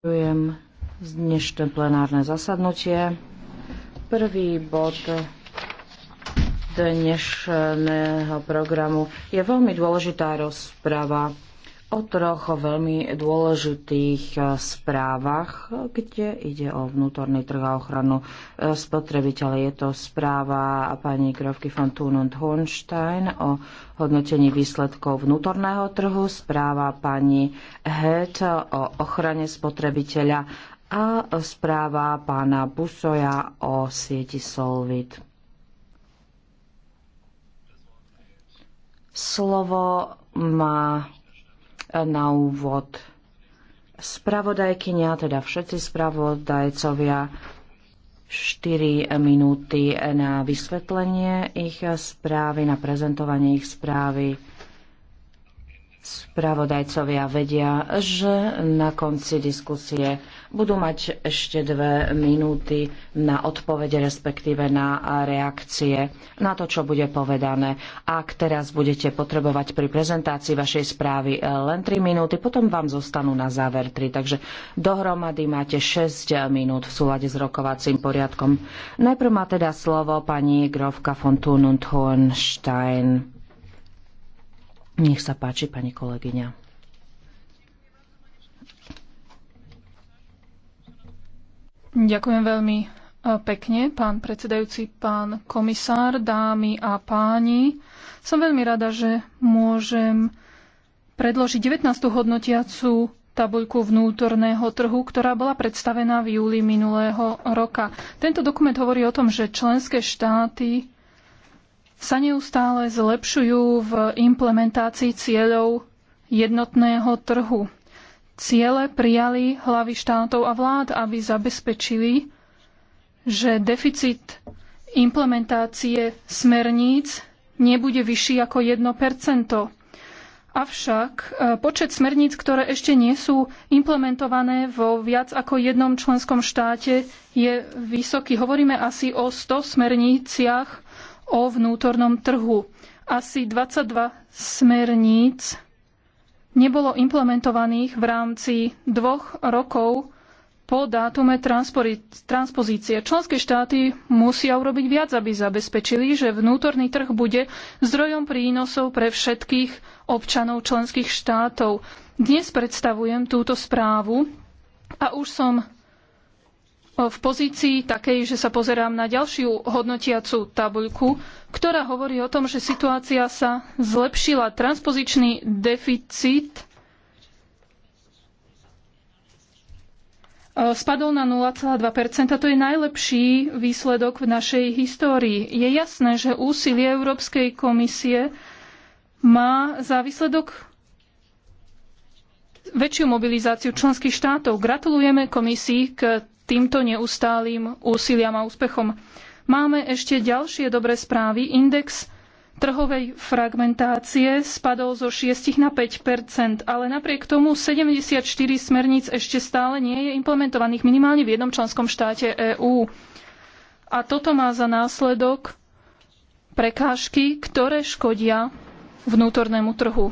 Ďakujem dnešné plenárne zasadnutie. Prvý bod dnešného programu je veľmi dôležitá rozprava o troch veľmi dôležitých eh, správach, kde ide o vnútorný trh a ochranu eh, spotrebiteľa. Je to správa pani Grovky von Thun und Hornstein o hodnotení výsledkov vnútorného trhu, správa pani Het o ochrane spotrebiteľa a správa pána Busoja o sieti Solvit. Slovo má na úvod. Spravodajkynia, teda všetci spravodajcovia, 4 minúty na vysvetlenie ich správy, na prezentovanie ich správy. Spravodajcovia vedia, že na konci diskusie budú mať ešte dve minúty na odpovede, respektíve na reakcie na to, čo bude povedané. Ak teraz budete potrebovať pri prezentácii vašej správy len 3 minúty, potom vám zostanú na záver 3. Takže dohromady máte 6 minút v súlade s rokovacím poriadkom. Najprv má teda slovo pani Grovka von Thun und Hohenstein. Nech sa páči, pani kolegyňa. Ďakujem veľmi e, pekne, pán predsedajúci, pán komisár, dámy a páni. Som veľmi rada, že môžem predložiť 19. hodnotiacu tabuľku vnútorného trhu, ktorá bola predstavená v júli minulého roka. Tento dokument hovorí o tom, že členské štáty sa neustále zlepšujú v implementácii cieľov jednotného trhu ciele prijali hlavy štátov a vlád, aby zabezpečili, že deficit implementácie smerníc nebude vyšší ako 1 Avšak e, počet smerníc, ktoré ešte nie sú implementované vo viac ako jednom členskom štáte, je vysoký. Hovoríme asi o 100 smerniciach o vnútornom trhu. Asi 22 smerníc nebolo implementovaných v rámci dvoch rokov po dátume transpozície. Členské štáty musia urobiť viac, aby zabezpečili, že vnútorný trh bude zdrojom prínosov pre všetkých občanov členských štátov. Dnes predstavujem túto správu a už som v pozícii takej, že sa pozerám na ďalšiu hodnotiacu tabuľku, ktorá hovorí o tom, že situácia sa zlepšila. Transpozičný deficit e, spadol na 0,2 To je najlepší výsledok v našej histórii. Je jasné, že úsilie Európskej komisie má za výsledok väčšiu mobilizáciu členských štátov. Gratulujeme komisii k týmto neustálým úsiliam a úspechom. Máme ešte ďalšie dobré správy. Index trhovej fragmentácie spadol zo 6 na 5 ale napriek tomu 74 smerníc ešte stále nie je implementovaných minimálne v jednom členskom štáte EÚ. A toto má za následok prekážky, ktoré škodia vnútornému trhu.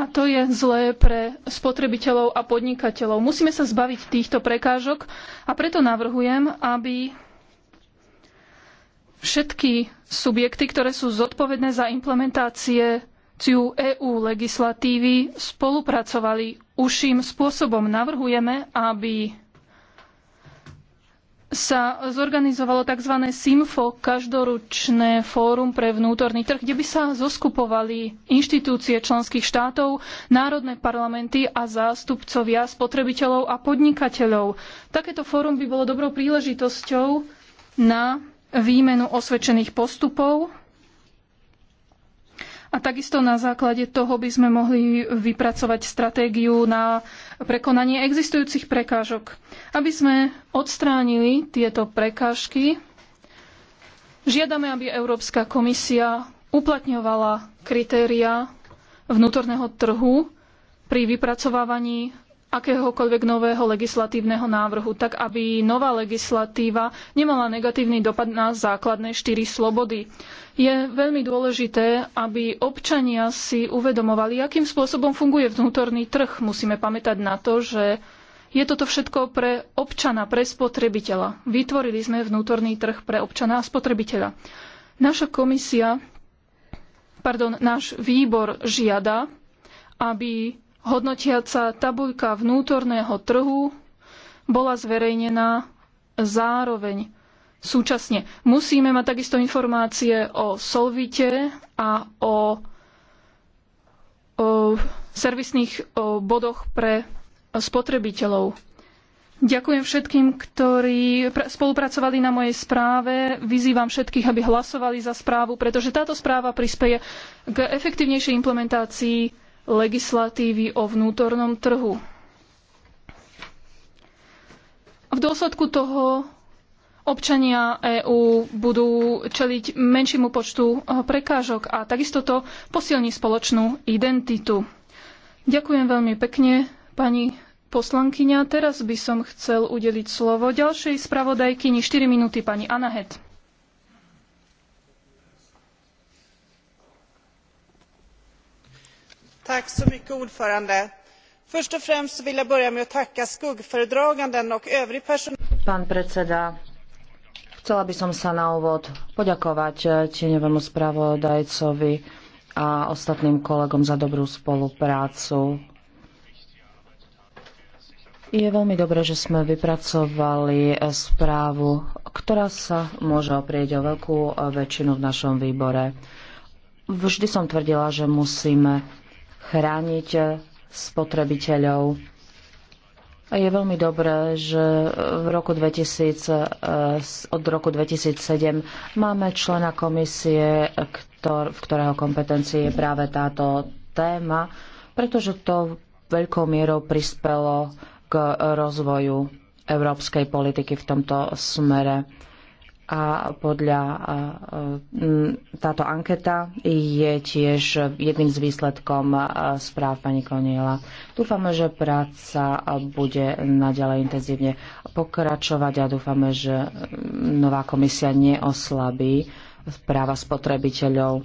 A to je zlé pre spotrebiteľov a podnikateľov. Musíme sa zbaviť týchto prekážok a preto navrhujem, aby všetky subjekty, ktoré sú zodpovedné za implementácie implementáciu EÚ legislatívy spolupracovali užším spôsobom. Navrhujeme, aby sa zorganizovalo tzv. SIMFO, každoročné fórum pre vnútorný trh, kde by sa zoskupovali inštitúcie členských štátov, národné parlamenty a zástupcovia spotrebiteľov a podnikateľov. Takéto fórum by bolo dobrou príležitosťou na výmenu osvedčených postupov a takisto na základe toho by sme mohli vypracovať stratégiu na prekonanie existujúcich prekážok. Aby sme odstránili tieto prekážky, žiadame, aby Európska komisia uplatňovala kritéria vnútorného trhu pri vypracovávaní akéhokoľvek nového legislatívneho návrhu, tak aby nová legislatíva nemala negatívny dopad na základné štyri slobody. Je veľmi dôležité, aby občania si uvedomovali, akým spôsobom funguje vnútorný trh. Musíme pamätať na to, že je toto všetko pre občana, pre spotrebiteľa. Vytvorili sme vnútorný trh pre občana a spotrebiteľa. Naša komisia, pardon, náš výbor žiada, aby hodnotiaca tabuľka vnútorného trhu bola zverejnená zároveň súčasne. Musíme mať takisto informácie o solvite a o, o servisných o, bodoch pre spotrebiteľov. Ďakujem všetkým, ktorí spolupracovali na mojej správe. Vyzývam všetkých, aby hlasovali za správu, pretože táto správa prispeje k efektívnejšej implementácii legislatívy o vnútornom trhu. V dôsledku toho občania EÚ budú čeliť menšiemu počtu eh, prekážok a takisto to posilní spoločnú identitu. Ďakujem veľmi pekne, pani poslankyňa. Teraz by som chcel udeliť slovo ďalšej spravodajkyni 4 minúty pani Anahet. Pán predseda, chcela by som sa na úvod poďakovať eh, tieňovému spravodajcovi a ostatným kolegom za dobrú spoluprácu. Je veľmi dobré, že sme vypracovali eh, správu, ktorá sa môže oprieť o veľkú eh, väčšinu v našom výbore. Vždy som tvrdila, že musíme chrániť spotrebiteľov. Je veľmi dobré, že v roku 2000, eh, od roku 2007 máme člena komisie, ktor, v ktorého kompetencii je práve táto téma, pretože to veľkou mierou prispelo k rozvoju európskej politiky v tomto smere a podľa táto anketa je tiež jedným z výsledkom správ pani Koniela. Dúfame, že práca bude naďalej intenzívne pokračovať a dúfame, že nová komisia neoslabí práva spotrebiteľov.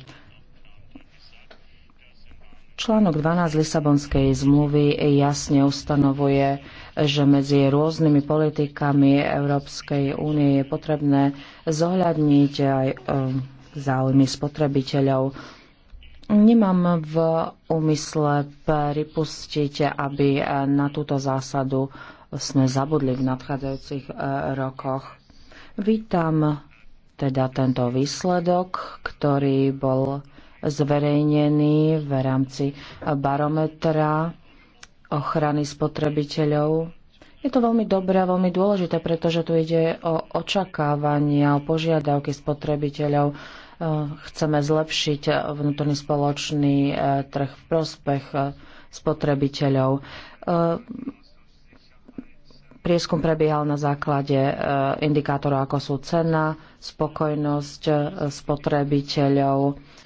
Článok 12 Lisabonskej zmluvy jasne ustanovuje, že medzi rôznymi politikami Európskej únie je potrebné zohľadniť aj eh, záujmy spotrebiteľov. Nemám v úmysle pripustiť, aby eh, na túto zásadu sme zabudli v nadchádzajúcich eh, rokoch. Vítam teda tento výsledok, ktorý bol zverejnený v rámci barometra ochrany spotrebiteľov. Je to veľmi dobré a veľmi dôležité, pretože tu ide o očakávania, o požiadavky spotrebiteľov. E, chceme zlepšiť vnútorný spoločný e, trh v prospech e, spotrebiteľov. Prieskum prebiehal na základe indikátorov, ako sú cena, spokojnosť spotrebiteľov,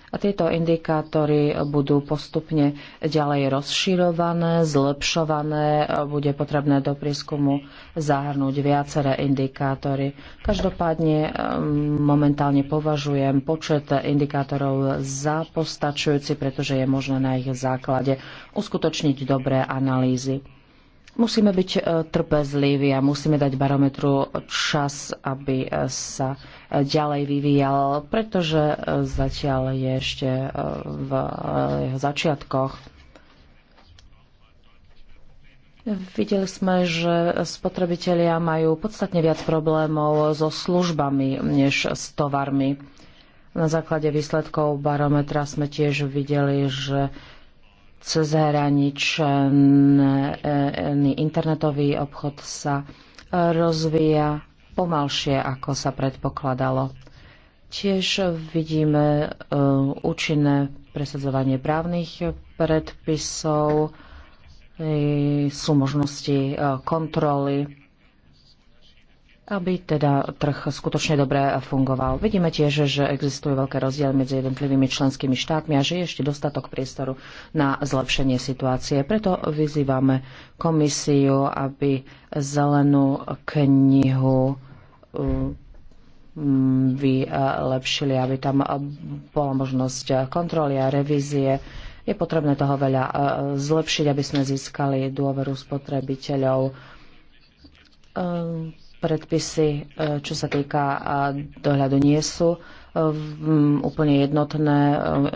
a tieto indikátory budú postupne ďalej rozširované, zlepšované, bude potrebné do prieskumu zahrnúť viaceré indikátory. Každopádne ehm, momentálne považujem počet indikátorov za postačujúci, pretože je možné na ich základe uskutočniť dobré analýzy. Musíme byť e, trpezliví a musíme dať barometru čas, aby e, sa e, ďalej vyvíjal, pretože zatiaľ je ešte v jeho začiatkoch. Videli sme, že spotrebitelia majú podstatne viac problémov so službami než s tovarmi. Na základe výsledkov barometra sme tiež videli, že cezhraničný internetový obchod sa rozvíja pomalšie, ako sa predpokladalo. Tiež vidíme účinné presadzovanie právnych predpisov, e, sú možnosti e, kontroly aby teda trh skutočne dobre fungoval. Vidíme tiež, že existujú veľké rozdiely medzi jednotlivými členskými štátmi a že je ešte dostatok priestoru na zlepšenie situácie. Preto vyzývame komisiu, aby zelenú knihu um, vylepšili, aby tam bola možnosť kontroly a revízie. Je potrebné toho veľa uh, zlepšiť, aby sme získali dôveru spotrebiteľov um, predpisy, e, čo sa týka e, dohľadu, nie sú e, úplne jednotné,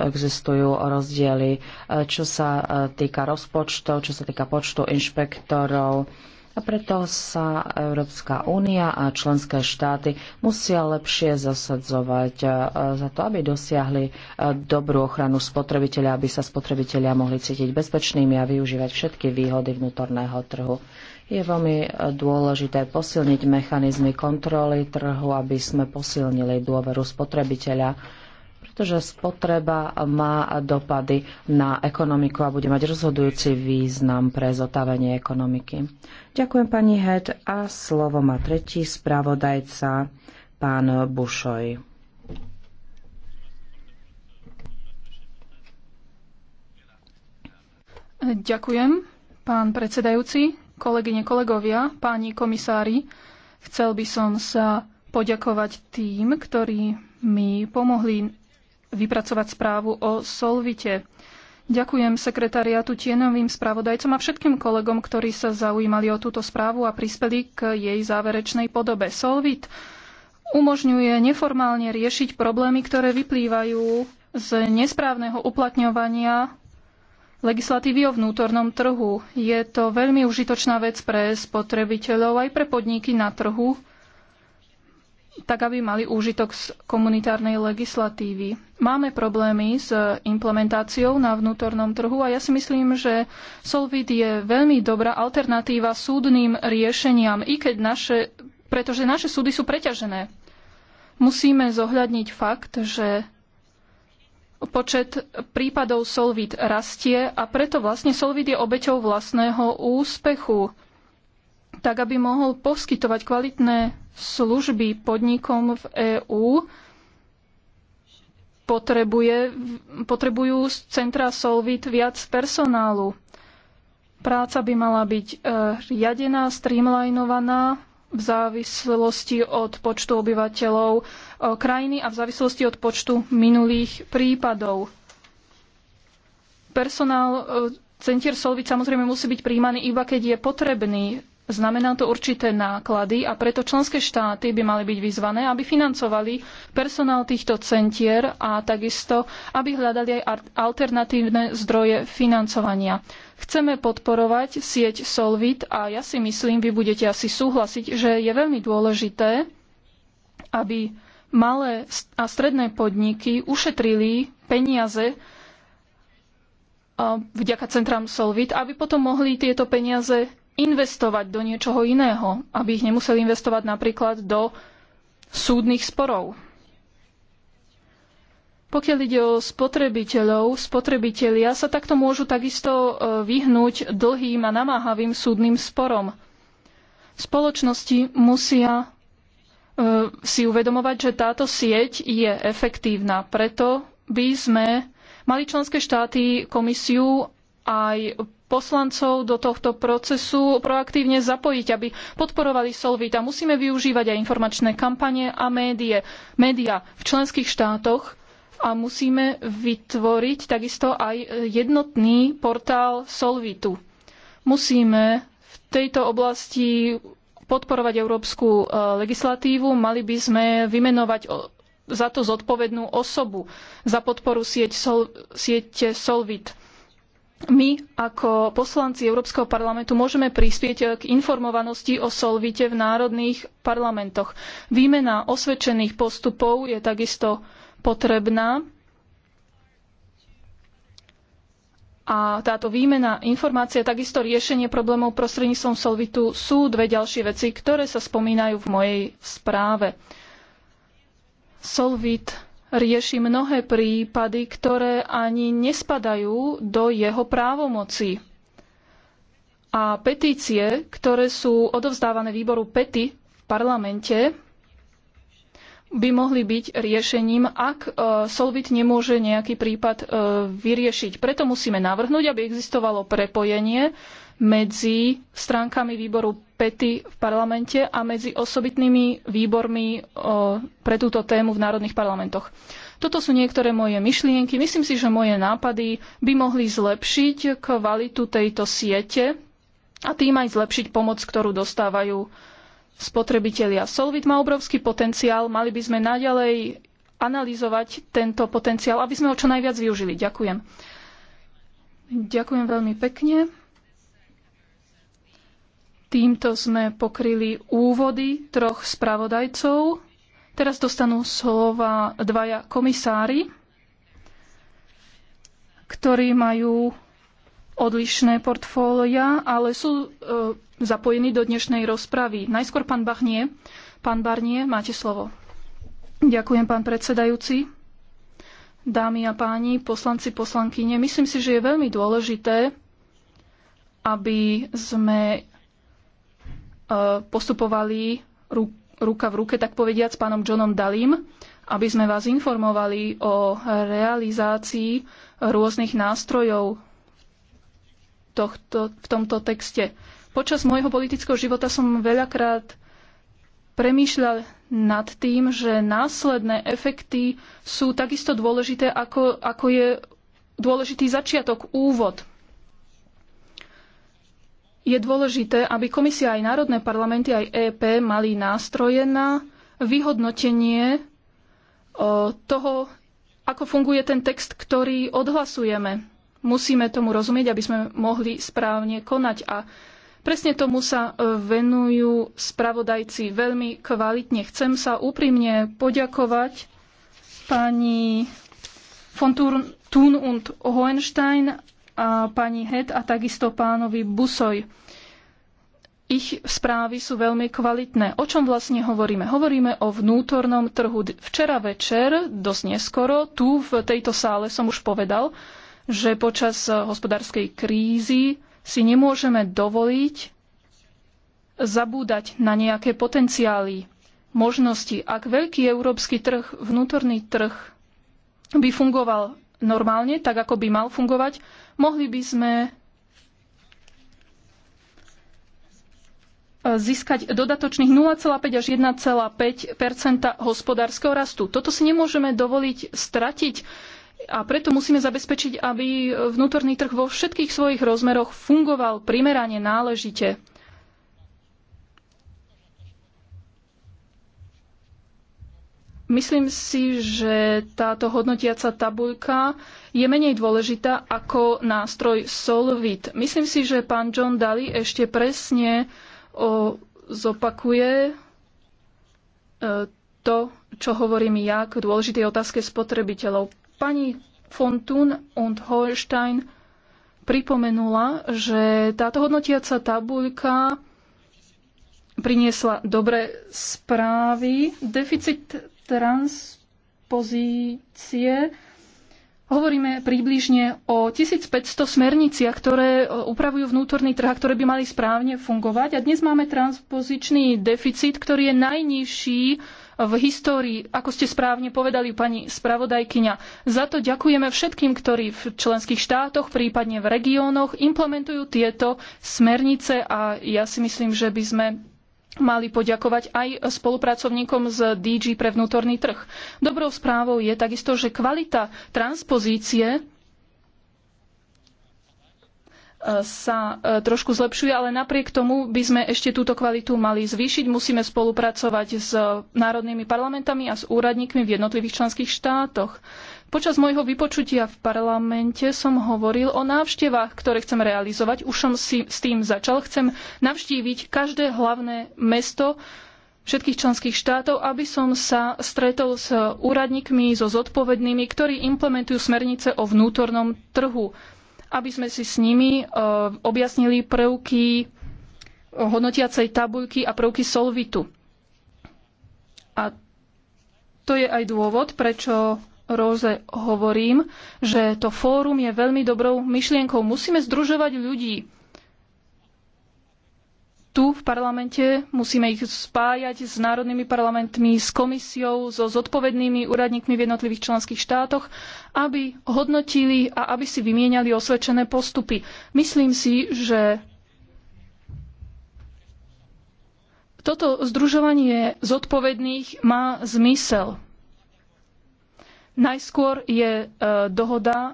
existujú rozdiely, čo sa týka rozpočtov, čo sa týka počtu inšpektorov. A preto sa Európska únia a členské štáty musia lepšie zasadzovať za to, aby dosiahli dobrú ochranu spotrebiteľa, aby sa spotrebitelia mohli cítiť bezpečnými a využívať všetky výhody vnútorného trhu. Je veľmi dôležité posilniť mechanizmy kontroly trhu, aby sme posilnili dôveru spotrebiteľa pretože spotreba má dopady na ekonomiku a bude mať rozhodujúci význam pre zotavenie ekonomiky. Ďakujem pani Het a slovo má tretí spravodajca, pán Bušoj. Ďakujem, pán predsedajúci kolegyne, kolegovia, páni komisári, chcel by som sa poďakovať tým, ktorí mi pomohli vypracovať správu o Solvite. Ďakujem sekretariatu tienovým spravodajcom a všetkým kolegom, ktorí sa zaujímali o túto správu a prispeli k jej záverečnej podobe. Solvit umožňuje neformálne riešiť problémy, ktoré vyplývajú z nesprávneho uplatňovania legislatívy o vnútornom trhu. Je to veľmi užitočná vec pre spotrebiteľov aj pre podniky na trhu, tak aby mali úžitok z komunitárnej legislatívy. Máme problémy s implementáciou na vnútornom trhu a ja si myslím, že Solvit je veľmi dobrá alternatíva súdnym riešeniam, i keď naše, pretože naše súdy sú preťažené. Musíme zohľadniť fakt, že počet prípadov Solvit rastie a preto vlastne Solvit je obeťou vlastného úspechu, tak aby mohol poskytovať kvalitné služby podnikom v EÚ, potrebuje, potrebujú centra Solvit viac personálu. Práca by mala byť e, riadená, streamlinovaná v závislosti od počtu obyvateľov, krajiny a v závislosti od počtu minulých prípadov. Personál e, centier Solvit samozrejme musí byť príjmaný iba keď je potrebný. Znamená to určité náklady a preto členské štáty by mali byť vyzvané, aby financovali personál týchto centier a takisto, aby hľadali aj alternatívne zdroje financovania. Chceme podporovať sieť Solvit a ja si myslím, vy budete asi súhlasiť, že je veľmi dôležité, aby malé a stredné podniky ušetrili peniaze vďaka centrám Solvit, aby potom mohli tieto peniaze investovať do niečoho iného, aby ich nemuseli investovať napríklad do súdnych sporov. Pokiaľ ide o spotrebiteľov, spotrebitelia sa takto môžu takisto e, vyhnúť dlhým a namáhavým súdnym sporom. Spoločnosti musia E, si uvedomovať, že táto sieť je efektívna. Preto by sme mali členské štáty, komisiu aj poslancov do tohto procesu proaktívne zapojiť, aby podporovali Solvit. A musíme využívať aj informačné kampane a médie, média v členských štátoch a musíme vytvoriť takisto aj jednotný portál Solvitu. Musíme v tejto oblasti podporovať európsku e, legislatívu, mali by sme vymenovať za to zodpovednú osobu za podporu sieť Sol, siete Solvit. My ako poslanci Európskeho parlamentu môžeme prispieť e, k informovanosti o solvite v národných parlamentoch. Výmena osvedčených postupov je takisto potrebná a táto výmena informácie, takisto riešenie problémov prostredníctvom Solvitu sú dve ďalšie veci, ktoré sa spomínajú v mojej správe. Solvit rieši mnohé prípady, ktoré ani nespadajú do jeho právomoci. A petície, ktoré sú odovzdávané výboru PETI v parlamente, by mohli byť riešením, ak e, Solvit nemôže nejaký prípad e, vyriešiť. Preto musíme navrhnúť, aby existovalo prepojenie medzi stránkami výboru PETI v parlamente a medzi osobitnými výbormi e, pre túto tému v národných parlamentoch. Toto sú niektoré moje myšlienky. Myslím si, že moje nápady by mohli zlepšiť kvalitu tejto siete a tým aj zlepšiť pomoc, ktorú dostávajú spotrebitelia. Solvit má obrovský potenciál, mali by sme naďalej analyzovať tento potenciál, aby sme ho čo najviac využili. Ďakujem. Ďakujem veľmi pekne. Týmto sme pokryli úvody troch spravodajcov. Teraz dostanú slova dvaja komisári, ktorí majú odlišné portfólia, ale sú e, zapojení do dnešnej rozpravy. Najskôr pán Bachnie. Pán Barnie, máte slovo. Ďakujem, pán predsedajúci. Dámy a páni, poslanci, poslankyne, myslím si, že je veľmi dôležité, aby sme e, postupovali ruka v ruke, tak povediať, s pánom Johnom Dalím, aby sme vás informovali o realizácii rôznych nástrojov tohto, v tomto texte. Počas môjho politického života som veľakrát premýšľal nad tým, že následné efekty sú takisto dôležité, ako, ako je dôležitý začiatok, úvod. Je dôležité, aby komisia aj národné parlamenty, aj EP mali nástroje na vyhodnotenie toho, ako funguje ten text, ktorý odhlasujeme. Musíme tomu rozumieť, aby sme mohli správne konať a Presne tomu sa e, venujú spravodajci veľmi kvalitne. Chcem sa úprimne poďakovať pani von Thun und Hohenstein a pani Het a takisto pánovi Busoj. Ich správy sú veľmi kvalitné. O čom vlastne hovoríme? Hovoríme o vnútornom trhu. Včera večer, dosť neskoro, tu v tejto sále som už povedal, že počas eh, hospodárskej krízy si nemôžeme dovoliť zabúdať na nejaké potenciály, možnosti. Ak veľký európsky trh, vnútorný trh by fungoval normálne, tak ako by mal fungovať, mohli by sme eh, získať dodatočných 0,5 až 1,5 hospodárskeho rastu. Toto si nemôžeme dovoliť stratiť a preto musíme zabezpečiť, aby vnútorný trh vo všetkých svojich rozmeroch fungoval primerane náležite. Myslím si, že táto hodnotiaca tabuľka je menej dôležitá ako nástroj Solvit. Myslím si, že pán John Daly ešte presne o, zopakuje e, to, čo hovorím ja k dôležitej otázke spotrebiteľov. Pani von Thun und Holstein pripomenula, že táto hodnotiaca tabuľka priniesla dobré správy. Deficit transpozície Hovoríme približne o 1500 smerniciach, ktoré e, upravujú vnútorný trh a ktoré by mali správne fungovať. A dnes máme transpozičný deficit, ktorý je najnižší v histórii, ako ste správne povedali, pani spravodajkyňa. Za to ďakujeme všetkým, ktorí v členských štátoch, prípadne v regiónoch implementujú tieto smernice a ja si myslím, že by sme mali poďakovať aj spolupracovníkom z DG pre vnútorný trh. Dobrou správou je takisto, že kvalita transpozície sa e, trošku zlepšuje, ale napriek tomu by sme ešte túto kvalitu mali zvýšiť. Musíme spolupracovať s národnými parlamentami a s úradníkmi v jednotlivých členských štátoch. Počas môjho vypočutia v parlamente som hovoril o návštevách, ktoré chcem realizovať. Už som si s tým začal. Chcem navštíviť každé hlavné mesto všetkých členských štátov, aby som sa stretol s úradníkmi, so zodpovednými, ktorí implementujú smernice o vnútornom trhu aby sme si s nimi e, objasnili prvky e, hodnotiacej tabuľky a prvky solvitu. A to je aj dôvod, prečo Róze hovorím, že to fórum je veľmi dobrou myšlienkou. Musíme združovať ľudí, tu v parlamente, musíme ich spájať s národnými parlamentmi, s komisiou, so zodpovednými úradníkmi v jednotlivých členských štátoch, aby hodnotili a aby si vymieniali osvedčené postupy. Myslím si, že toto združovanie zodpovedných má zmysel. Najskôr je e, dohoda, e,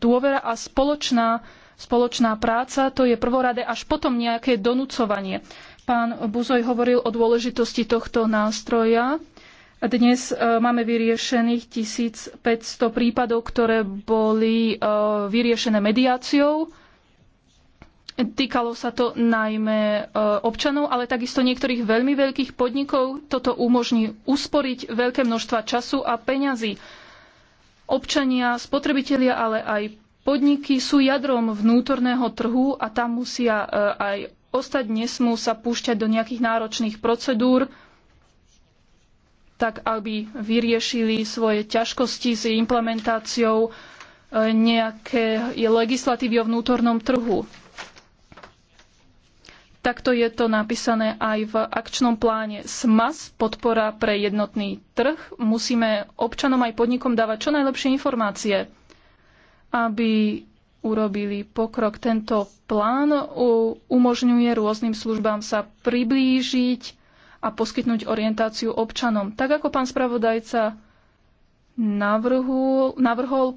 dôvera a spoločná Spoločná práca to je prvoradé až potom nejaké donúcovanie. Pán Buzoj hovoril o dôležitosti tohto nástroja. Dnes e, máme vyriešených 1500 prípadov, ktoré boli e, vyriešené mediáciou. Týkalo sa to najmä e, občanov, ale takisto niektorých veľmi veľkých podnikov. Toto umožní usporiť veľké množstva času a peňazí. Občania, spotrebitelia, ale aj Podniky sú jadrom vnútorného trhu a tam musia e, aj ostať, nesmú sa púšťať do nejakých náročných procedúr, tak aby vyriešili svoje ťažkosti s implementáciou e, nejaké legislatívy o vnútornom trhu. Takto je to napísané aj v akčnom pláne SMAS, podpora pre jednotný trh. Musíme občanom aj podnikom dávať čo najlepšie informácie aby urobili pokrok. Tento plán umožňuje rôznym službám sa priblížiť a poskytnúť orientáciu občanom. Tak ako pán spravodajca navrhol, navrhol e,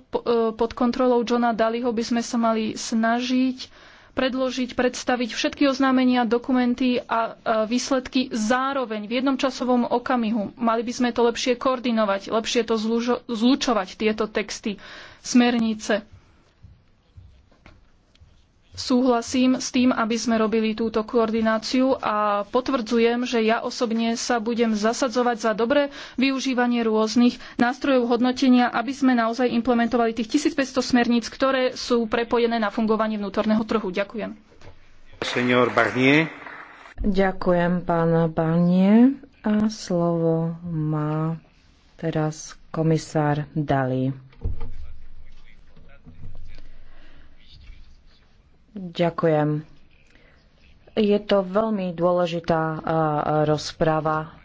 pod kontrolou Johna Daliho, by sme sa mali snažiť predložiť, predstaviť všetky oznámenia, dokumenty a výsledky zároveň v jednom časovom okamihu. Mali by sme to lepšie koordinovať, lepšie to zlučovať, tieto texty smernice. Súhlasím s tým, aby sme robili túto koordináciu a potvrdzujem, že ja osobne sa budem zasadzovať za dobré využívanie rôznych nástrojov hodnotenia, aby sme naozaj implementovali tých 1500 smerníc, ktoré sú prepojené na fungovanie vnútorného trhu. Ďakujem. Ďakujem, pán Barnier. A slovo má teraz komisár Dali. Ďakujem. Je to veľmi dôležitá rozprava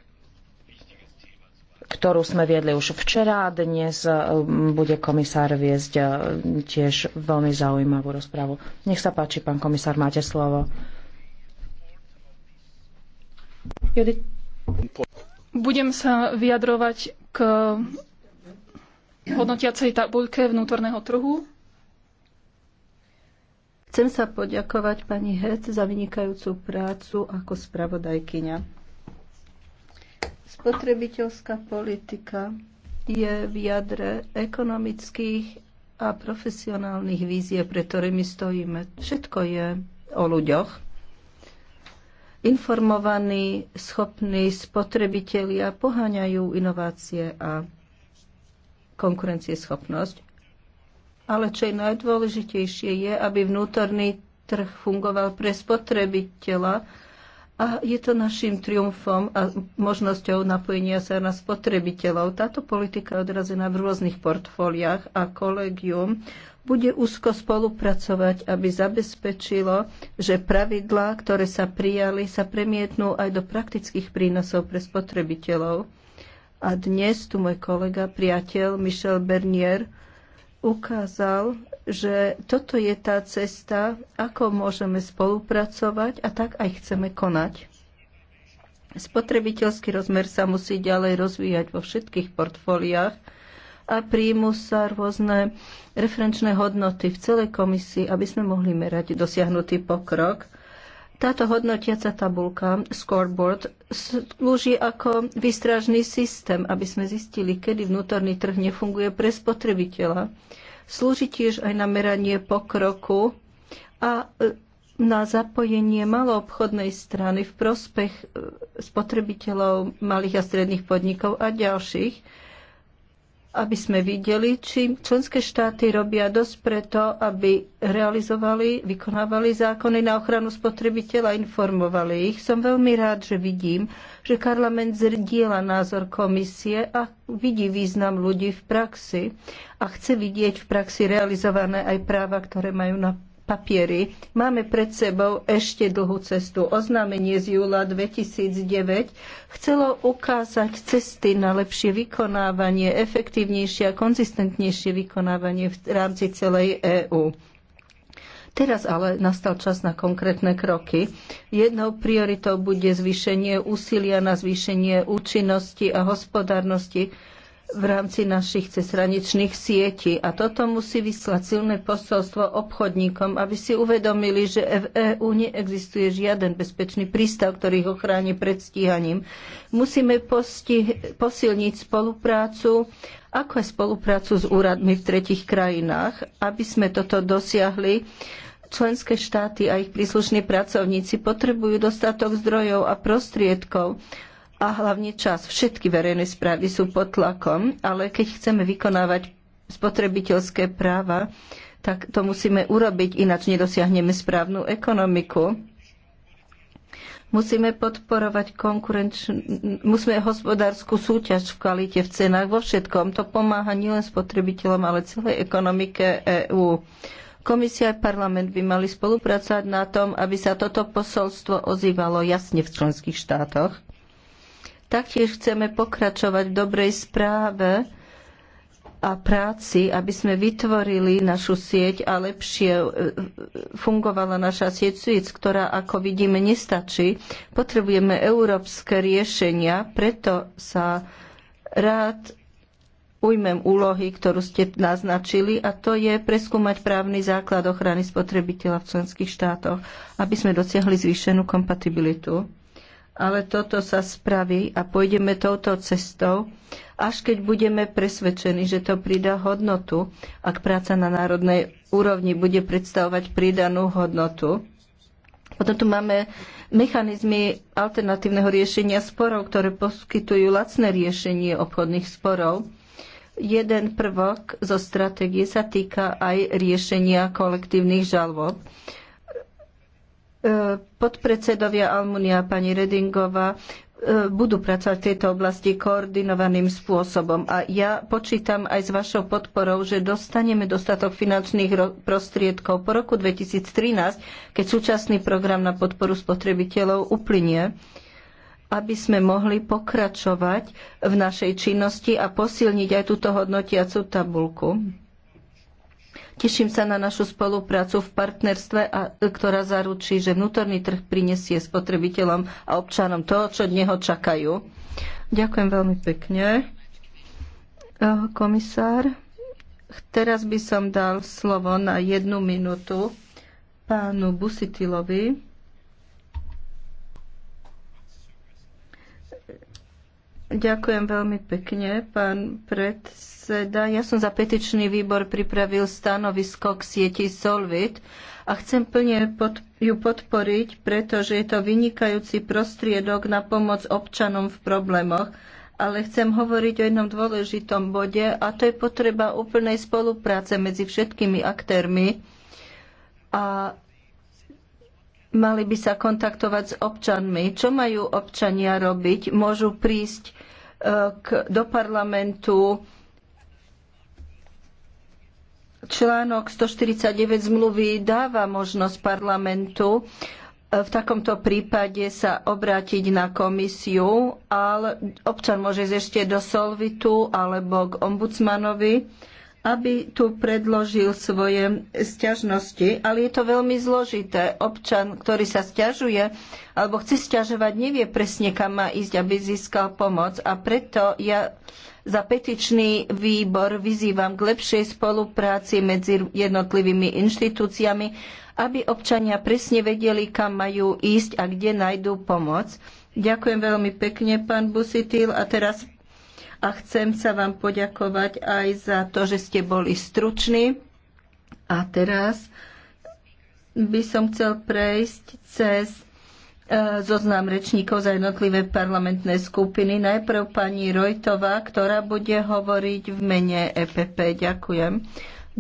ktorú sme viedli už včera. Dnes bude komisár viesť tiež veľmi zaujímavú rozpravu. Nech sa páči, pán komisár, máte slovo. Budem sa vyjadrovať k hodnotiacej tabuľke vnútorného trhu Chcem sa poďakovať pani Hec za vynikajúcu prácu ako spravodajkyňa. Spotrebiteľská politika je v jadre ekonomických a profesionálnych vízie, pre ktorými stojíme. Všetko je o ľuďoch. Informovaní, schopní spotrebitelia poháňajú inovácie a konkurencieschopnosť. Ale čo je najdôležitejšie, je, aby vnútorný trh fungoval pre spotrebiteľa a je to našim triumfom a možnosťou napojenia sa na spotrebiteľov. Táto politika je odrazená v rôznych portfóliách a kolegium bude úzko spolupracovať, aby zabezpečilo, že pravidlá, ktoré sa prijali, sa premietnú aj do praktických prínosov pre spotrebiteľov. A dnes tu môj kolega, priateľ Michel Bernier ukázal, že toto je tá cesta, ako môžeme spolupracovať a tak aj chceme konať. Spotrebiteľský rozmer sa musí ďalej rozvíjať vo všetkých portfóliách a príjmu sa rôzne referenčné hodnoty v celej komisii, aby sme mohli merať dosiahnutý pokrok. Táto hodnotiaca tabulka, scoreboard, slúži ako výstražný systém, aby sme zistili, kedy vnútorný trh nefunguje pre spotrebiteľa. Slúži tiež aj na meranie pokroku a e, na zapojenie maloobchodnej strany v prospech e, spotrebiteľov malých a stredných podnikov a ďalších aby sme videli, či členské štáty robia dosť preto, aby realizovali, vykonávali zákony na ochranu spotrebiteľa, informovali ich. Som veľmi rád, že vidím, že parlament zrdiela názor komisie a vidí význam ľudí v praxi a chce vidieť v praxi realizované aj práva, ktoré majú na papiery. Máme pred sebou ešte dlhú cestu. Oznámenie z júla 2009 chcelo ukázať cesty na lepšie vykonávanie, efektívnejšie a konzistentnejšie vykonávanie v rámci celej EÚ. Teraz ale nastal čas na konkrétne kroky. Jednou prioritou bude zvýšenie úsilia na zvýšenie účinnosti a hospodárnosti v rámci našich cezhraničných sietí. A toto musí vyslať silné posolstvo obchodníkom, aby si uvedomili, že v EÚ neexistuje žiaden bezpečný prístav, ktorý ho chráni pred stíhaním. Musíme posilniť spoluprácu ako aj spoluprácu s úradmi v tretich krajinách. Aby sme toto dosiahli, členské štáty a ich príslušní pracovníci potrebujú dostatok zdrojov a prostriedkov a hlavne čas. Všetky verejné správy sú pod tlakom, ale keď chceme vykonávať spotrebiteľské práva, tak to musíme urobiť, ináč nedosiahneme správnu ekonomiku. Musíme podporovať konkurenčnú, musíme hospodárskú súťaž v kvalite, v cenách, vo všetkom. To pomáha nielen spotrebiteľom, ale celej ekonomike EÚ. Komisia a parlament by mali spolupracovať na tom, aby sa toto posolstvo ozývalo jasne v členských štátoch Taktiež chceme pokračovať v dobrej správe a práci, aby sme vytvorili našu sieť a lepšie e, fungovala naša sieť SWIC, ktorá, ako vidíme, nestačí. Potrebujeme európske riešenia, preto sa rád ujmem úlohy, ktorú ste naznačili, a to je preskúmať právny základ ochrany spotrebiteľa v členských štátoch, aby sme dosiahli zvýšenú kompatibilitu ale toto sa spraví a pôjdeme touto cestou, až keď budeme presvedčení, že to pridá hodnotu, ak práca na národnej úrovni bude predstavovať pridanú hodnotu. Potom tu máme mechanizmy alternatívneho riešenia sporov, ktoré poskytujú lacné riešenie obchodných sporov. Jeden prvok zo stratégie sa týka aj riešenia kolektívnych žalob. E, podpredsedovia Almunia a pani Redingová, e, budú pracovať v tejto oblasti koordinovaným spôsobom. A ja počítam aj s vašou podporou, že dostaneme dostatok finančných prostriedkov po roku 2013, keď súčasný program na podporu spotrebiteľov uplynie aby sme mohli pokračovať v našej činnosti a posilniť aj túto hodnotiacu tabulku. Teším sa na našu spoluprácu v partnerstve, a, ktorá zaručí, že vnútorný trh prinesie spotrebiteľom a občanom to, čo od neho čakajú. Ďakujem veľmi pekne, e, komisár. Teraz by som dal slovo na jednu minútu pánu Busitilovi. Ďakujem veľmi pekne, pán predseda. Ja som za petičný výbor pripravil stanovisko k sieti Solvit a chcem plne pod, ju podporiť, pretože je to vynikajúci prostriedok na pomoc občanom v problémoch. Ale chcem hovoriť o jednom dôležitom bode a to je potreba úplnej spolupráce medzi všetkými aktérmi a mali by sa kontaktovať s občanmi. Čo majú občania robiť? Môžu prísť e, k, do parlamentu. Článok 149 zmluvy dáva možnosť parlamentu e, v takomto prípade sa obrátiť na komisiu, ale občan môže ísť ešte do Solvitu alebo k ombudsmanovi aby tu predložil svoje sťažnosti, ale je to veľmi zložité. Občan, ktorý sa sťažuje alebo chce sťažovať, nevie presne, kam má ísť, aby získal pomoc. A preto ja za petičný výbor vyzývam k lepšej spolupráci medzi jednotlivými inštitúciami, aby občania presne vedeli, kam majú ísť a kde nájdú pomoc. Ďakujem veľmi pekne, pán Busitil. A teraz a chcem sa vám poďakovať aj za to, že ste boli struční. A teraz by som chcel prejsť cez e, zoznam rečníkov za jednotlivé parlamentné skupiny. Najprv pani Rojtová, ktorá bude hovoriť v mene EPP. Ďakujem.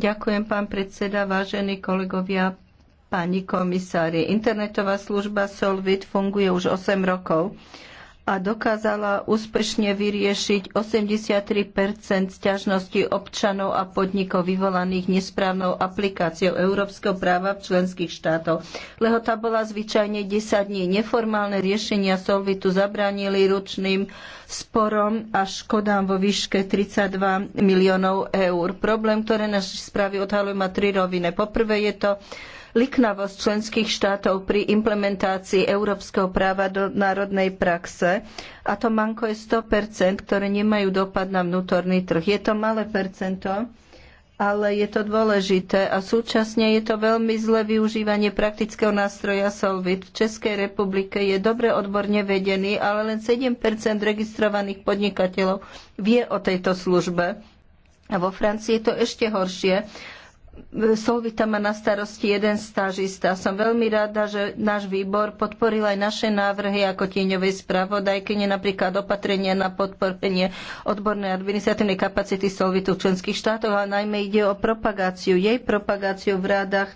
Ďakujem, pán predseda, vážení kolegovia, pani komisári. Internetová služba Solvit funguje už 8 rokov a dokázala úspešne vyriešiť 83 sťažností občanov a podnikov vyvolaných nesprávnou aplikáciou európskeho práva v členských štátoch. Lehota bola zvyčajne 10 dní. Neformálne riešenia Solvitu zabránili ručným sporom a škodám vo výške 32 miliónov eur. Problém, ktoré naši správy odhalujú, má tri roviny. Poprvé je to liknavosť členských štátov pri implementácii európskeho práva do národnej praxe a to manko je 100%, ktoré nemajú dopad na vnútorný trh. Je to malé percento, ale je to dôležité a súčasne je to veľmi zlé využívanie praktického nástroja Solvit. V Českej republike je dobre odborne vedený, ale len 7% registrovaných podnikateľov vie o tejto službe. A vo Francii je to ešte horšie. Solvita má na starosti jeden stážista. Som veľmi rada, že náš výbor podporil aj naše návrhy ako tieňovej spravodajkyne, napríklad opatrenia na podporenie odbornej administratívnej kapacity Solvitu v členských štátoch, ale najmä ide o propagáciu, jej propagáciu v rádach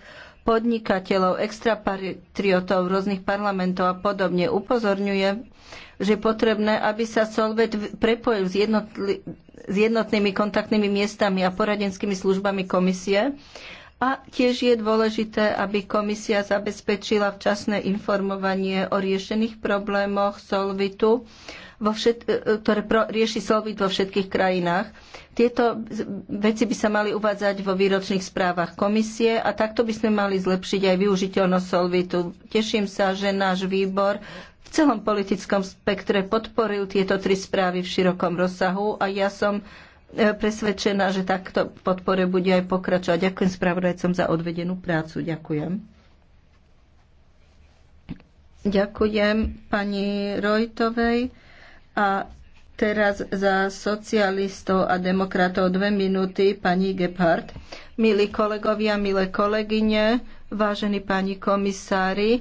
podnikateľov, extrapatriotov, rôznych parlamentov a podobne. upozorňuje, že je potrebné, aby sa Solvet prepojil s jednotlivými s jednotnými kontaktnými miestami a poradenskými službami komisie. A tiež je dôležité, aby komisia zabezpečila včasné informovanie o riešených problémoch solvitu, vo všet, e, e, ktoré pro, rieši solvit vo všetkých krajinách. Tieto veci by sa mali uvádzať vo výročných správach komisie a takto by sme mali zlepšiť aj využiteľnosť solvitu. Teším sa, že náš výbor v celom politickom spektre podporil tieto tri správy v širokom rozsahu a ja som e, presvedčená, že takto podpore bude aj pokračovať. Ďakujem spravodajcom za odvedenú prácu. Ďakujem. Ďakujem pani Rojtovej a Teraz za socialistov a demokratov dve minúty pani Gebhardt. Milí kolegovia, milé kolegyne, vážení páni komisári,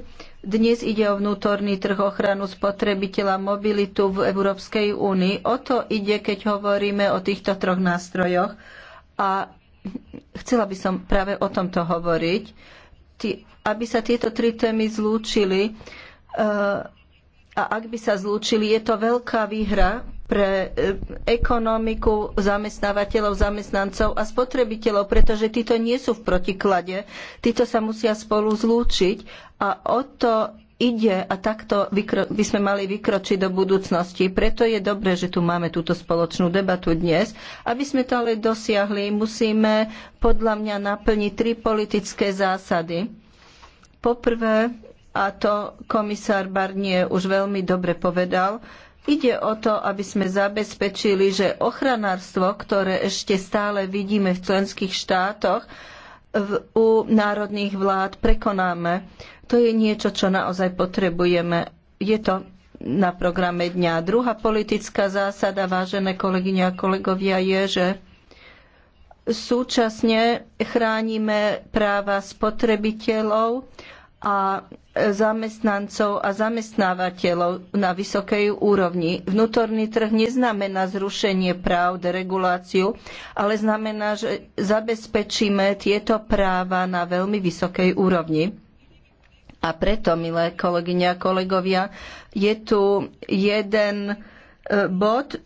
dnes ide o vnútorný trh ochranu spotrebiteľa mobilitu v Európskej únii. O to ide, keď hovoríme o týchto troch nástrojoch. A chcela by som práve o tomto hovoriť. aby sa tieto tri témy zlúčili, eh, a ak by sa zlúčili, je to veľká výhra pre eh, ekonomiku zamestnávateľov, zamestnancov a spotrebiteľov, pretože títo nie sú v protiklade. Títo sa musia spolu zlúčiť a o to ide a takto by sme mali vykročiť do budúcnosti. Preto je dobré, že tu máme túto spoločnú debatu dnes. Aby sme to ale dosiahli, musíme podľa mňa naplniť tri politické zásady. Poprvé, a to komisár Barnier už veľmi dobre povedal, Ide o to, aby sme zabezpečili, že ochranárstvo, ktoré ešte stále vidíme v členských štátoch, v, u národných vlád prekonáme. To je niečo, čo naozaj potrebujeme. Je to na programe dňa. Druhá politická zásada, vážené kolegyne a kolegovia, je, že súčasne chránime práva spotrebiteľov a zamestnancov a zamestnávateľov na vysokej úrovni. Vnútorný trh neznamená zrušenie práv, dereguláciu, ale znamená, že zabezpečíme tieto práva na veľmi vysokej úrovni. A preto, milé kolegyne a kolegovia, je tu jeden e, bod,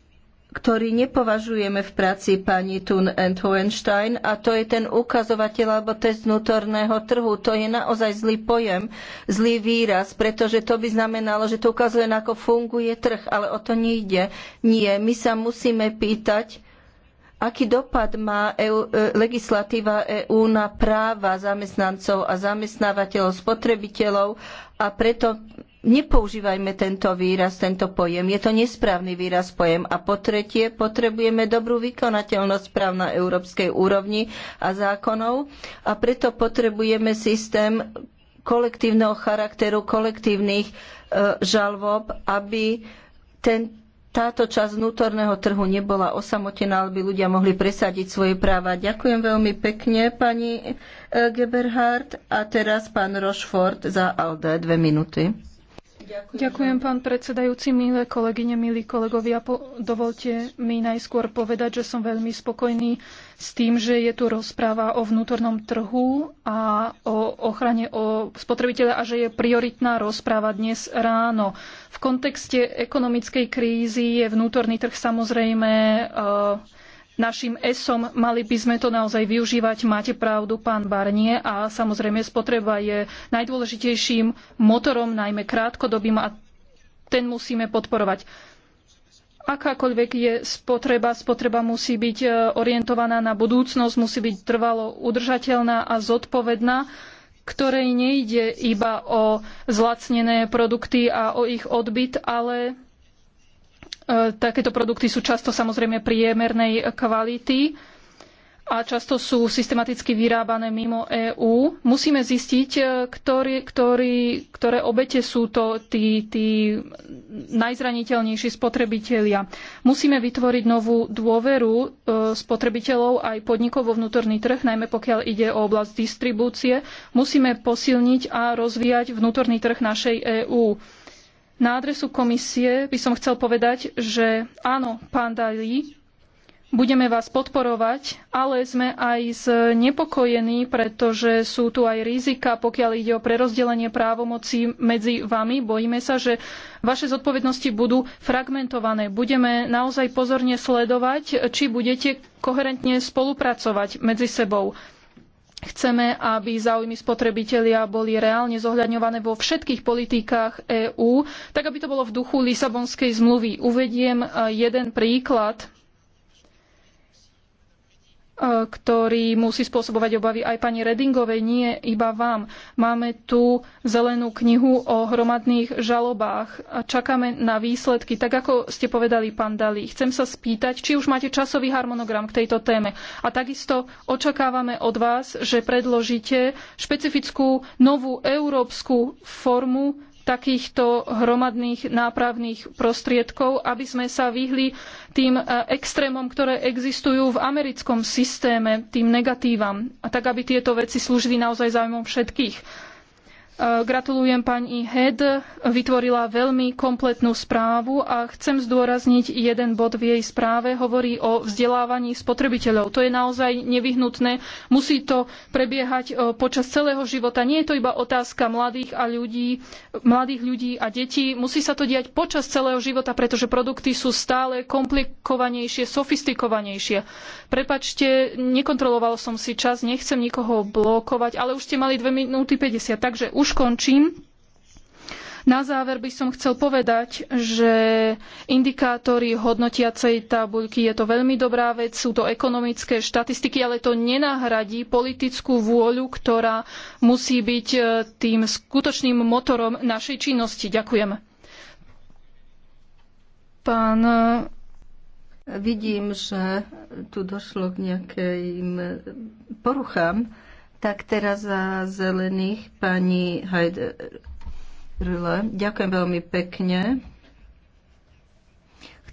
ktorý nepovažujeme v práci pani Thun and Hohenstein a to je ten ukazovateľ alebo test vnútorného trhu. To je naozaj zlý pojem, zlý výraz, pretože to by znamenalo, že to ukazuje, ako funguje trh, ale o to nejde. Nie, my sa musíme pýtať, aký dopad má EU, e, legislatíva EÚ na práva zamestnancov a zamestnávateľov, spotrebiteľov a preto nepoužívajme tento výraz, tento pojem. Je to nesprávny výraz pojem. A po tretie, potrebujeme dobrú vykonateľnosť práv na európskej úrovni a zákonov a preto potrebujeme systém kolektívneho charakteru, kolektívnych e, aby ten, táto časť vnútorného trhu nebola osamotená, aby ľudia mohli presadiť svoje práva. Ďakujem veľmi pekne, pani e, Geberhardt. A teraz pán Rochefort za ALDE. Dve minúty. Ďakujem. Ďakujem, pán predsedajúci, milé kolegyne, milí kolegovia. Po, dovolte mi najskôr povedať, že som veľmi spokojný s tým, že je tu rozpráva o vnútornom trhu a o ochrane o spotrebiteľa a že je prioritná rozpráva dnes ráno. V kontexte ekonomickej krízy je vnútorný trh samozrejme e, našim ESOM. Mali by sme to naozaj využívať. Máte pravdu, pán Barnie. A samozrejme, spotreba je najdôležitejším motorom, najmä krátkodobým, a ten musíme podporovať. Akákoľvek je spotreba, spotreba musí byť e, orientovaná na budúcnosť, musí byť trvalo udržateľná a zodpovedná ktorej nejde iba o zlacnené produkty a o ich odbyt, ale E, takéto produkty sú často samozrejme priemernej kvality a často sú systematicky vyrábané mimo EÚ. Musíme zistiť, e, ktorý, ktorý, ktoré obete sú to tí, tí najzraniteľnejší spotrebitelia. Musíme vytvoriť novú dôveru e, spotrebiteľov aj podnikov vo vnútorný trh, najmä pokiaľ ide o oblasť distribúcie. Musíme posilniť a rozvíjať vnútorný trh našej EÚ na adresu komisie by som chcel povedať, že áno, pán Dali, budeme vás podporovať, ale sme aj znepokojení, pretože sú tu aj rizika, pokiaľ ide o prerozdelenie právomocí medzi vami. Bojíme sa, že vaše zodpovednosti budú fragmentované. Budeme naozaj pozorne sledovať, či budete koherentne spolupracovať medzi sebou. Chceme, aby záujmy spotrebitelia boli reálne zohľadňované vo všetkých politikách EÚ, tak aby to bolo v duchu Lisabonskej zmluvy. Uvediem eh, jeden príklad E, ktorý musí spôsobovať obavy aj pani Redingovej, nie iba vám. Máme tu zelenú knihu o hromadných žalobách a čakáme na výsledky. Tak ako ste povedali, pán Dali, chcem sa spýtať, či už máte časový harmonogram k tejto téme. A takisto očakávame od vás, že predložíte špecifickú novú európsku formu takýchto hromadných nápravných prostriedkov, aby sme sa vyhli tým e, extrémom, ktoré existujú v americkom systéme, tým negatívam, a tak aby tieto veci slúžili naozaj záujmom všetkých. E, gratulujem pani Head, vytvorila veľmi kompletnú správu a chcem zdôrazniť jeden bod v jej správe. Hovorí o vzdelávaní spotrebiteľov. To je naozaj nevyhnutné. Musí to prebiehať e, počas celého života. Nie je to iba otázka mladých a ľudí, mladých ľudí a detí. Musí sa to diať počas celého života, pretože produkty sú stále komplikovanejšie, sofistikovanejšie. Prepačte, nekontroloval som si čas, nechcem nikoho blokovať, ale už ste mali 2 minúty 50, takže už končím. Na záver by som chcel povedať, že indikátory hodnotiacej tabuľky je to veľmi dobrá vec, sú to ekonomické štatistiky, ale to nenahradí politickú vôľu, ktorá musí byť e, tým skutočným motorom našej činnosti. Ďakujem. Pán e, Vidím, že tu došlo k nejakým poruchám tak teraz za zelených pani Hajderle. Ďakujem veľmi pekne.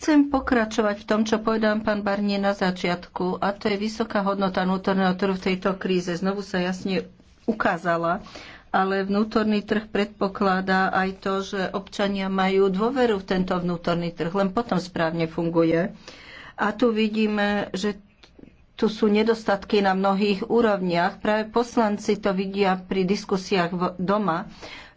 Chcem pokračovať v tom, čo povedal pán Barnie na začiatku, a to je vysoká hodnota vnútorného trhu v tejto kríze. Znovu sa jasne ukázala, ale vnútorný trh predpokladá aj to, že občania majú dôveru v tento vnútorný trh, len potom správne funguje. A tu vidíme, že tu sú nedostatky na mnohých úrovniach. Práve poslanci to vidia pri diskusiách doma,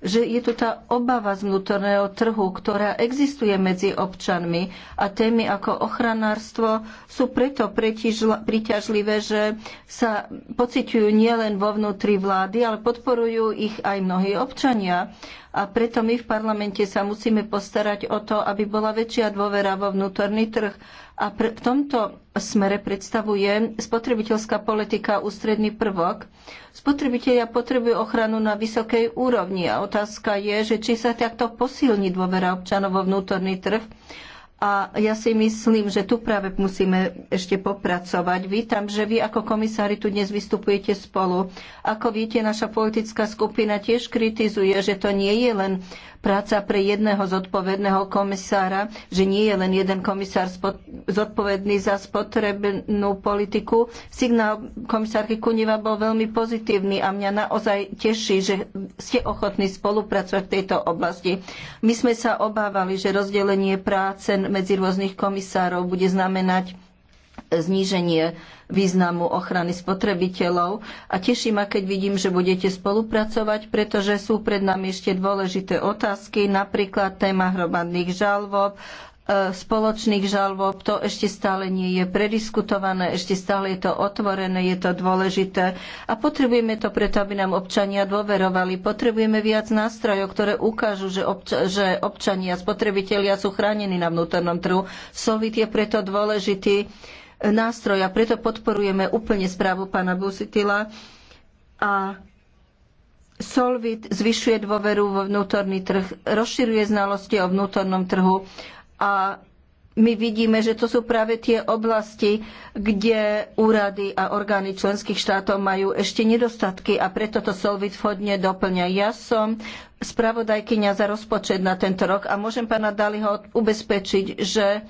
že je tu tá obava z vnútorného trhu, ktorá existuje medzi občanmi a témy ako ochranárstvo sú preto priťažlivé, že sa pociťujú nielen vo vnútri vlády, ale podporujú ich aj mnohí občania. A preto my v parlamente sa musíme postarať o to, aby bola väčšia dôvera vo vnútorný trh. A pre, v tomto smere predstavuje spotrebiteľská politika ústredný prvok. Spotrebitelia potrebujú ochranu na vysokej úrovni a otázka je, že či sa takto posilní dôvera občanov vo vnútorný trh. A ja si myslím, že tu práve musíme ešte popracovať. Vítam, že vy ako komisári tu dnes vystupujete spolu. Ako viete, naša politická skupina tiež kritizuje, že to nie je len práca pre jedného zodpovedného komisára, že nie je len jeden komisár zodpovedný za spotrebnú politiku. Signál komisárky Kuniva bol veľmi pozitívny a mňa naozaj teší, že ste ochotní spolupracovať v tejto oblasti. My sme sa obávali, že rozdelenie práce medzi rôznych komisárov bude znamenať zníženie významu ochrany spotrebiteľov a teší ma, keď vidím, že budete spolupracovať, pretože sú pred nami ešte dôležité otázky, napríklad téma hromadných žalvob, e, spoločných žalvob, to ešte stále nie je prediskutované, ešte stále je to otvorené, je to dôležité a potrebujeme to preto, aby nám občania dôverovali. Potrebujeme viac nástrojov, ktoré ukážu, že, obč- že občania, spotrebitelia sú chránení na vnútornom trhu. Solvit je preto dôležitý nástroj a preto podporujeme úplne správu pána Busitila a Solvit zvyšuje dôveru vo vnútorný trh, rozširuje znalosti o vnútornom trhu a my vidíme, že to sú práve tie oblasti, kde úrady a orgány členských štátov majú ešte nedostatky a preto to Solvit vhodne doplňa. Ja som spravodajkyňa za rozpočet na tento rok a môžem pána Daliho ubezpečiť, že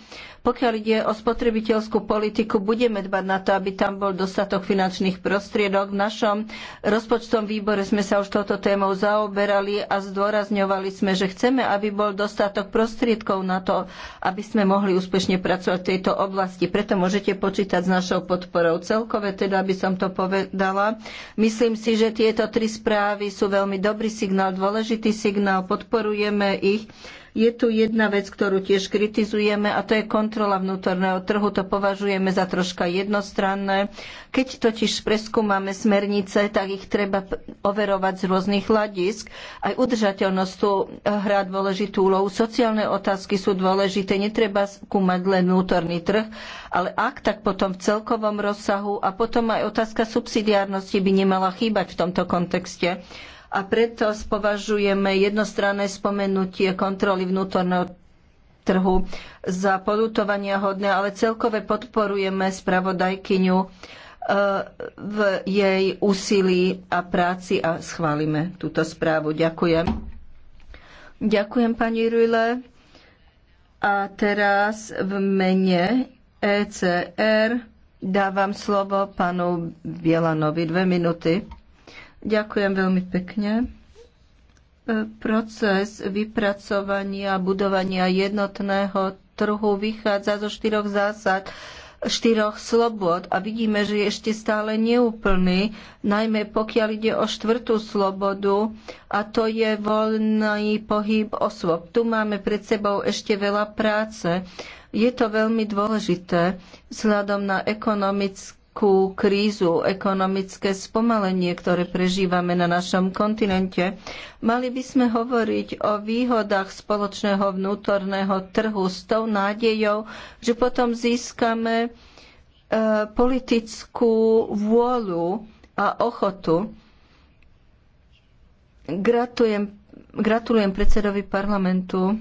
pokiaľ ide o spotrebiteľskú politiku, budeme dbať na to, aby tam bol dostatok finančných prostriedok. V našom rozpočtom výbore sme sa už touto témou zaoberali a zdôrazňovali sme, že chceme, aby bol dostatok prostriedkov na to, aby sme mohli úspešne pracovať v tejto oblasti. Preto môžete počítať s našou podporou. Celkové teda, aby som to povedala, myslím si, že tieto tri správy sú veľmi dobrý signál dôležitý určitý signál, podporujeme ich. Je tu jedna vec, ktorú tiež kritizujeme a to je kontrola vnútorného trhu. To považujeme za troška jednostranné. Keď totiž preskúmame smernice, tak ich treba overovať z rôznych hľadisk. Aj udržateľnosť tu eh, hrá dôležitú úlohu. Sociálne otázky sú dôležité. Netreba skúmať len vnútorný trh, ale ak, tak potom v celkovom rozsahu a potom aj otázka subsidiárnosti by nemala chýbať v tomto kontexte a preto spovažujeme jednostranné spomenutie kontroly vnútorného trhu za polutovania hodné, ale celkové podporujeme spravodajkyňu e, v jej úsilí a práci a schválime túto správu. Ďakujem. Ďakujem pani Rujle. A teraz v mene ECR dávam slovo panu Bielanovi. Dve minúty. Ďakujem veľmi pekne. E, proces vypracovania a budovania jednotného trhu vychádza zo štyroch zásad, štyroch slobod a vidíme, že je ešte stále neúplný, najmä pokiaľ ide o štvrtú slobodu a to je voľný pohyb osôb. Tu máme pred sebou ešte veľa práce. Je to veľmi dôležité vzhľadom na ekonomické ku krízu, ekonomické spomalenie, ktoré prežívame na našom kontinente. Mali by sme hovoriť o výhodách spoločného vnútorného trhu s tou nádejou, že potom získame e, politickú vôľu a ochotu. Gratujem, gratulujem predsedovi parlamentu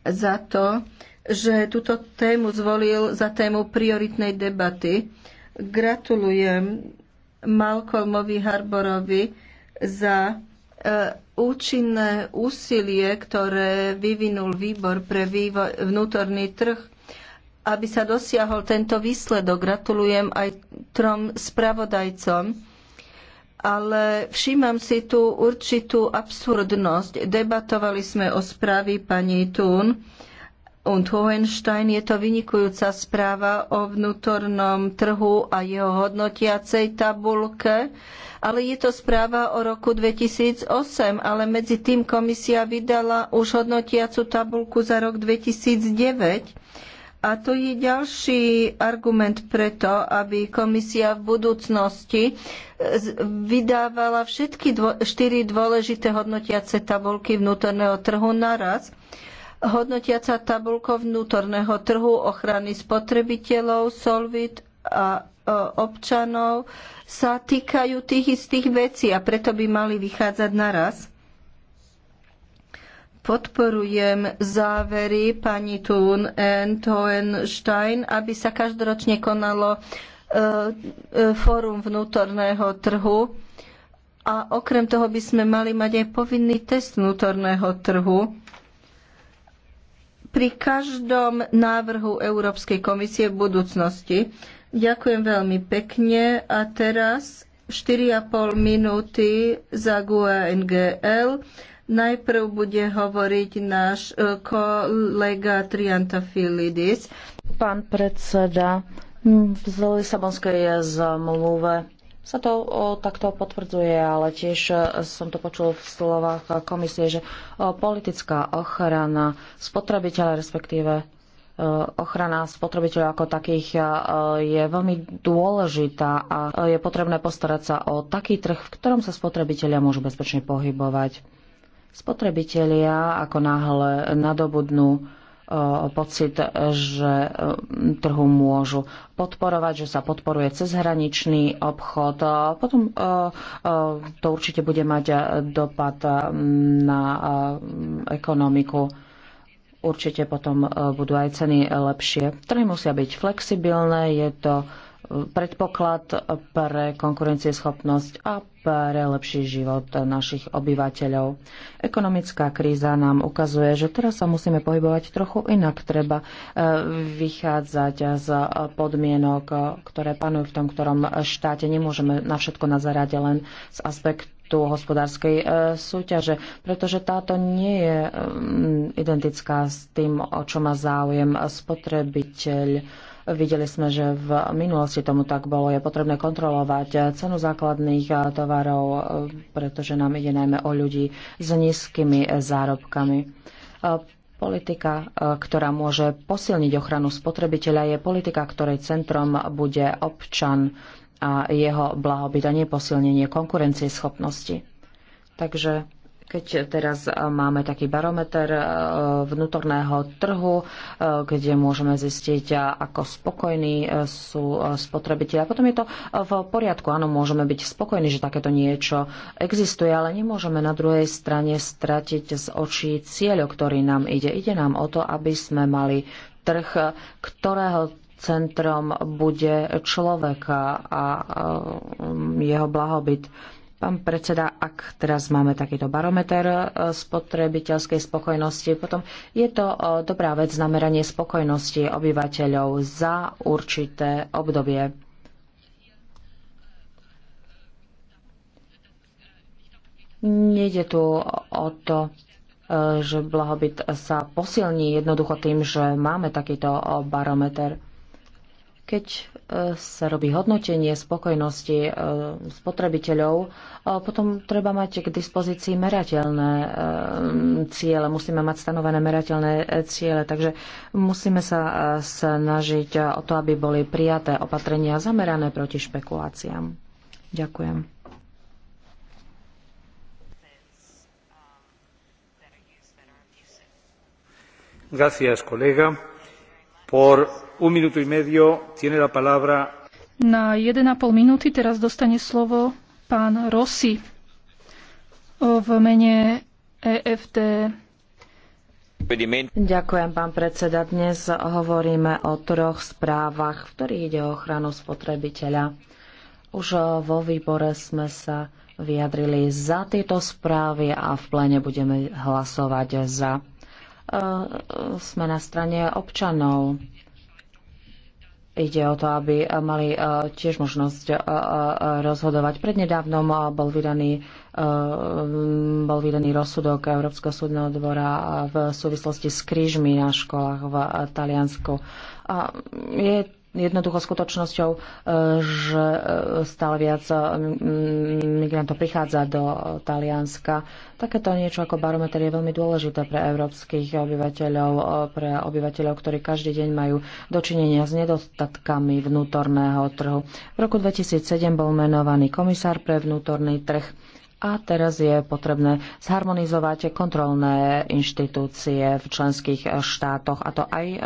za to, že túto tému zvolil za tému prioritnej debaty Gratulujem Malcolmovi Harborovi za e, účinné úsilie, ktoré vyvinul výbor pre vývoj, vnútorný trh, aby sa dosiahol tento výsledok. Gratulujem aj trom spravodajcom. Ale všímam si tu určitú absurdnosť. Debatovali sme o správy pani Tún und Hohenstein je to vynikujúca správa o vnútornom trhu a jeho hodnotiacej tabulke, ale je to správa o roku 2008, ale medzi tým komisia vydala už hodnotiacu tabulku za rok 2009. A to je ďalší argument preto, aby komisia v budúcnosti vydávala všetky dvo- štyri dôležité hodnotiace tabulky vnútorného trhu naraz hodnotiaca tabulko vnútorného trhu ochrany spotrebiteľov, solvit a e, občanov sa týkajú tých istých vecí a preto by mali vychádzať naraz. Podporujem závery pani Thun and Hohenstein, aby sa každoročne konalo e, e, fórum vnútorného trhu a okrem toho by sme mali mať aj povinný test vnútorného trhu pri každom návrhu Európskej komisie v budúcnosti. Ďakujem veľmi pekne a teraz 4,5 minúty za GuNGL e Najprv bude hovoriť náš e, kolega Trianta Filidis. Pán predseda, v Lisabonskej je zmluve sa to o, takto potvrdzuje, ale tiež e, som to počul v slovách komisie, že o, e, politická ochrana spotrebiteľa, respektíve e, ochrana spotrebiteľov ako takých je veľmi dôležitá a je potrebné postarať sa o taký trh, v ktorom sa spotrebitelia môžu bezpečne pohybovať. Spotrebitelia ako náhle nadobudnú E, pocit, e, že e, trhu môžu podporovať, že sa podporuje cezhraničný obchod. Potom to určite bude mať dopad na ekonomiku. Určite potom budú aj ceny lepšie. Trhy musia byť flexibilné, je to predpoklad pre konkurencieschopnosť a pre lepší život našich obyvateľov. Ekonomická kríza nám ukazuje, že teraz sa musíme pohybovať trochu inak. Treba e, vychádzať z podmienok, ktoré panujú v tom ktorom štáte. Nemôžeme na všetko nazerať len z aspektu tú hospodárskej e, súťaže, pretože táto nie je e, identická s tým, o čo má záujem spotrebiteľ Videli sme, že v minulosti tomu tak bolo. Je potrebné kontrolovať cenu základných eh, tovarov, eh, pretože nám ide najmä o ľudí s nízkymi eh, zárobkami. Politika, ktorá môže posilniť ochranu spotrebiteľa, je politika, ktorej centrom bude občan a jeho blahobyt a nie posilnenie konkurencieschopnosti. Takže keď teraz e, máme taký barometer e, vnútorného trhu, e, kde môžeme zistiť, ako spokojní sú spotrebitelia. Potom je to v poriadku. Áno, môžeme byť spokojní, že takéto niečo existuje, ale nemôžeme na druhej strane stratiť z očí cieľ, o ktorý nám ide. Ide nám o to, aby sme mali trh, ktorého centrom bude človek a jeho blahobyt. Pán predseda, ak teraz máme takýto barometer e, spotrebiteľskej spokojnosti, potom je to e, dobrá vec na meranie spokojnosti obyvateľov za určité obdobie. Nejde tu o to, e, že blahobyt sa posilní jednoducho tým, že máme takýto barometer. Keď e, sa robí hodnotenie spokojnosti e, spotrebiteľov, e, potom treba mať k dispozícii merateľné ciele. Musíme mať stanovené merateľné ciele, takže musíme sa snažiť o to, aby boli prijaté opatrenia zamerané proti špekuláciám. Ďakujem. Gracias, colega. Na 1,5 minúty teraz dostane slovo pán Rossi v mene EFT. Ďakujem, pán predseda. Dnes hovoríme o troch správach, v ktorých ide o ochranu spotrebiteľa. Už vo výbore sme sa vyjadrili za tieto správy a v plene budeme hlasovať za sme na strane občanov. Ide o to, aby mali e, tiež možnosť e, e, rozhodovať. Prednedávnom bol vydaný, bol vydaný rozsudok Európskeho súdneho dvora v súvislosti s krížmi na školách v Taliansku. A je jednoducho skutočnosťou, e, že e, stále viac e, migrantov prichádza do Talianska. Takéto niečo ako barometer je veľmi dôležité pre európskych obyvateľov, pre obyvateľov, ktorí každý deň majú dočinenia s nedostatkami vnútorného trhu. V roku 2007 bol menovaný komisár pre vnútorný trh a teraz je potrebné zharmonizovať kontrolné inštitúcie v členských štátoch, a to aj e,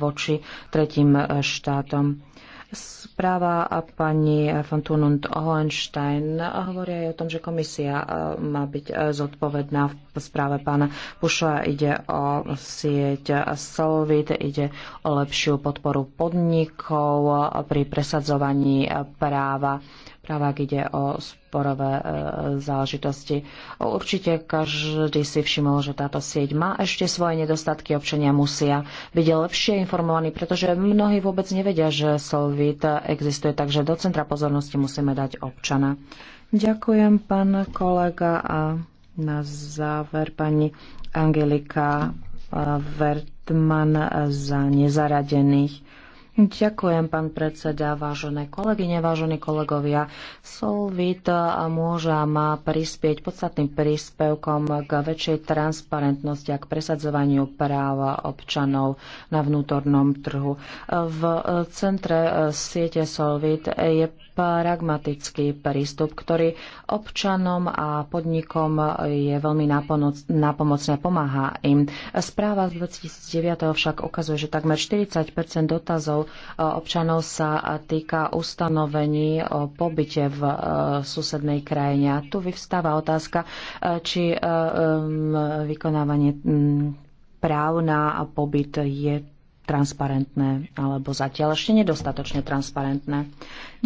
voči tretím e, štátom. Správa pani von Thunund Hohenstein hovorí aj o tom, že komisia e, má byť zodpovedná v správe pána Puša. Ide o sieť Solvit, ide o lepšiu podporu podnikov pri presadzovaní práva práve ak ide o sporové e, záležitosti. Určite každý si všimol, že táto sieť má ešte svoje nedostatky. Občania musia byť lepšie informovaní, pretože mnohí vôbec nevedia, že Solvit existuje, takže do centra pozornosti musíme dať občana. Ďakujem, pán kolega. A na záver pani Angelika Vertman za nezaradených. Ďakujem, pán predseda, vážené kolegyne, vážení kolegovia. Solvit môže ma má prispieť podstatným príspevkom k väčšej transparentnosti a k presadzovaniu práva občanov na vnútornom trhu. V centre siete Solvit je pragmatický prístup, ktorý občanom a podnikom je veľmi napomocné, pomáha im. Správa z 2009 však ukazuje, že takmer 40 dotazov občanov sa týka ustanovení o pobyte v e, susednej krajine. A tu vyvstáva otázka, e, či e, vykonávanie práv na pobyt je transparentné alebo zatiaľ ešte nedostatočne transparentné.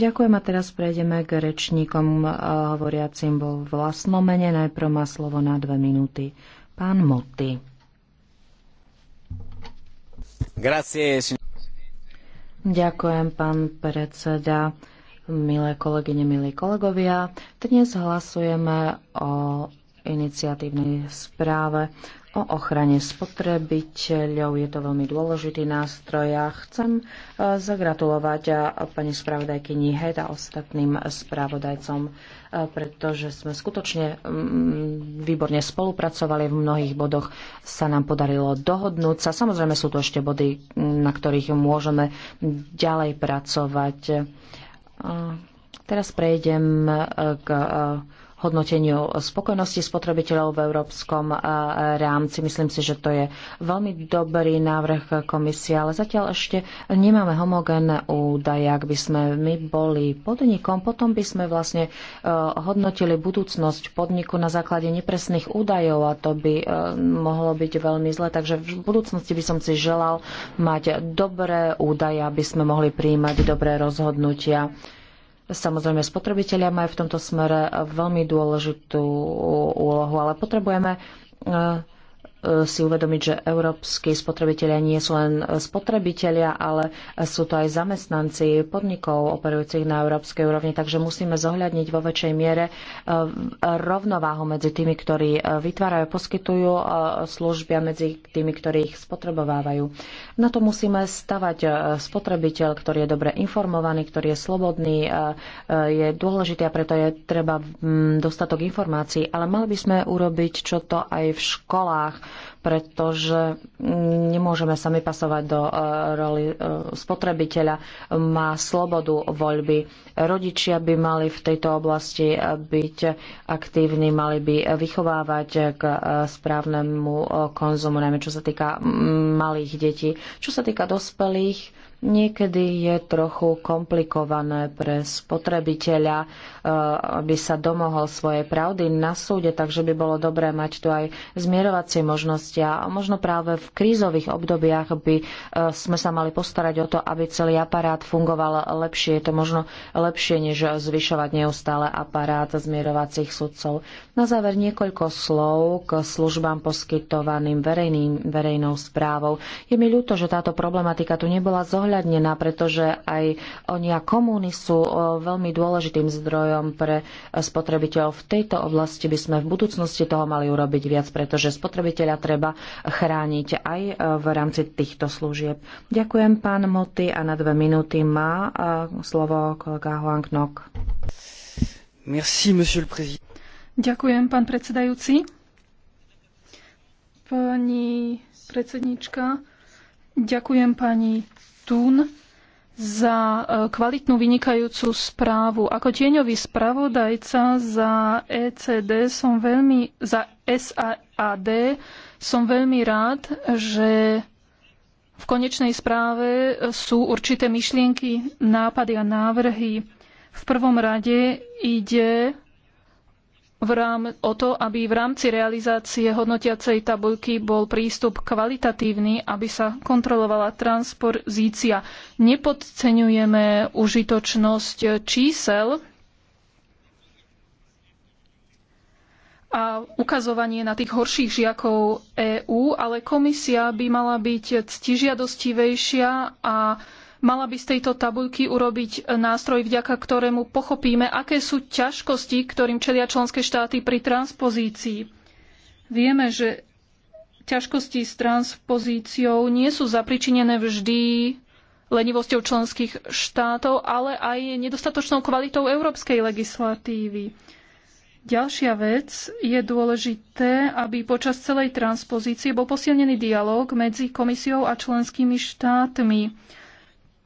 Ďakujem a teraz prejdeme k rečníkom hovoriacim vo vlastnom mene. Najprv má slovo na dve minúty pán Moty. Grazie. Ďakujem, pán predseda. Milé kolegyne, milí kolegovia, dnes hlasujeme o iniciatívnej správe o ochrane spotrebiteľov. Je to veľmi dôležitý nástroj a chcem e, zagratulovať e, pani spravodajkyni Heda a ostatným spravodajcom, e, pretože sme skutočne mm, výborne spolupracovali. V mnohých bodoch sa nám podarilo dohodnúť sa. Samozrejme sú tu ešte body, mm, na ktorých môžeme ďalej pracovať. Teraz prejdem k hodnoteniu spokojnosti spotrebiteľov v európskom eh, rámci. Myslím si, že to je veľmi dobrý návrh komisie, ale zatiaľ ešte nemáme homogénne údaje. Ak by sme my boli podnikom, potom by sme vlastne eh, hodnotili budúcnosť podniku na základe nepresných údajov a to by eh, mohlo byť veľmi zle. Takže v budúcnosti by som si želal mať dobré údaje, aby sme mohli príjmať dobré rozhodnutia. Samozrejme, spotrebitelia majú v tomto smere veľmi dôležitú úlohu, ale potrebujeme eh, si uvedomiť, že európsky spotrebitelia nie sú len spotrebitelia, ale sú to aj zamestnanci podnikov operujúcich na európskej úrovni, takže musíme zohľadniť vo väčšej miere e, rovnováhu medzi tými, ktorí e, vytvárajú, poskytujú e, služby a medzi tými, ktorí ich spotrebovávajú. Na to musíme stavať spotrebiteľ, ktorý je dobre informovaný, ktorý je slobodný, je dôležitý a preto je treba mm, dostatok informácií, ale mali by sme urobiť čo to aj v školách, pretože nemôžeme sa my pasovať do eh, roli eh, spotrebiteľa. Má slobodu voľby. Rodičia by mali v tejto oblasti eh, byť aktívni, mali by vychovávať k správnemu konzumu, najmä čo sa týka malých detí. Čo sa týka dospelých, Niekedy je trochu komplikované pre spotrebiteľa, eh, aby sa domohol svojej pravdy na súde, takže by bolo dobré mať tu aj zmierovacie možnosti a možno práve v krízových obdobiach by eh, sme sa mali postarať o to, aby celý aparát fungoval lepšie. Je to možno lepšie, než zvyšovať neustále aparát zmierovacích sudcov. Na záver niekoľko slov k službám poskytovaným verejným, verejnou správou. Je mi ľúto, že táto problematika tu nebola zohľadná zohľadnená, pretože aj oni a komúny sú e, veľmi dôležitým zdrojom pre spotrebiteľov. V tejto oblasti by sme v budúcnosti toho mali urobiť viac, pretože spotrebiteľa treba chrániť aj e, v rámci týchto služieb. Ďakujem pán Moty a na dve minúty má e, slovo kolega Hoang Nok. Merci, monsieur le président. Ďakujem, pán predsedajúci. Pani predsednička, ďakujem pani Tún za e, kvalitnú vynikajúcu správu. Ako tieňový spravodajca za ECD som veľmi, za SAD som veľmi rád, že v konečnej správe sú určité myšlienky, nápady a návrhy. V prvom rade ide v rám, o to, aby v rámci realizácie hodnotiacej tabuľky bol prístup kvalitatívny, aby sa kontrolovala transpozícia. Nepodceňujeme užitočnosť čísel a ukazovanie na tých horších žiakov EÚ, ale komisia by mala byť ctižiadostivejšia a Mala by z tejto tabuľky urobiť e, nástroj, vďaka ktorému pochopíme, aké sú ťažkosti, ktorým čelia členské štáty pri transpozícii. Vieme, že ťažkosti s transpozíciou nie sú zapričinené vždy lenivosťou členských štátov, ale aj nedostatočnou kvalitou európskej legislatívy. Ďalšia vec je dôležité, aby počas celej transpozície bol posilnený dialog medzi komisiou a členskými štátmi.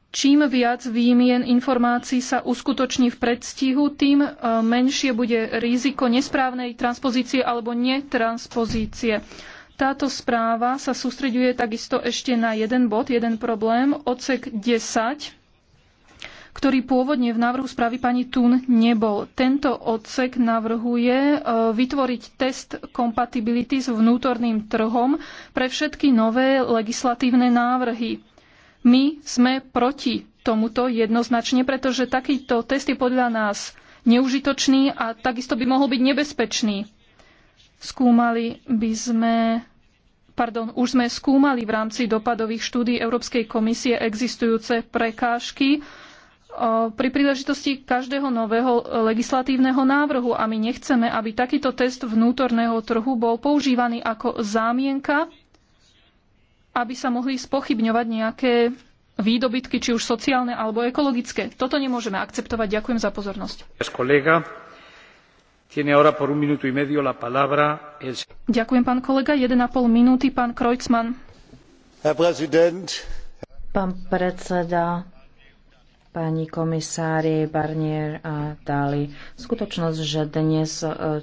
Čím viac výmien informácií sa uskutoční v predstihu, tým e, menšie bude riziko nesprávnej transpozície alebo netranspozície. Táto správa sa sústreďuje takisto ešte na jeden bod, jeden problém, odsek 10, ktorý pôvodne v návrhu správy pani Tun nebol. Tento odsek navrhuje e, vytvoriť test kompatibility s vnútorným trhom pre všetky nové legislatívne návrhy. My sme proti tomuto jednoznačne, pretože takýto test je podľa nás neužitočný a takisto by mohol byť nebezpečný. Skúmali by sme pardon, už sme skúmali v rámci dopadových štúdí Európskej komisie existujúce prekážky pri príležitosti každého nového legislatívneho návrhu a my nechceme, aby takýto test vnútorného trhu bol používaný ako zámienka aby sa mohli spochybňovať nejaké výdobytky, či už sociálne alebo ekologické. Toto nemôžeme akceptovať. Ďakujem za pozornosť. Ďakujem, pán kolega. 1,5 minúty, pán Kreutzmann. Pán predseda, pani komisári Barnier a Dali, skutočnosť, že dnes e,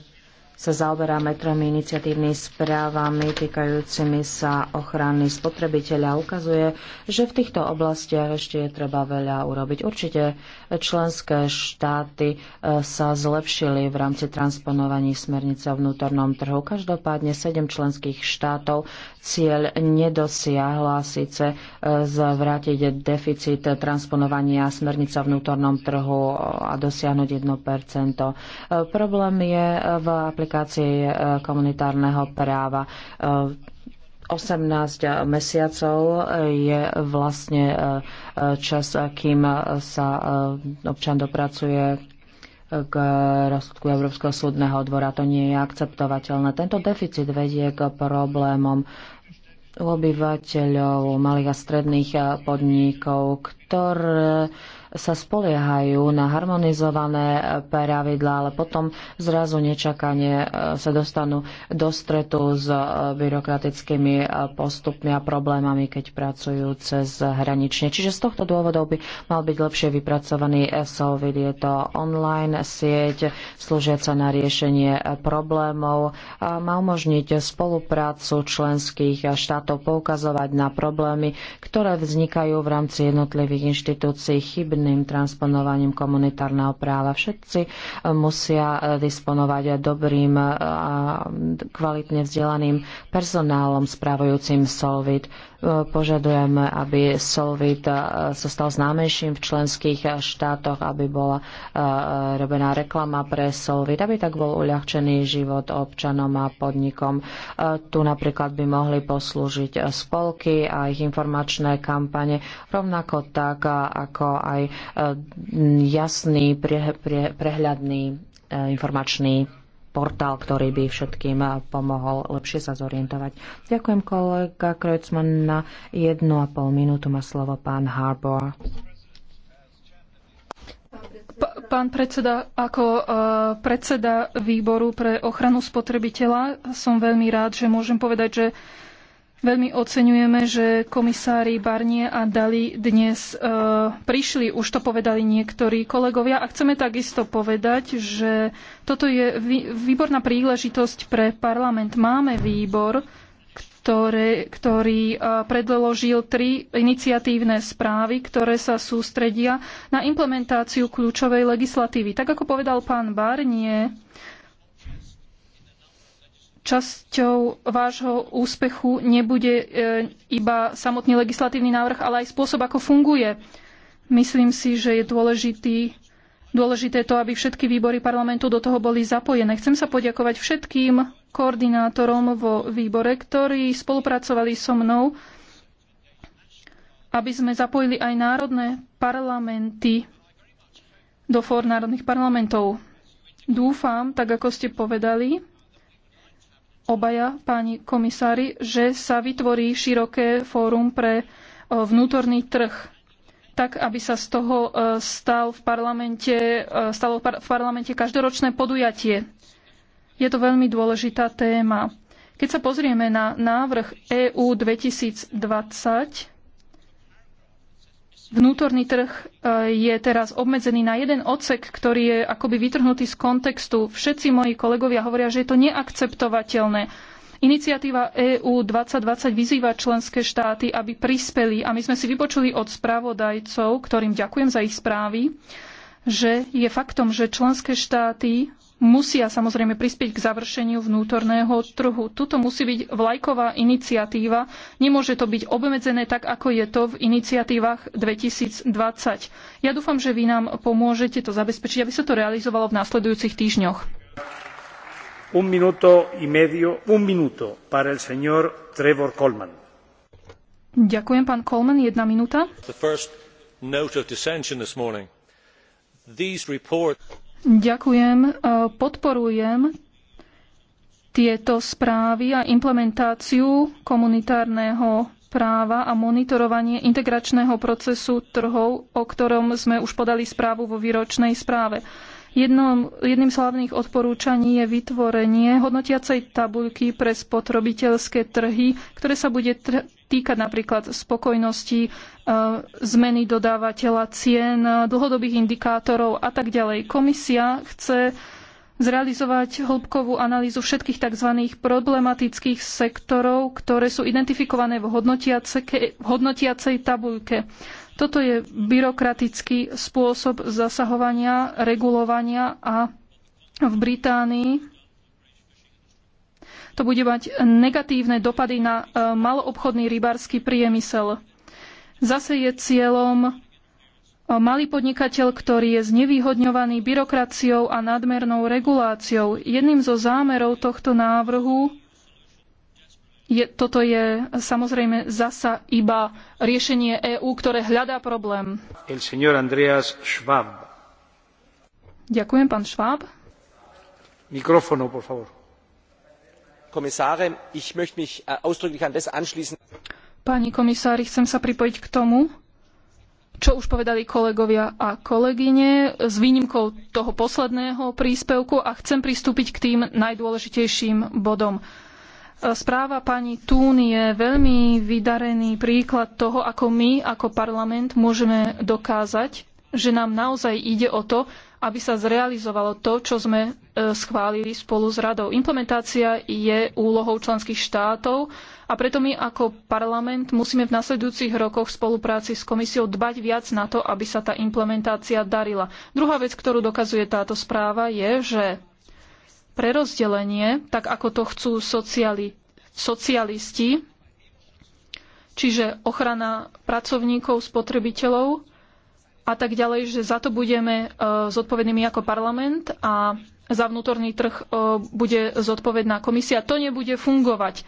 sa zaoberáme tromi iniciatívnymi správami týkajúcimi sa ochrany spotrebiteľa. Ukazuje, že v týchto oblastiach ešte je treba veľa urobiť. Určite členské štáty e, sa zlepšili v rámci transponovaní smernice o vnútornom trhu. Každopádne sedem členských štátov cieľ nedosiahla síce e, zvrátiť deficit transponovania smernice o vnútornom trhu a dosiahnuť 1%. E, problém je v aplikácii aplikácii e, komunitárneho práva. 18 e, mesiacov je vlastne e, čas, kým sa občan dopracuje k rozsudku Európskeho súdneho dvora. To nie je akceptovateľné. Tento deficit vedie k problémom obyvateľov malých a stredných podnikov, ktoré sa spoliehajú na harmonizované pravidlá, ale potom zrazu nečakane e, sa dostanú do stretu s e, byrokratickými e, postupmi a problémami, keď pracujú cez hranične. Čiže z tohto dôvodov by mal byť lepšie vypracovaný SOVID. Je to online sieť, slúžiaca na riešenie problémov a má umožniť spoluprácu členských štátov poukazovať na problémy, ktoré vznikajú v rámci jednotlivých inštitúcií chybných správnym transponovaním komunitárneho práva. Všetci e, musia e, disponovať dobrým e, a kvalitne vzdelaným personálom správajúcim Solvit Požadujeme, aby Solvit e, sa stal známejším v členských e, štátoch, aby bola e, robená reklama pre Solvit, aby tak bol uľahčený život občanom a podnikom. Tu napríklad by mohli poslúžiť spolky a ich informačné kampane, rovnako tak ako aj jasný, prehľadný informačný portál, ktorý by všetkým eh, pomohol lepšie sa zorientovať. Ďakujem kolega Kreutzmann. Na jednu a pol minútu má slovo pán Harbour. Pán predseda, ako eh, predseda výboru pre ochranu spotrebiteľa som veľmi rád, že môžem povedať, že Veľmi oceňujeme, že komisári Barnie a Dali dnes e, prišli, už to povedali niektorí kolegovia a chceme takisto povedať, že toto je vý, výborná príležitosť pre parlament. Máme výbor, ktoré, ktorý e, predložil tri iniciatívne správy, ktoré sa sústredia na implementáciu kľúčovej legislatívy. Tak ako povedal pán Barnie, časťou vášho úspechu nebude e, iba samotný legislatívny návrh, ale aj spôsob, ako funguje. Myslím si, že je dôležitý, dôležité to, aby všetky výbory parlamentu do toho boli zapojené. Chcem sa poďakovať všetkým koordinátorom vo výbore, ktorí spolupracovali so mnou, aby sme zapojili aj národné parlamenty do fór národných parlamentov. Dúfam, tak ako ste povedali, obaja páni komisári, že sa vytvorí široké fórum pre e, vnútorný trh, tak aby sa z toho e, stal v parlamente, e, stalo v parlamente každoročné podujatie. Je to veľmi dôležitá téma. Keď sa pozrieme na návrh EU 2020, Vnútorný trh e, je teraz obmedzený na jeden odsek, ktorý je akoby vytrhnutý z kontextu. Všetci moji kolegovia hovoria, že je to neakceptovateľné. Iniciatíva EÚ 2020 vyzýva členské štáty, aby prispeli, a my sme si vypočuli od spravodajcov, ktorým ďakujem za ich správy, že je faktom, že členské štáty musia samozrejme prispieť k završeniu vnútorného trhu. Tuto musí byť vlajková iniciatíva. Nemôže to byť obmedzené tak, ako je to v iniciatívach 2020. Ja dúfam, že vy nám pomôžete to zabezpečiť, aby sa to realizovalo v následujúcich týždňoch. Un minuto y medio, un minuto para el señor Trevor Ďakujem, pán Coleman, jedna minúta. The first note of dissension this morning. These reports Ďakujem. E, podporujem tieto správy a implementáciu komunitárneho práva a monitorovanie integračného procesu trhov, o ktorom sme už podali správu vo výročnej správe. Jednom, jedným z hlavných odporúčaní je vytvorenie hodnotiacej tabuľky pre spotrebiteľské trhy, ktoré sa bude týkať napríklad spokojnosti, e, zmeny dodávateľa cien, dlhodobých indikátorov a tak ďalej. Komisia chce zrealizovať hĺbkovú analýzu všetkých tzv. problematických sektorov, ktoré sú identifikované v hodnotiacej tabuľke. Toto je byrokratický spôsob zasahovania, regulovania a v Británii to bude mať negatívne dopady na e, maloobchodný rybársky priemysel. Zase je cieľom e, malý podnikateľ, ktorý je znevýhodňovaný byrokraciou a nadmernou reguláciou. Jedným zo zámerov tohto návrhu je, toto je samozrejme zasa iba riešenie EÚ, ktoré hľadá problém. Ďakujem, pán Schwab. Mikrofono, por favor kommissare ich möchte mich äh, ausdrücklich an das anschließen Páni komisári, chcem sa pripojiť k tomu, čo už povedali kolegovia a kolegyne, s výnimkou toho posledného príspevku a chcem pristúpiť k tým najdôležitejším bodom. E, správa pani thun je veľmi vydarený príklad toho, ako my, ako parlament, môžeme dokázať, že nám naozaj ide o to, aby sa zrealizovalo to, čo sme e, schválili spolu s radou. Implementácia je úlohou členských štátov a preto my ako parlament musíme v nasledujúcich rokoch v spolupráci s komisiou dbať viac na to, aby sa tá implementácia darila. Druhá vec, ktorú dokazuje táto správa, je, že prerozdelenie, tak ako to chcú sociali, socialisti, čiže ochrana pracovníkov, spotrebiteľov, a tak ďalej, že za to budeme e, zodpovednými ako parlament a za vnútorný trh e, bude zodpovedná komisia. To nebude fungovať.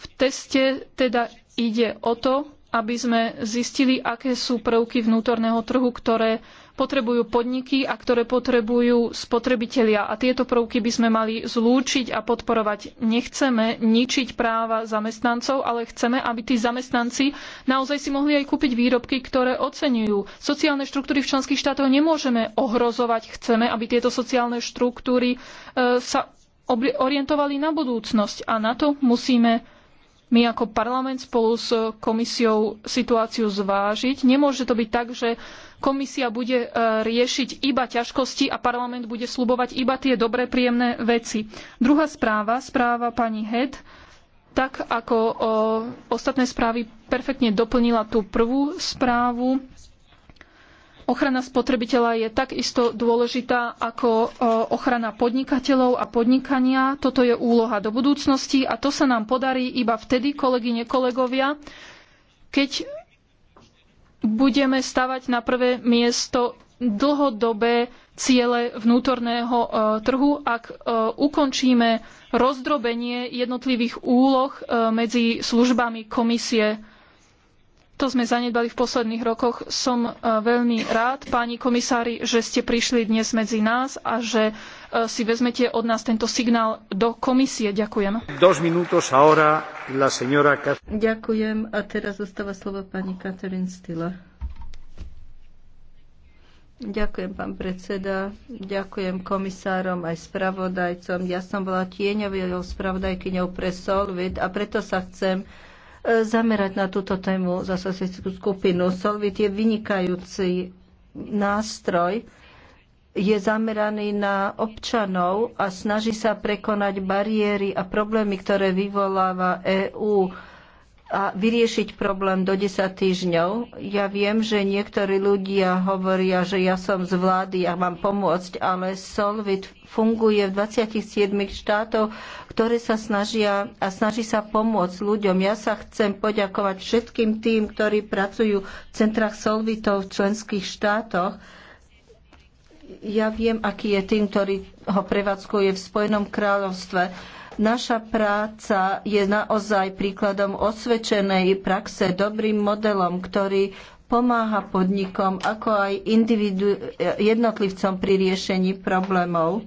V teste teda ide o to, aby sme zistili, aké sú prvky vnútorného trhu, ktoré potrebujú podniky a ktoré potrebujú spotrebitelia. A tieto prvky by sme mali zlúčiť a podporovať. Nechceme ničiť práva zamestnancov, ale chceme, aby tí zamestnanci naozaj si mohli aj kúpiť výrobky, ktoré oceňujú. Sociálne štruktúry v členských štátoch nemôžeme ohrozovať. Chceme, aby tieto sociálne štruktúry e, sa orientovali na budúcnosť a na to musíme my ako parlament spolu s komisiou situáciu zvážiť. Nemôže to byť tak, že komisia bude e, riešiť iba ťažkosti a parlament bude slubovať iba tie dobré, príjemné veci. Druhá správa, správa pani Head, tak ako e, ostatné správy perfektne doplnila tú prvú správu, Ochrana spotrebiteľa je takisto dôležitá ako e, ochrana podnikateľov a podnikania. Toto je úloha do budúcnosti a to sa nám podarí iba vtedy, kolegyne, kolegovia, keď budeme stavať na prvé miesto dlhodobé ciele vnútorného e, trhu, ak e, ukončíme rozdrobenie jednotlivých úloh medzi službami komisie to sme zanedbali v posledných rokoch. Som e, veľmi rád, páni komisári, že ste prišli dnes medzi nás a že e, si vezmete od nás tento signál do komisie. Ďakujem. Ďakujem a teraz zostáva slovo pani Katarín Stila. Ďakujem, pán predseda. Ďakujem komisárom aj spravodajcom. Ja som bola tieňovou spravodajkyňou pre Solvit a preto sa chcem zamerať na túto tému za sociálnu skupinu. Solvit je vynikajúci nástroj, je zameraný na občanov a snaží sa prekonať bariéry a problémy, ktoré vyvoláva EÚ a vyriešiť problém do 10 týždňov. Ja viem, že niektorí ľudia hovoria, že ja som z vlády a mám pomôcť, ale Solvit funguje v 27 štátoch, ktoré sa snažia a snaží sa pomôcť ľuďom. Ja sa chcem poďakovať všetkým tým, ktorí pracujú v centrách Solvitov v členských štátoch. Ja viem, aký je tým, ktorý ho prevádzkuje v Spojenom kráľovstve Naša práca je naozaj príkladom osvedčenej praxe, dobrým modelom, ktorý pomáha podnikom ako aj jednotlivcom pri riešení problémov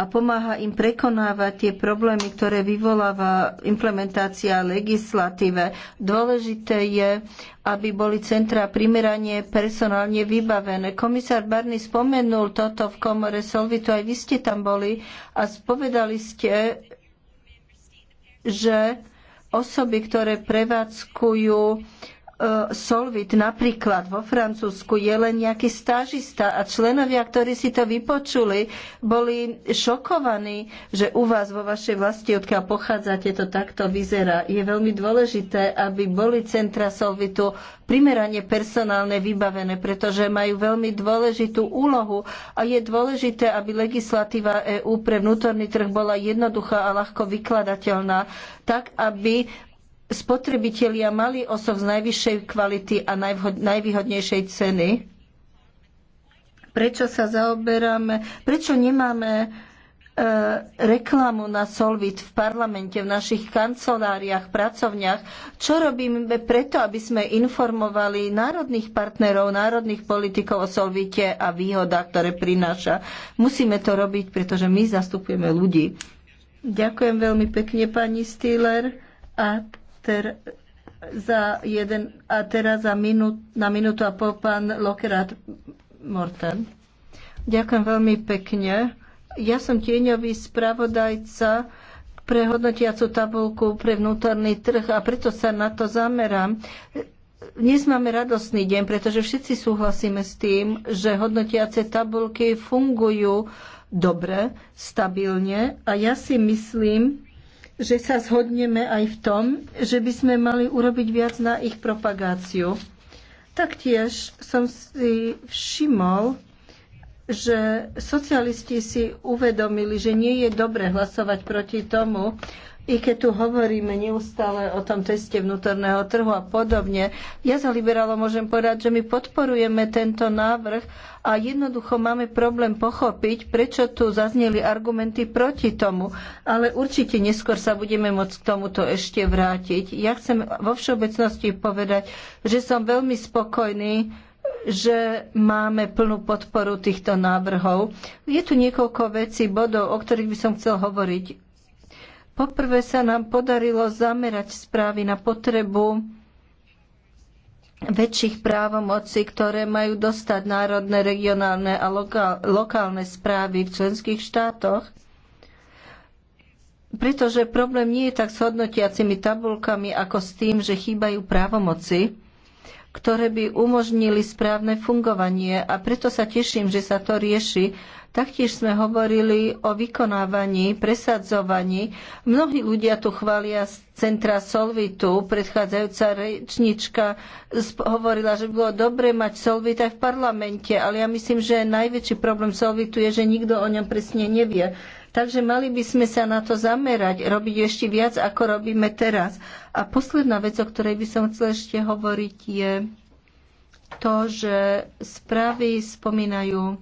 a pomáha im prekonávať tie problémy, ktoré vyvoláva implementácia legislatíve. Dôležité je, aby boli centra primerane personálne vybavené. Komisár Barny spomenul toto v komore Solvitu, aj vy ste tam boli a spovedali ste, že osoby, ktoré prevádzkujú E, Solvit napríklad vo Francúzsku je len nejaký stážista a členovia, ktorí si to vypočuli, boli šokovaní, že u vás vo vašej vlasti, odkiaľ pochádzate, to takto vyzerá. Je veľmi dôležité, aby boli centra Solvitu primerane personálne vybavené, pretože majú veľmi dôležitú úlohu a je dôležité, aby legislatíva EÚ pre vnútorný trh bola jednoduchá a ľahko vykladateľná, tak aby spotrebitelia mali osov z najvyššej kvality a najvhod, najvýhodnejšej ceny? Prečo sa zaoberáme, prečo nemáme e, reklamu na Solvit v parlamente, v našich kanceláriách, pracovniach. Čo robíme preto, aby sme informovali národných partnerov, národných politikov o Solvite a výhodách, ktoré prináša? Musíme to robiť, pretože my zastupujeme ľudí. Ďakujem veľmi pekne, pani Stýler. A ter, za jeden, a teraz za minút, na minútu a pol pán Lokerat Morten. Ďakujem veľmi pekne. Ja som tieňový spravodajca pre hodnotiacu tabulku pre vnútorný trh a preto sa na to zamerám. Dnes máme radostný deň, pretože všetci súhlasíme s tým, že hodnotiace tabulky fungujú dobre, stabilne a ja si myslím, že sa zhodneme aj v tom, že by sme mali urobiť viac na ich propagáciu. Taktiež som si všimol, že socialisti si uvedomili, že nie je dobre hlasovať proti tomu, i keď tu hovoríme neustále o tom teste vnútorného trhu a podobne, ja za liberálo môžem povedať, že my podporujeme tento návrh a jednoducho máme problém pochopiť, prečo tu zazneli argumenty proti tomu. Ale určite neskôr sa budeme môcť k tomuto ešte vrátiť. Ja chcem vo všeobecnosti povedať, že som veľmi spokojný že máme plnú podporu týchto návrhov. Je tu niekoľko vecí, bodov, o ktorých by som chcel hovoriť Poprvé sa nám podarilo zamerať správy na potrebu väčších právomocí, ktoré majú dostať národné, regionálne a lokálne správy v členských štátoch pretože problém nie je tak s hodnotiacimi tabulkami, ako s tým, že chýbajú právomoci ktoré by umožnili správne fungovanie a preto sa teším, že sa to rieši. Taktiež sme hovorili o vykonávaní, presadzovaní. Mnohí ľudia tu chvália z centra Solvitu. Predchádzajúca rečnička hovorila, že by bolo dobre mať Solvit aj v parlamente, ale ja myslím, že najväčší problém Solvitu je, že nikto o ňom presne nevie. Takže mali by sme sa na to zamerať, robiť ešte viac, ako robíme teraz. A posledná vec, o ktorej by som chcela ešte hovoriť, je to, že správy spomínajú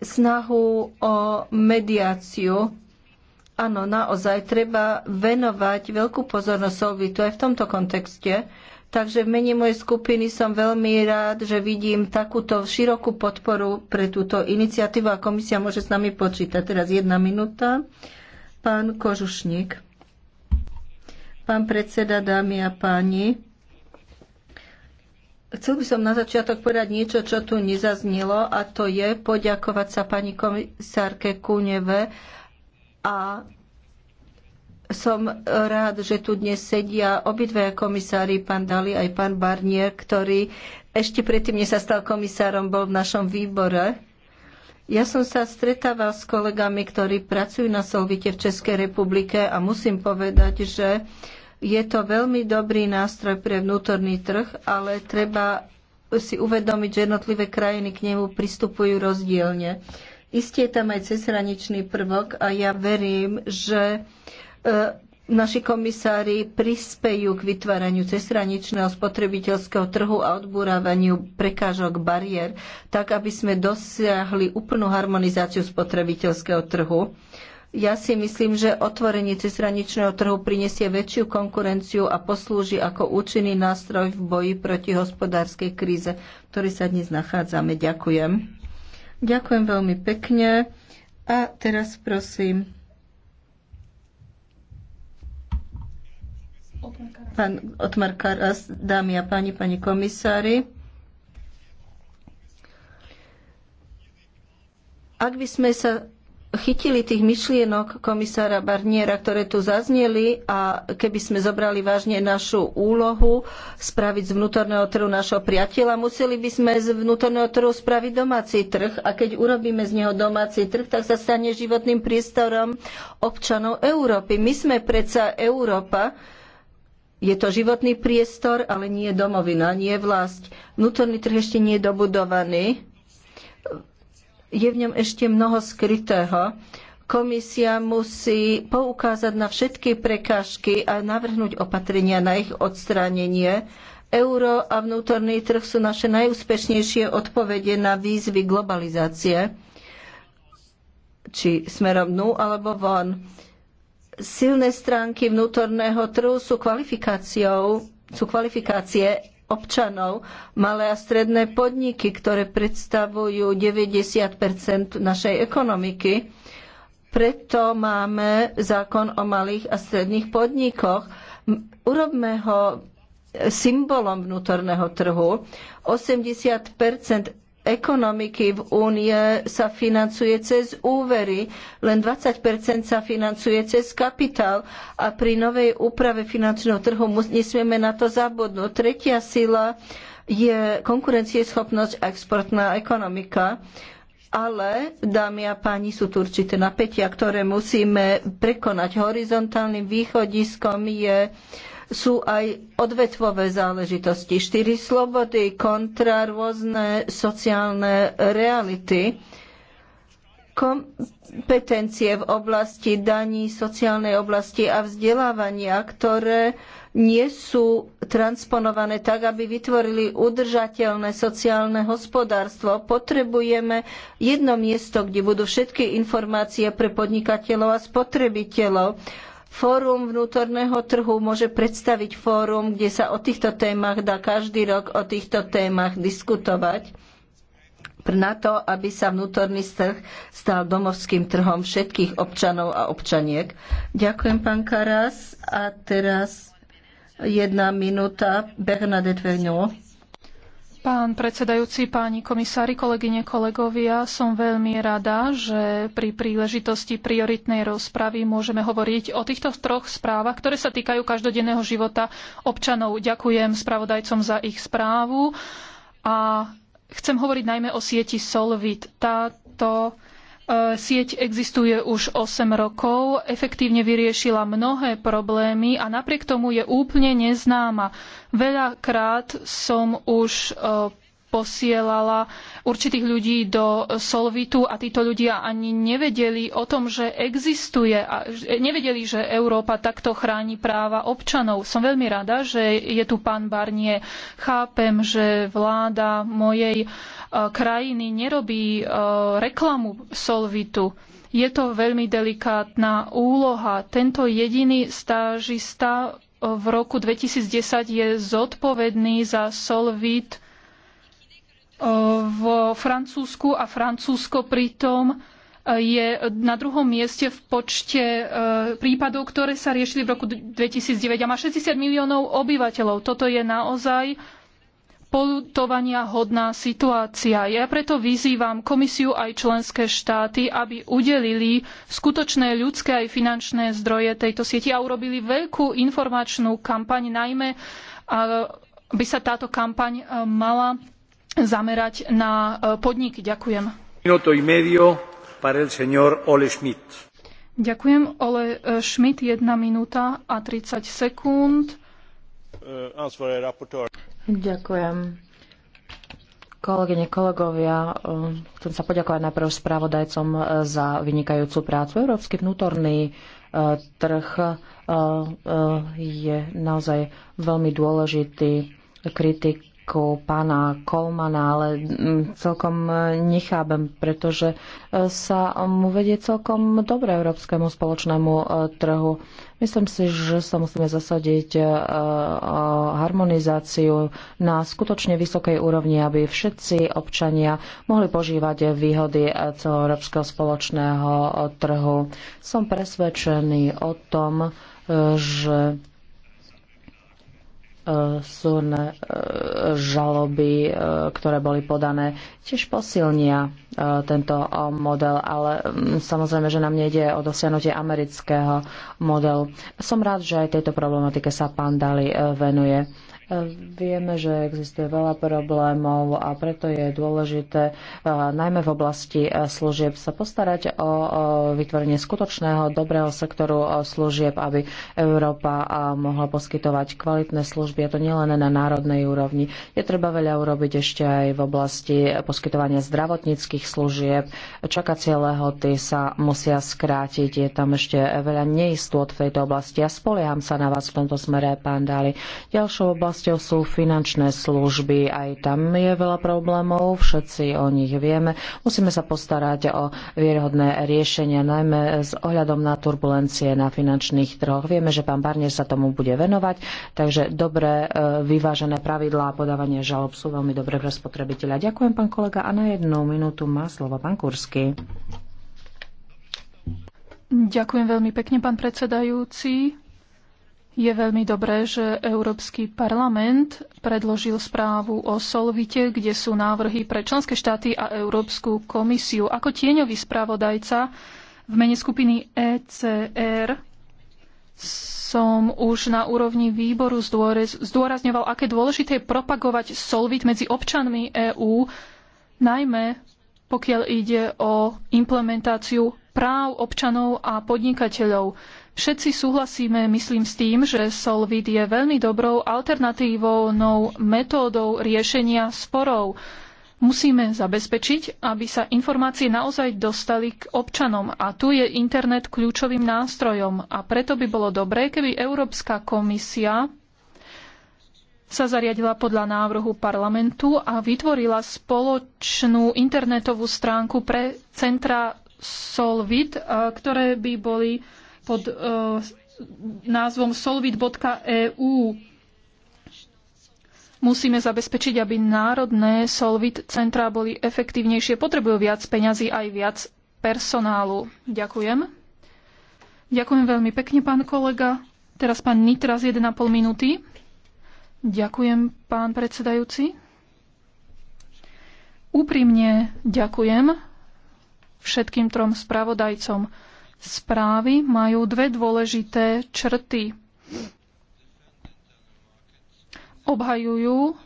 snahu o mediáciu áno, naozaj treba venovať veľkú pozornosť Solvitu aj v tomto kontexte, Takže v mene mojej skupiny som veľmi rád, že vidím takúto širokú podporu pre túto iniciatívu a komisia môže s nami počítať. Teraz jedna minúta. Pán Kožušník. Pán predseda, dámy a páni. Chcel by som na začiatok povedať niečo, čo tu nezaznelo, a to je poďakovať sa pani komisárke Kuneve a som rád, že tu dnes sedia obidvaja komisári, pán Dali aj pán Barnier, ktorý ešte predtým, než sa stal komisárom, bol v našom výbore. Ja som sa stretával s kolegami, ktorí pracujú na Solvite v Českej republike a musím povedať, že je to veľmi dobrý nástroj pre vnútorný trh, ale treba si uvedomiť, že jednotlivé krajiny k nemu pristupujú rozdielne. Isté je tam aj cezhraničný prvok a ja verím, že E, naši komisári prispejú k vytváraniu cezhraničného spotrebiteľského trhu a odburávaniu prekážok bariér, tak aby sme dosiahli úplnú harmonizáciu spotrebiteľského trhu. Ja si myslím, že otvorenie cezhraničného trhu prinesie väčšiu konkurenciu a poslúži ako účinný nástroj v boji proti hospodárskej kríze, v ktorej sa dnes nachádzame. Ďakujem. Ďakujem veľmi pekne. A teraz prosím Pán Otmar Karas, dámy a páni, pani komisári. Ak by sme sa chytili tých myšlienok komisára Barniera, ktoré tu zazneli a keby sme zobrali vážne našu úlohu spraviť z vnútorného trhu našho priateľa, museli by sme z vnútorného trhu spraviť domáci trh a keď urobíme z neho domáci trh, tak sa stane životným priestorom občanov Európy. My sme predsa Európa, je to životný priestor, ale nie je domovina, nie je vlast. Vnútorný trh ešte nie je dobudovaný. Je v ňom ešte mnoho skrytého. Komisia musí poukázať na všetky prekážky a navrhnúť opatrenia na ich odstránenie. Euro a vnútorný trh sú naše najúspešnejšie odpovede na výzvy globalizácie, či smerom dnu alebo von silné stránky vnútorného trhu sú kvalifikáciou, sú kvalifikácie občanov, malé a stredné podniky, ktoré predstavujú 90 našej ekonomiky. Preto máme zákon o malých a stredných podnikoch. Urobme ho symbolom vnútorného trhu. 80 ekonomiky v únie sa financuje cez úvery, len 20 sa financuje cez kapitál a pri novej úprave finančného trhu nesmieme na to zabudnúť. Tretia sila je konkurencieschopnosť a exportná ekonomika. Ale, dámy a páni, sú tu určité napätia, ktoré musíme prekonať. Horizontálnym východiskom je sú aj odvetvové záležitosti. Štyri slobody kontra rôzne sociálne reality kompetencie v oblasti daní, sociálnej oblasti a vzdelávania, ktoré nie sú transponované tak, aby vytvorili udržateľné sociálne hospodárstvo. Potrebujeme jedno miesto, kde budú všetky informácie pre podnikateľov a spotrebiteľov Fórum vnútorného trhu môže predstaviť fórum, kde sa o týchto témach dá každý rok o týchto témach diskutovať na to, aby sa vnútorný trh stal domovským trhom všetkých občanov a občaniek. Ďakujem, pán Karas. A teraz jedna minúta Bernadette Verneau. Pán predsedajúci, páni komisári, kolegyne, kolegovia, som veľmi rada, že pri príležitosti prioritnej rozpravy môžeme hovoriť o týchto troch správach, ktoré sa týkajú každodenného života občanov. Ďakujem spravodajcom za ich správu a chcem hovoriť najmä o sieti Solvit. Táto E, sieť existuje už 8 rokov, efektívne vyriešila mnohé problémy a napriek tomu je úplne neznáma. Veľakrát som už e, posielala určitých ľudí do Solvitu a títo ľudia ani nevedeli o tom, že existuje a nevedeli, že Európa takto chráni práva občanov. Som veľmi rada, že je tu pán Barnie. Chápem, že vláda mojej e, krajiny nerobí e, reklamu Solvitu. Je to veľmi delikátna úloha. Tento jediný stážista v roku 2010 je zodpovedný za Solvit vo Francúzsku a Francúzsko pritom e, je na druhom mieste v počte e, prípadov, ktoré sa riešili v roku 2009 a má 60 miliónov obyvateľov. Toto je naozaj polutovania hodná situácia. Ja preto vyzývam komisiu aj členské štáty, aby udelili skutočné ľudské aj finančné zdroje tejto sieti a urobili veľkú informačnú kampaň, najmä by sa táto kampaň e, mala zamerať na e, podniky. Ďakujem. Ďakujem. Ole e, Schmidt, 1 minúta a 30 sekúnd. E, Ďakujem. Kolegyne, kolegovia, chcem sa poďakovať najprv spravodajcom za vynikajúcu prácu. Európsky vnútorný trh je naozaj veľmi dôležitý kritik ako pána Kolmana, ale mm, celkom e, nechápem, pretože e, sa mu vedie celkom dobre európskemu spoločnému e, trhu. Myslím si, že sa musíme zasadiť harmonizáciu na skutočne vysokej úrovni, aby všetci občania mohli požívať výhody celoeurópskeho spoločného trhu. Som presvedčený o tom, že súrne žaloby, e, ktoré boli podané, tiež posilnia e, tento model, ale mm, samozrejme, že nám nejde o dosiahnutie amerického modelu. Som rád, že aj tejto problematike sa pán Dali e, venuje. Vieme, že existuje veľa problémov a preto je dôležité eh, najmä v oblasti eh, služieb sa postarať o vytvorenie skutočného dobrého sektoru eh, služieb, aby Európa mohla poskytovať kvalitné služby. A to nielen na národnej úrovni. Je treba veľa urobiť ešte aj v oblasti poskytovania zdravotníckých služieb. Čakacie lehoty sa musia skrátiť. Je tam ešte veľa neistôt v tejto oblasti. Ja spolieham sa na vás v tomto smere, pán Dali. Ďalšou oblasť oblasťou sú finančné služby. Aj tam je veľa problémov, všetci o nich vieme. Musíme sa postarať o vierhodné riešenia, najmä s ohľadom na turbulencie na finančných trhoch. Vieme, že pán Barnier sa tomu bude venovať, takže dobre vyvážené pravidlá a podávanie žalob sú veľmi dobré pre spotrebiteľa. Ďakujem, pán kolega. A na jednu minútu má slovo pán Kursky. Ďakujem veľmi pekne, pán predsedajúci. Je veľmi dobré, že Európsky parlament predložil správu o Solvite, kde sú návrhy pre členské štáty a Európsku komisiu. Ako tieňový spravodajca v mene skupiny ECR som už na úrovni výboru zdôrazňoval, aké dôležité je propagovať Solvit medzi občanmi EÚ, najmä pokiaľ ide o implementáciu práv občanov a podnikateľov. Všetci súhlasíme, myslím, s tým, že Solvit je veľmi dobrou alternatívou, metódou riešenia sporov. Musíme zabezpečiť, aby sa informácie naozaj dostali k občanom a tu je internet kľúčovým nástrojom a preto by bolo dobré, keby Európska komisia sa zariadila podľa návrhu parlamentu a vytvorila spoločnú internetovú stránku pre centra Solvit, eh, ktoré by boli pod uh, názvom solvit.eu. Musíme zabezpečiť, aby národné solvit centrá boli efektívnejšie. Potrebujú viac peňazí aj viac personálu. Ďakujem. Ďakujem veľmi pekne, pán kolega. Teraz pán Nitras, 1,5 minúty. Ďakujem, pán predsedajúci. Úprimne ďakujem všetkým trom spravodajcom správy majú dve dôležité črty. Obhajujú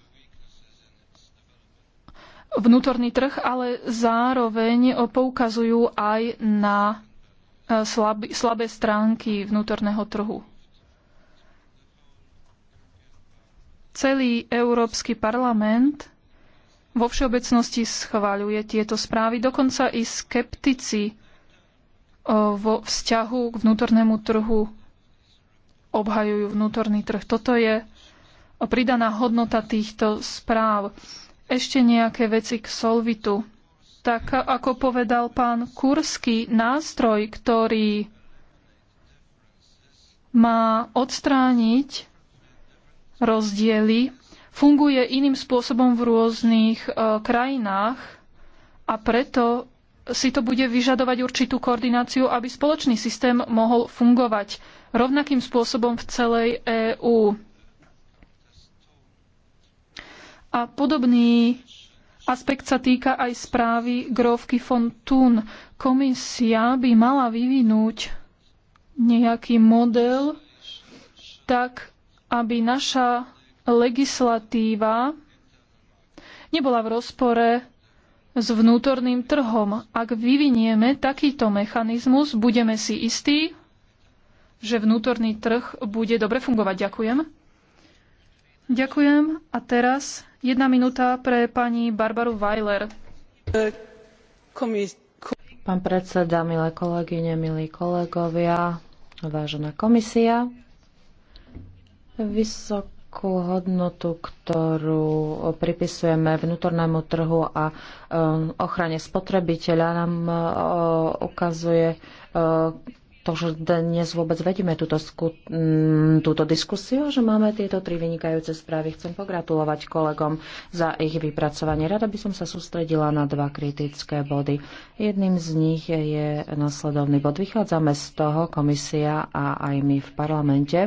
vnútorný trh, ale zároveň poukazujú aj na e, slab, slabé stránky vnútorného trhu. Celý Európsky parlament vo všeobecnosti schváľuje tieto správy, dokonca i skeptici vo vzťahu k vnútornému trhu obhajujú vnútorný trh. Toto je pridaná hodnota týchto správ. Ešte nejaké veci k Solvitu. Tak ako povedal pán Kurský, nástroj, ktorý má odstrániť rozdiely, funguje iným spôsobom v rôznych e, krajinách a preto si to bude vyžadovať určitú koordináciu, aby spoločný systém mohol fungovať rovnakým spôsobom v celej EÚ. A podobný aspekt sa týka aj správy Grovky von Thun. Komisia by mala vyvinúť nejaký model tak, aby naša legislatíva nebola v rozpore s vnútorným trhom. Ak vyvinieme takýto mechanizmus, budeme si istí, že vnútorný trh bude dobre fungovať. Ďakujem. Ďakujem. A teraz jedna minúta pre pani Barbaru Weiler. Pán predseda, milé kolegyne, milí kolegovia, vážená komisia, vysok takú hodnotu, ktorú pripisujeme vnútornému trhu a um, ochrane spotrebiteľa, nám uh, ukazuje uh, to, že dnes vôbec vedieme túto, sku- túto diskusiu, že máme tieto tri vynikajúce správy. Chcem pogratulovať kolegom za ich vypracovanie. Rada by som sa sústredila na dva kritické body. Jedným z nich je nasledovný bod. Vychádzame z toho, komisia a aj my v parlamente,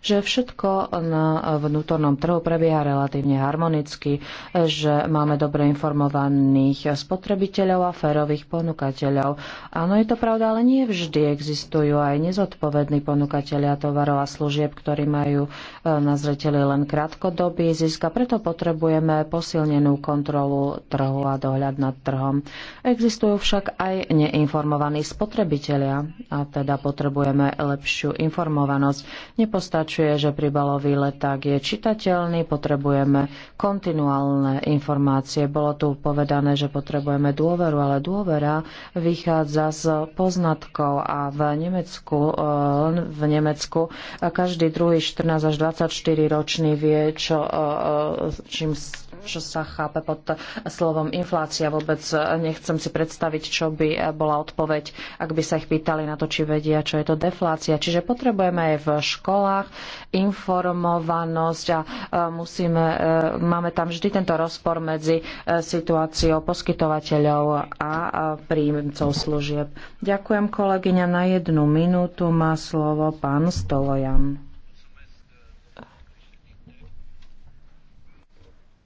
že všetko na vnútornom trhu prebieha relatívne harmonicky, že máme dobre informovaných spotrebiteľov a férových ponúkateľov. Áno, je to pravda, ale nie vždy existuje existujú aj nezodpovední ponúkatelia tovarov a služieb, ktorí majú e, na zreteli len krátkodobý zisk a preto potrebujeme posilnenú kontrolu trhu a dohľad nad trhom. Existujú však aj neinformovaní spotrebitelia a teda potrebujeme lepšiu informovanosť. Nepostačuje, že príbalový leták je čitateľný, potrebujeme kontinuálne informácie. Bolo tu povedané, že potrebujeme dôveru, ale dôvera vychádza z poznatkov a v Nemecku, eh, len v Nemecku, každý druhý 14 až 24 ročný vie, čo, eh, eh, čím čo sa chápe pod slovom inflácia. Vôbec nechcem si predstaviť, čo by bola odpoveď, ak by sa ich pýtali na to, či vedia, čo je to deflácia. Čiže potrebujeme aj v školách informovanosť a e, musíme, e, máme tam vždy tento rozpor medzi e, situáciou poskytovateľov a príjemcov služieb. Ďakujem kolegyňa. Na jednu minútu má slovo pán Stolojan.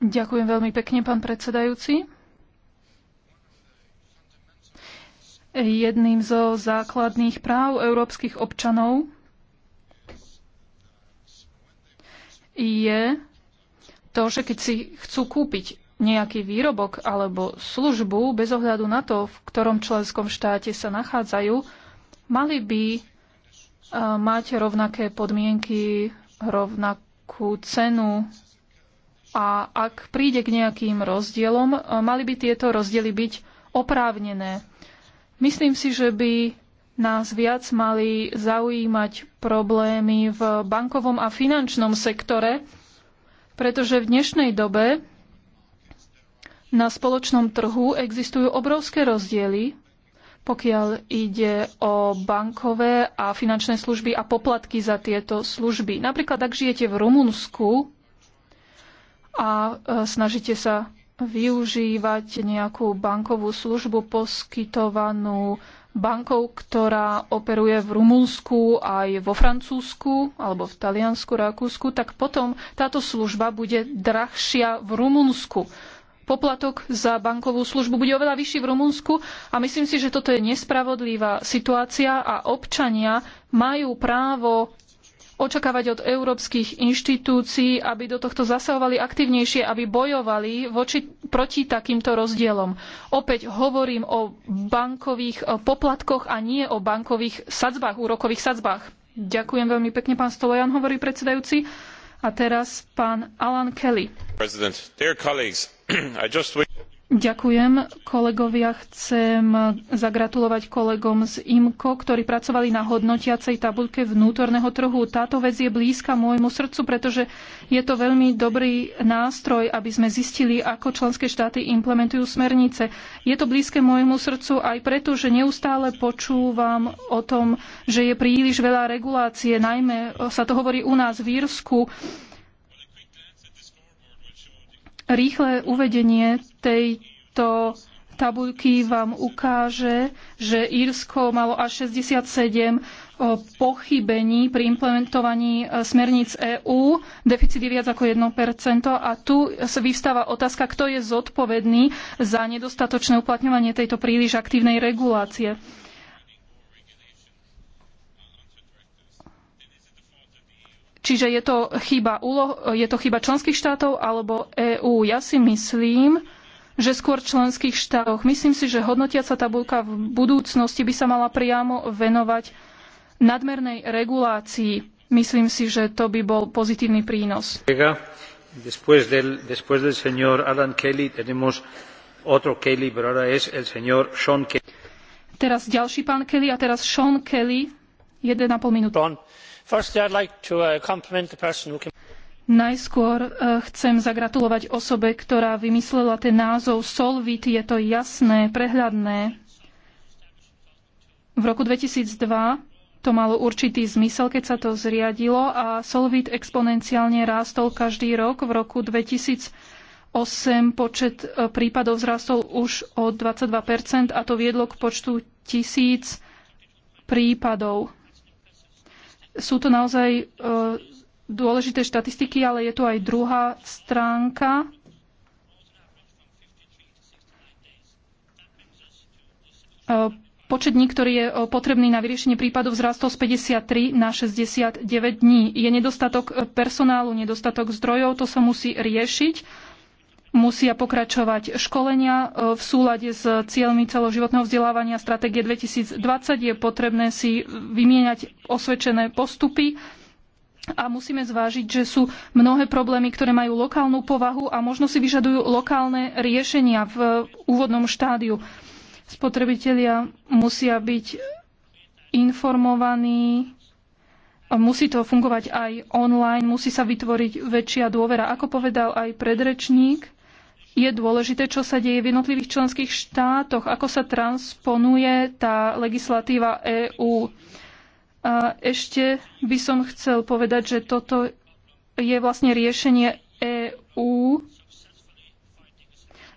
Ďakujem veľmi pekne, pán predsedajúci. Jedným zo základných práv európskych občanov je to, že keď si chcú kúpiť nejaký výrobok alebo službu, bez ohľadu na to, v ktorom členskom štáte sa nachádzajú, mali by e, mať rovnaké podmienky, rovnakú cenu, a ak príde k nejakým rozdielom, e, mali by tieto rozdiely byť oprávnené. Myslím si, že by nás viac mali zaujímať problémy v bankovom a finančnom sektore, pretože v dnešnej dobe na spoločnom trhu existujú obrovské rozdiely, pokiaľ ide o bankové a finančné služby a poplatky za tieto služby. Napríklad, ak žijete v Rumunsku, a e, snažíte sa využívať nejakú bankovú službu poskytovanú bankou, ktorá operuje v Rumunsku, aj vo Francúzsku, alebo v Taliansku, Rakúsku, tak potom táto služba bude drahšia v Rumunsku. Poplatok za bankovú službu bude oveľa vyšší v Rumunsku a myslím si, že toto je nespravodlivá situácia a občania majú právo očakávať od európskych inštitúcií, aby do tohto zasahovali aktívnejšie, aby bojovali voči, proti takýmto rozdielom. Opäť hovorím o bankových poplatkoch a nie o bankových sadzbách, úrokových sadzbách. Ďakujem veľmi pekne, pán Stolojan, hovorí predsedajúci. A teraz pán Alan Kelly. Ďakujem kolegovia. Chcem zagratulovať kolegom z IMKO, ktorí pracovali na hodnotiacej tabulke vnútorného trhu. Táto vec je blízka môjmu srdcu, pretože je to veľmi dobrý nástroj, aby sme zistili, ako členské štáty implementujú smernice. Je to blízke môjmu srdcu aj preto, že neustále počúvam o tom, že je príliš veľa regulácie. Najmä sa to hovorí u nás v Írsku Rýchle uvedenie tejto tabuľky vám ukáže, že Írsko malo až 67 pochybení pri implementovaní e, smerníc EÚ, deficit je viac ako 1%. A tu vyvstáva otázka, kto je zodpovedný za nedostatočné uplatňovanie tejto príliš aktívnej regulácie. Čiže je to chyba, je to chyba členských štátov alebo EÚ? Ja si myslím, že skôr členských štátoch. Myslím si, že hodnotiaca tabulka v budúcnosti by sa mala priamo venovať nadmernej regulácii. Myslím si, že to by bol pozitívny prínos. Después del, después del señor Alan Kelly tenemos otro Kelly, pero ahora es el señor Sean Kelly. Teraz ďalší pán Kelly a teraz Sean Kelly. 1,5 minúty. Uh, Najskôr uh, chcem zagratulovať osobe, ktorá vymyslela ten názov Solvit. Je to jasné, prehľadné. V roku 2002 to malo určitý zmysel, keď sa to zriadilo a Solvit exponenciálne rástol každý rok. V roku 2008 počet uh, prípadov zrastol už o 22% a to viedlo k počtu tisíc prípadov. Sú to naozaj e, dôležité štatistiky, ale je tu aj druhá stránka. E, počet dní, ktorý je e, potrebný na vyriešenie prípadov, vzrastol z 53 na 69 dní. Je nedostatok personálu, nedostatok zdrojov, to sa musí riešiť Musia pokračovať školenia e, v súlade s cieľmi celoživotného vzdelávania stratégie 2020. Je potrebné si vymieňať osvedčené postupy a musíme zvážiť, že sú mnohé problémy, ktoré majú lokálnu povahu a možno si vyžadujú lokálne riešenia v úvodnom štádiu. Spotrebitelia musia byť informovaní, musí to fungovať aj online, musí sa vytvoriť väčšia dôvera. Ako povedal aj predrečník, je dôležité, čo sa deje v jednotlivých členských štátoch, ako sa transponuje tá legislatíva EÚ. A ešte by som chcel povedať, že toto je vlastne riešenie EÚ,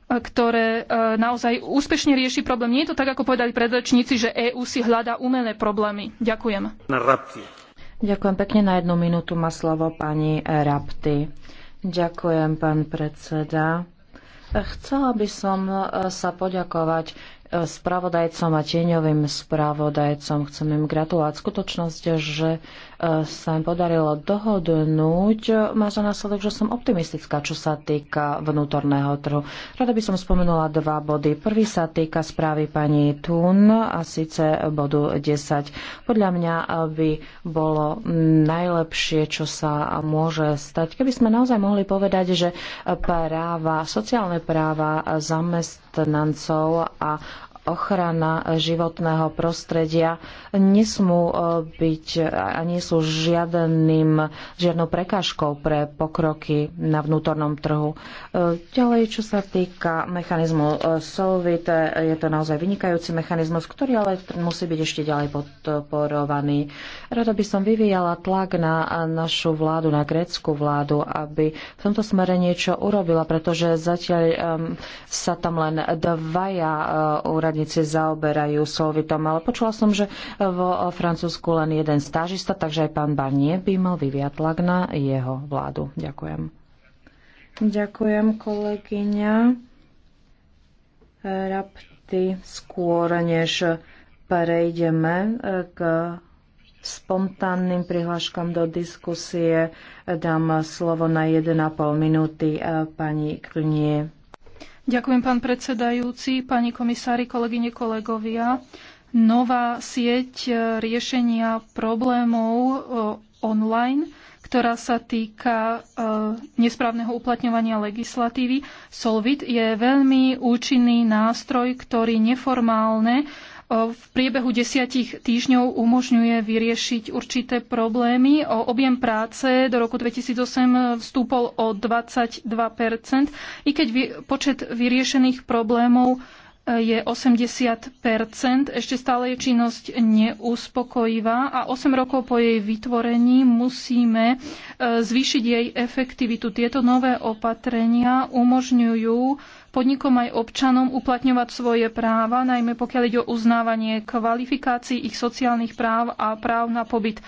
ktoré e, naozaj úspešne rieši problém. Nie je to tak, ako povedali predrečníci, že EÚ si hľadá umelé problémy. Ďakujem. Ďakujem pekne. Na jednu minútu má slovo pani Rapty. Ďakujem, pán predseda. Chcela by som e, sa poďakovať e, spravodajcom a tieňovým spravodajcom. Chcem im gratulovať skutočnosť, že sa im podarilo dohodnúť, má za následok, že som optimistická, čo sa týka vnútorného trhu. Rada by som spomenula dva body. Prvý sa týka správy pani Tun a síce bodu 10. Podľa mňa by bolo najlepšie, čo sa môže stať, keby sme naozaj mohli povedať, že práva, sociálne práva zamestnancov a ochrana životného prostredia nesmú e, byť a nie sú žiadnym, žiadnou prekážkou pre pokroky na vnútornom trhu. E, ďalej, čo sa týka mechanizmu e, Solvit, je to naozaj vynikajúci mechanizmus, ktorý ale musí byť ešte ďalej podporovaný. Rada by som vyvíjala tlak na našu vládu, na grécku vládu, aby v tomto smere niečo urobila, pretože zatiaľ sa tam len dvaja úradníci úradníci zaoberajú solvitom, ale počula som, že vo Francúzsku len jeden stážista, takže aj pán Barnier by mal vyviať tlak na jeho vládu. Ďakujem. Ďakujem, kolegyňa. Rapty skôr, než prejdeme k spontánnym prihláškam do diskusie. Dám slovo na 1,5 minúty eh, pani Krunie. Ďakujem, pán predsedajúci, pani komisári, kolegyne, kolegovia. Nová sieť e, riešenia problémov e, online, ktorá sa týka e, nesprávneho uplatňovania legislatívy. Solvit je veľmi účinný nástroj, ktorý neformálne v priebehu desiatich týždňov umožňuje vyriešiť určité problémy. O objem práce do roku 2008 vstúpol o 22 i keď počet vyriešených problémov e, je 80 Ešte stále je činnosť neuspokojivá a 8 rokov po jej vytvorení musíme e, zvýšiť jej efektivitu. Tieto nové opatrenia umožňujú podnikom aj občanom uplatňovať svoje práva, najmä pokiaľ ide o uznávanie kvalifikácií ich sociálnych práv a práv na pobyt.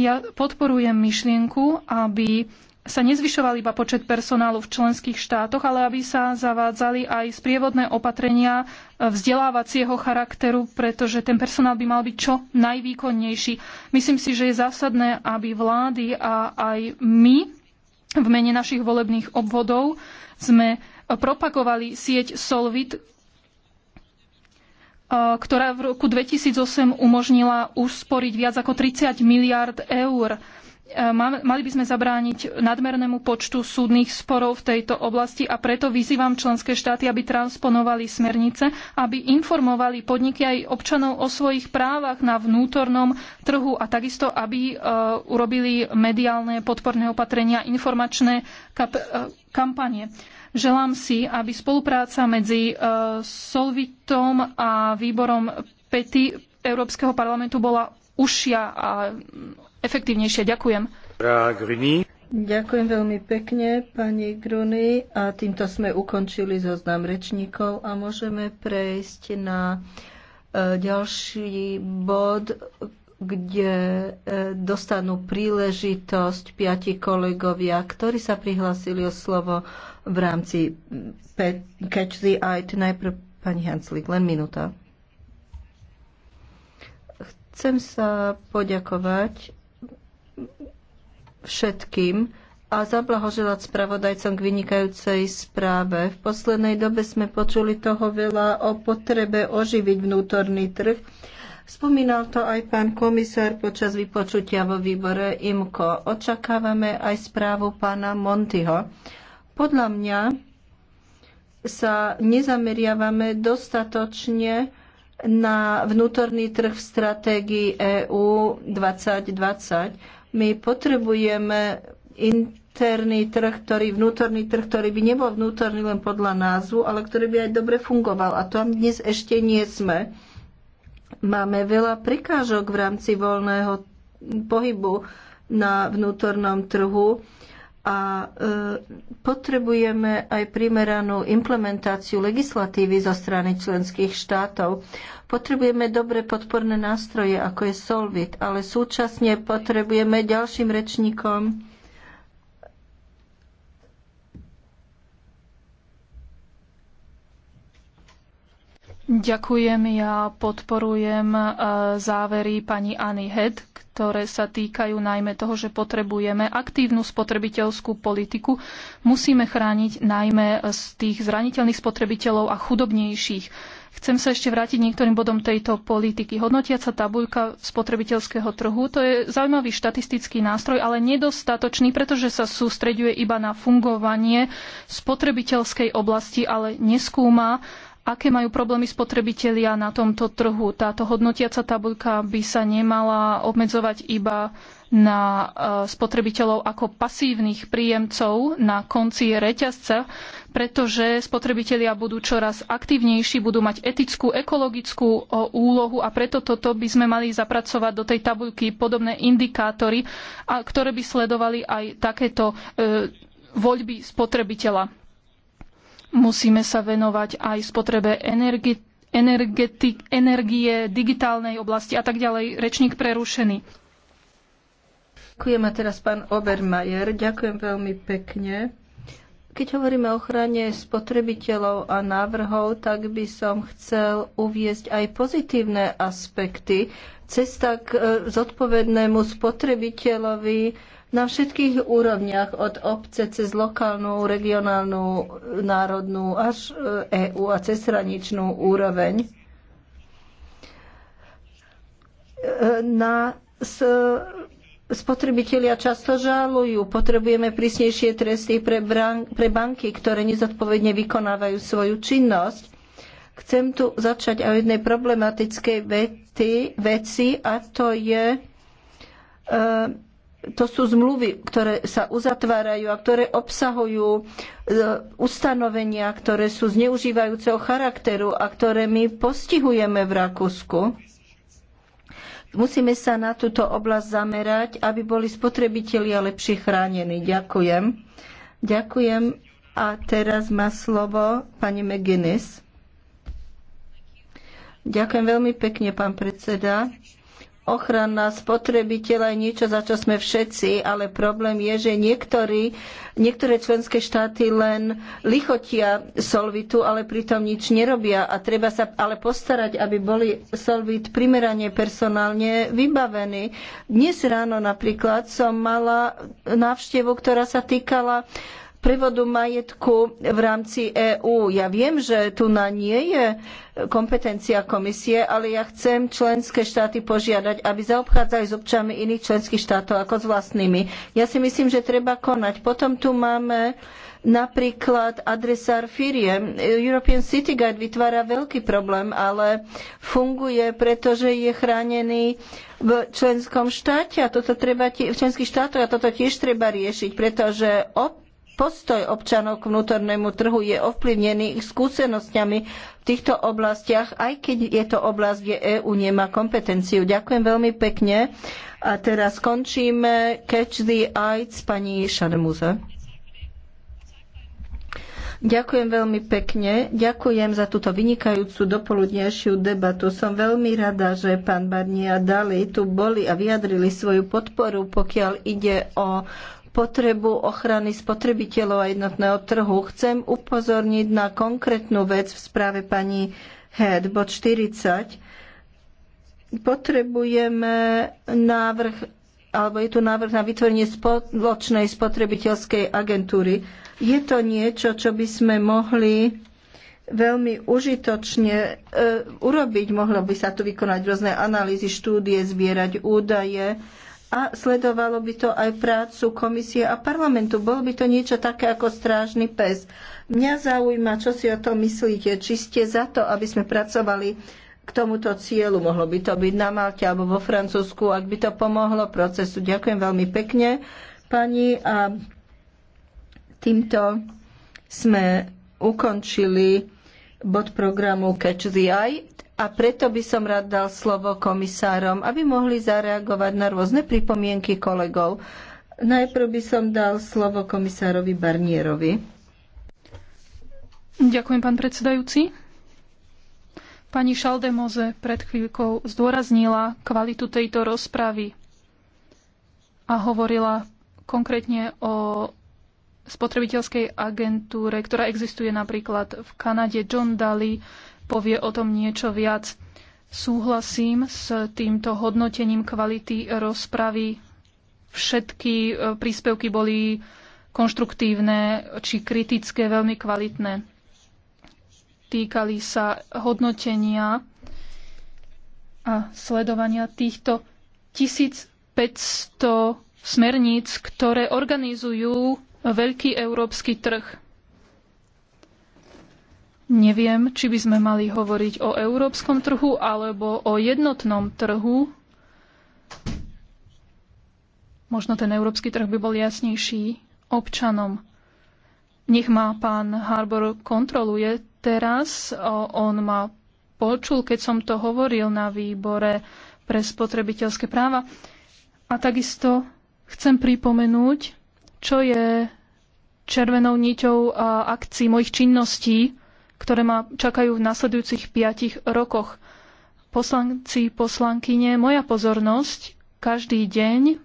Ja podporujem myšlienku, aby sa nezvyšoval iba počet personálu v členských štátoch, ale aby sa zavádzali aj sprievodné opatrenia vzdelávacieho charakteru, pretože ten personál by mal byť čo najvýkonnejší. Myslím si, že je zásadné, aby vlády a aj my v mene našich volebných obvodov sme propagovali sieť Solvit, eh, ktorá v roku 2008 umožnila usporiť viac ako 30 miliard eur. Eh, mali by sme zabrániť nadmernému počtu súdnych sporov v tejto oblasti a preto vyzývam členské štáty, aby transponovali smernice, aby informovali podniky aj občanov o svojich právach na vnútornom trhu a takisto, aby eh, urobili mediálne podporné opatrenia, informačné kampanie. Želám si, aby spolupráca medzi e, Solvitom a výborom PETI Európskeho parlamentu bola užšia a efektívnejšia. Ďakujem. Ďakujem veľmi pekne, pani Gruny. A týmto sme ukončili zoznam rečníkov a môžeme prejsť na e, ďalší bod, kde e, dostanú príležitosť piati kolegovia, ktorí sa prihlásili o slovo v rámci mm, Catch the Eye. Najprv pani Hanslík, len minúta. Chcem sa poďakovať všetkým a zablahoželať spravodajcom k vynikajúcej správe. V poslednej dobe sme počuli toho veľa o potrebe oživiť vnútorný trh. Spomínal to aj pán komisár počas vypočutia vo výbore IMKO. Očakávame aj správu pána Montyho podľa mňa sa nezameriavame dostatočne na vnútorný trh v stratégii EU 2020. My potrebujeme interný trh, ktorý, vnútorný trh, ktorý by nebol vnútorný len podľa názvu, ale ktorý by aj dobre fungoval. A tam dnes ešte nie sme. Máme veľa prekážok v rámci voľného pohybu na vnútornom trhu a e, potrebujeme aj primeranú implementáciu legislatívy zo strany členských štátov. Potrebujeme dobre podporné nástroje, ako je Solvit, ale súčasne potrebujeme ďalším rečníkom Ďakujem, ja podporujem e, závery pani Anny Head, ktoré sa týkajú najmä toho, že potrebujeme aktívnu spotrebiteľskú politiku. Musíme chrániť najmä z tých zraniteľných spotrebiteľov a chudobnejších. Chcem sa ešte vrátiť niektorým bodom tejto politiky. Hodnotiaca tabuľka spotrebiteľského trhu, to je zaujímavý štatistický nástroj, ale nedostatočný, pretože sa sústreďuje iba na fungovanie spotrebiteľskej oblasti, ale neskúma aké majú problémy spotrebitelia na tomto trhu. Táto hodnotiaca tabuľka by sa nemala obmedzovať iba na e, spotrebiteľov ako pasívnych príjemcov na konci reťazca, pretože spotrebitelia budú čoraz aktívnejší, budú mať etickú, ekologickú e, úlohu a preto toto by sme mali zapracovať do tej tabuľky podobné indikátory, ktoré by sledovali aj takéto e, voľby spotrebiteľa. Musíme sa venovať aj spotrebe energie, energie, digitálnej oblasti a tak ďalej. Rečník prerušený. Ďakujem a teraz pán Obermajer. Ďakujem veľmi pekne. Keď hovoríme o ochrane spotrebiteľov a návrhov, tak by som chcel uviezť aj pozitívne aspekty. Cesta k e, zodpovednému spotrebiteľovi na všetkých úrovniach, od obce cez lokálnu, regionálnu, národnú až EU e a cezhraničnú úroveň. E, na spotrebitelia často žalujú. Potrebujeme prísnejšie tresty pre, pre banky, ktoré nezodpovedne vykonávajú svoju činnosť. Chcem tu začať o jednej problematickej veci a to je e, to sú zmluvy, ktoré sa uzatvárajú a ktoré obsahujú e, ustanovenia, ktoré sú zneužívajúceho charakteru a ktoré my postihujeme v Rakúsku. Musíme sa na túto oblasť zamerať, aby boli spotrebitelia lepšie chránení. Ďakujem. Ďakujem. A teraz má slovo pani McGuinness. Ďakujem veľmi pekne, pán predseda ochrana spotrebiteľa je niečo, za čo sme všetci, ale problém je, že niektorí, niektoré členské štáty len lichotia solvitu, ale pritom nič nerobia a treba sa ale postarať, aby boli solvit primerane personálne vybavení. Dnes ráno napríklad som mala návštevu, ktorá sa týkala uh, prevodu majetku v rámci EÚ. Ja viem, že tu na nie je kompetencia komisie, ale ja chcem členské štáty požiadať, aby zaobchádzali s občami iných členských štátov ako s vlastnými. Ja si myslím, že treba konať. Potom tu máme napríklad adresár firiem. European City Guide vytvára veľký problém, ale funguje, pretože je chránený v členskom štáte a toto treba v členských štátoch a toto tiež treba riešiť, pretože op- postoj občanov k vnútornému trhu je ovplyvnený ich skúsenosťami v týchto oblastiach, aj keď je to oblasť, kde EÚ nemá kompetenciu. Ďakujem veľmi pekne. A teraz končíme Catch the Eye s pani Šarmuze. Ďakujem veľmi pekne. Ďakujem za túto vynikajúcu dopoludnejšiu debatu. Som veľmi rada, že pán Barnia Dali tu boli a vyjadrili svoju podporu, pokiaľ ide o potrebu ochrany spotrebiteľov a jednotného trhu. Chcem upozorniť na konkrétnu vec v správe pani Head, bod 40. Potrebujeme návrh, alebo je tu návrh na vytvorenie spoločnej spotrebiteľskej agentúry. Je to niečo, čo by sme mohli veľmi užitočne e, urobiť. Mohlo by sa tu vykonať rôzne analýzy, štúdie, zbierať údaje a sledovalo by to aj prácu komisie a parlamentu. Bolo by to niečo také ako strážny pes. Mňa zaujíma, čo si o tom myslíte. Či ste za to, aby sme pracovali k tomuto cieľu. Mohlo by to byť na Malte alebo vo Francúzsku, ak by to pomohlo procesu. Ďakujem veľmi pekne, pani. A týmto sme ukončili bod programu Catch the Eye a preto by som rád dal slovo komisárom, aby mohli zareagovať na rôzne pripomienky kolegov. Najprv by som dal slovo komisárovi Barnierovi. Ďakujem, pán predsedajúci. Pani Šaldemoze pred chvíľkou zdôraznila kvalitu tejto rozpravy a hovorila konkrétne o spotrebiteľskej agentúre, ktorá existuje napríklad v Kanade. John Daly povie o tom niečo viac. Súhlasím s týmto hodnotením kvality rozpravy. Všetky e, príspevky boli konštruktívne či kritické, veľmi kvalitné. Týkali sa hodnotenia a sledovania týchto 1500 smerníc, ktoré organizujú veľký európsky trh Neviem, či by sme mali hovoriť o európskom trhu alebo o jednotnom trhu. Možno ten európsky trh by bol jasnejší občanom. Nech ma pán Harbor kontroluje teraz. On ma počul, keď som to hovoril na výbore pre spotrebiteľské práva. A takisto chcem pripomenúť, čo je červenou niťou akcií mojich činností ktoré ma čakajú v nasledujúcich piatich rokoch. Poslanci, poslankyne, moja pozornosť každý deň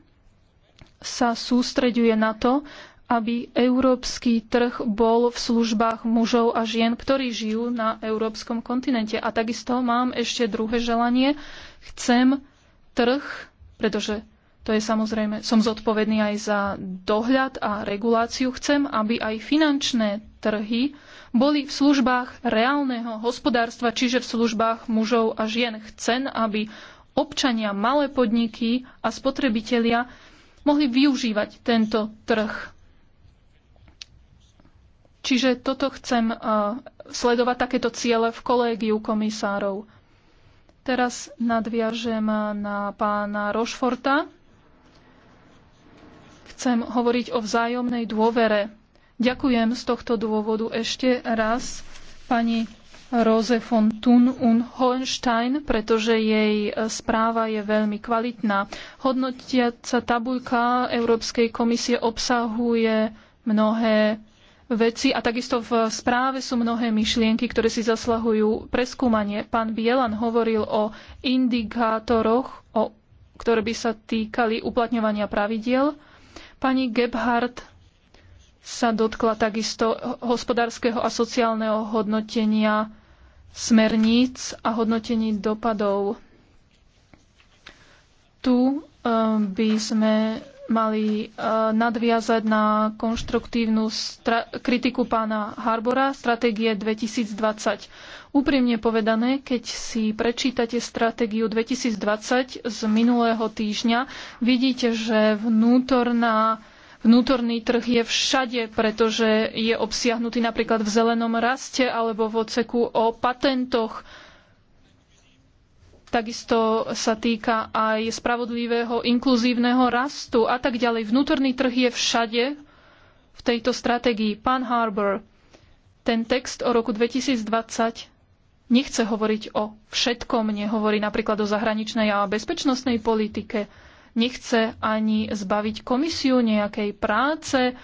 sa sústreďuje na to, aby európsky trh bol v službách mužov a žien, ktorí žijú na európskom kontinente. A takisto mám ešte druhé želanie. Chcem trh, pretože to je samozrejme, som zodpovedný aj za dohľad a reguláciu. Chcem, aby aj finančné trhy boli v službách reálneho hospodárstva, čiže v službách mužov a žien. Chcem, aby občania, malé podniky a spotrebitelia mohli využívať tento trh. Čiže toto chcem eh, sledovať takéto ciele v kolégiu komisárov. Teraz nadviažem na pána Rošforta. Chcem hovoriť o vzájomnej dôvere Ďakujem z tohto dôvodu ešte raz pani Rose von Thun und Hohenstein, pretože jej e, správa je veľmi kvalitná. Hodnotiaca tabuľka Európskej komisie obsahuje mnohé veci a takisto v správe sú mnohé myšlienky, ktoré si zaslahujú preskúmanie. Pán Bielan hovoril o indikátoroch, o, ktoré by sa týkali uplatňovania pravidiel. Pani Gebhardt sa dotkla takisto hospodárskeho a sociálneho hodnotenia smerníc a hodnotení dopadov. Tu eh, by sme mali eh, nadviazať na konštruktívnu kritiku pána Harbora stratégie 2020. Úprimne povedané, keď si prečítate stratégiu 2020 z minulého týždňa, vidíte, že vnútorná Vnútorný trh je všade, pretože je obsiahnutý napríklad v zelenom raste alebo v oceku o patentoch. Takisto sa týka aj spravodlivého inkluzívneho rastu a tak ďalej. Vnútorný trh je všade v tejto stratégii. Pán Harbour, ten text o roku 2020 nechce hovoriť o všetkom, nehovorí napríklad o zahraničnej a bezpečnostnej politike nechce ani zbaviť komisiu nejakej práce.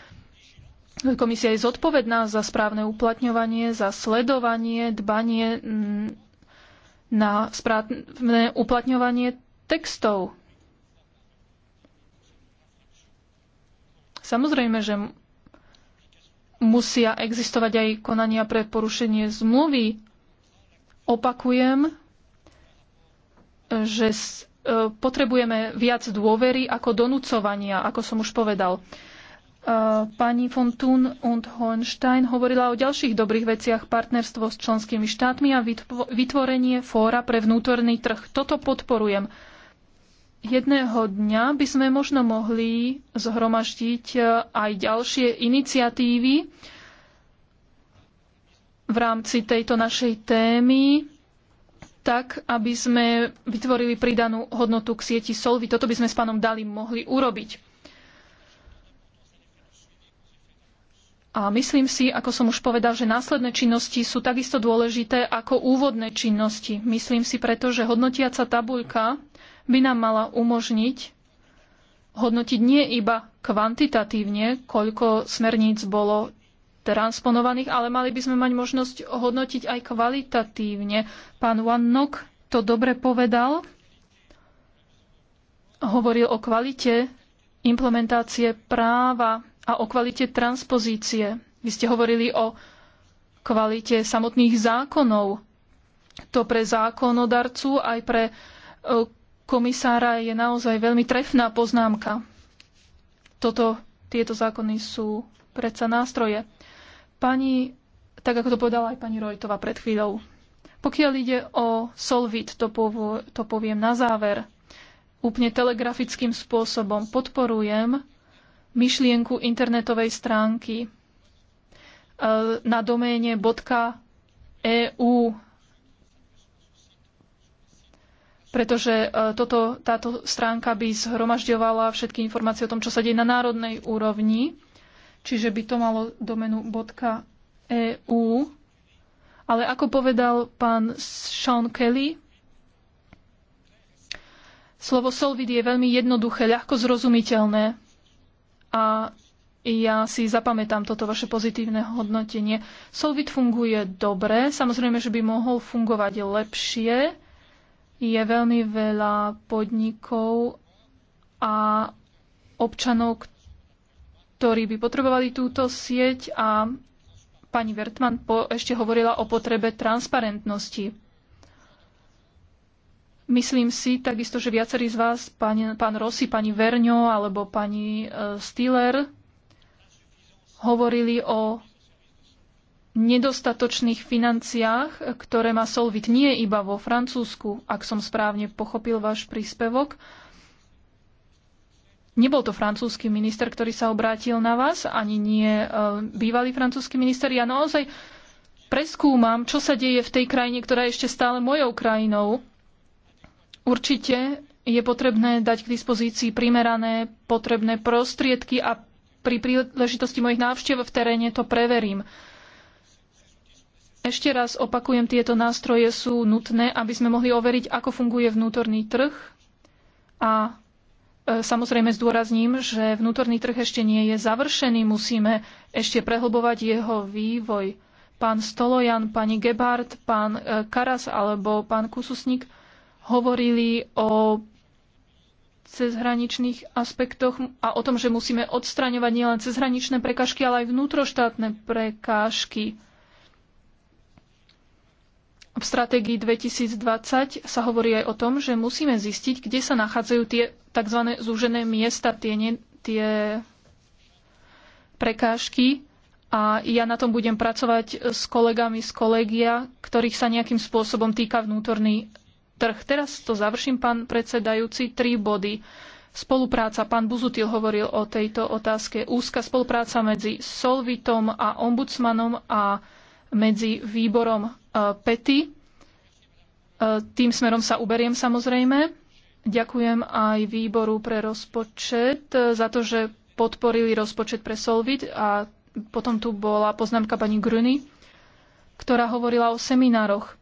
Komisia je zodpovedná za správne uplatňovanie, za sledovanie, dbanie mm, na správne uplatňovanie textov. Samozrejme, že musia existovať aj konania pre porušenie zmluvy. Opakujem, že E, potrebujeme viac dôvery ako donúcovania, ako som už povedal. E, pani von Thun und Hohenstein hovorila o ďalších dobrých veciach partnerstvo s členskými štátmi a vytvorenie fóra pre vnútorný trh. Toto podporujem. Jedného dňa by sme možno mohli zhromaždiť e, aj ďalšie iniciatívy v rámci tejto našej témy tak, aby sme vytvorili pridanú hodnotu k sieti Solvy. Toto by sme s pánom Dali mohli urobiť. A myslím si, ako som už povedal, že následné činnosti sú takisto dôležité ako úvodné činnosti. Myslím si preto, že hodnotiaca tabuľka by nám mala umožniť hodnotiť nie iba kvantitatívne, koľko smerníc bolo transponovaných, ale mali by sme mať možnosť hodnotiť aj kvalitatívne. Pán Wannok to dobre povedal. Hovoril o kvalite implementácie práva a o kvalite transpozície. Vy ste hovorili o kvalite samotných zákonov. To pre zákonodarcu aj pre e, komisára je naozaj veľmi trefná poznámka. Toto, tieto zákony sú predsa nástroje. Pani, tak ako to povedala aj pani Rojtová pred chvíľou, pokiaľ ide o Solvit, to, povo- to poviem na záver, úplne telegrafickým spôsobom podporujem myšlienku internetovej stránky e, na doméne .eu, pretože e, toto, táto stránka by zhromažďovala všetky informácie o tom, čo sa deje na národnej úrovni čiže by to malo domenu .eu. Ale ako povedal pán Sean Kelly, slovo solvit je veľmi jednoduché, ľahko zrozumiteľné a ja si zapamätám toto vaše pozitívne hodnotenie. Solvit funguje dobre, samozrejme, že by mohol fungovať lepšie. Je veľmi veľa podnikov a občanov, ktorí by potrebovali túto sieť a pani Vertman po, ešte hovorila o potrebe transparentnosti. Myslím si takisto, že viacerí z vás, pán, pán Rossi, pani Verňo alebo pani e, Stiller, hovorili o nedostatočných financiách, ktoré má Solvit nie iba vo Francúzsku, ak som správne pochopil váš príspevok, Nebol to francúzsky minister, ktorý sa obrátil na vás, ani nie e, bývalý francúzsky minister. Ja naozaj preskúmam, čo sa deje v tej krajine, ktorá je ešte stále mojou krajinou. Určite je potrebné dať k dispozícii primerané potrebné prostriedky a pri príležitosti mojich návštev v teréne to preverím. Ešte raz opakujem, tieto nástroje sú nutné, aby sme mohli overiť, ako funguje vnútorný trh a E, samozrejme zdôrazním, že vnútorný trh ešte nie je završený, musíme ešte prehlbovať jeho vývoj. Pán Stolojan, pani Gebhardt, pán e, Karas alebo pán Kususnik hovorili o cezhraničných aspektoch a o tom, že musíme odstraňovať nielen cezhraničné prekážky, ale aj vnútroštátne prekážky. V stratégii 2020 sa hovorí aj o tom, že musíme zistiť, kde sa nachádzajú tie tzv. zúžené miesta, tie, ne, tie prekážky. A ja na tom budem pracovať s kolegami z kolegia, ktorých sa nejakým spôsobom týka vnútorný trh. Teraz to završím, pán predsedajúci, tri body. Spolupráca, pán Buzutil hovoril o tejto otázke, úzka spolupráca medzi Solvitom a ombudsmanom a medzi výborom e, PETI. E, tým smerom sa uberiem samozrejme. Ďakujem aj výboru pre rozpočet e, za to, že podporili rozpočet pre Solvit a potom tu bola poznámka pani Gruny, ktorá hovorila o seminároch.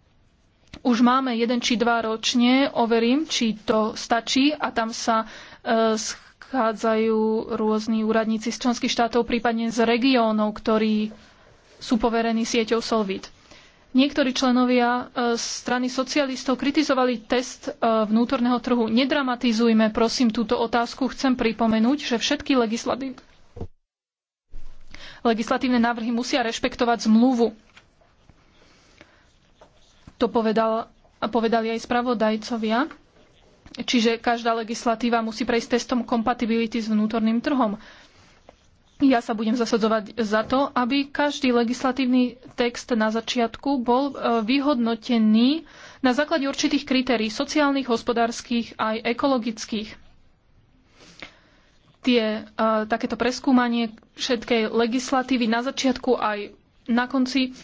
Už máme jeden či dva ročne, overím, či to stačí a tam sa e, schádzajú rôzni úradníci z členských štátov, prípadne z regiónov, ktorí sú poverení sieťou Solvit. Niektorí členovia e, strany socialistov kritizovali test e, vnútorného trhu. Nedramatizujme, prosím, túto otázku. Chcem pripomenúť, že všetky legislatív... legislatívne návrhy musia rešpektovať zmluvu. To povedal, povedali aj spravodajcovia. Čiže každá legislatíva musí prejsť testom kompatibility s vnútorným trhom. Ja sa budem zasadzovať za to, aby každý legislatívny text na začiatku bol e, vyhodnotený na základe určitých kritérií sociálnych, hospodárskych aj ekologických. Tie, e, takéto preskúmanie všetkej legislatívy na začiatku aj na konci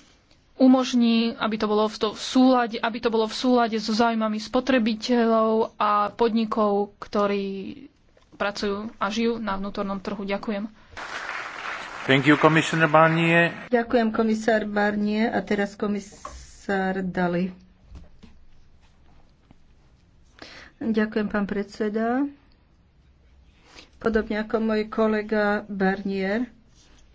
umožní, aby to bolo v, to v súlade, aby to bolo v súlade so záujmami spotrebiteľov a podnikov, ktorí pracujú a žijú na vnútornom trhu. Ďakujem. Thank you, Commissioner Barnier. Ďakujem, komisár Barnier. A teraz komisár Dali. Ďakujem, pán predseda. Podobne ako môj kolega Barnier,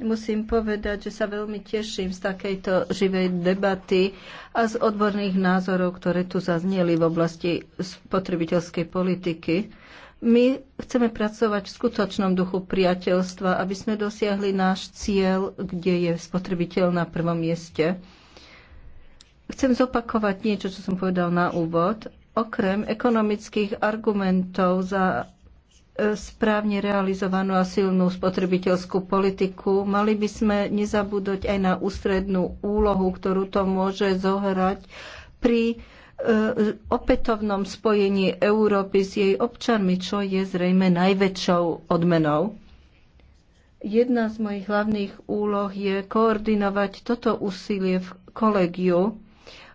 Musím povedať, že sa veľmi teším z takejto živej debaty a z odborných názorov, ktoré tu zazneli v oblasti spotrebiteľskej politiky. My chceme pracovať v skutočnom duchu priateľstva, aby sme dosiahli náš cieľ, kde je spotrebiteľ na prvom mieste. Chcem zopakovať niečo, čo som povedal na úvod. Okrem ekonomických argumentov za e, správne realizovanú a silnú spotrebiteľskú politiku, mali by sme nezabúdať aj na ústrednú úlohu, ktorú to môže zohrať pri E, opätovnom spojení Európy s jej občanmi, čo je zrejme najväčšou odmenou. Jedna z mojich hlavných úloh je koordinovať toto úsilie v kolegiu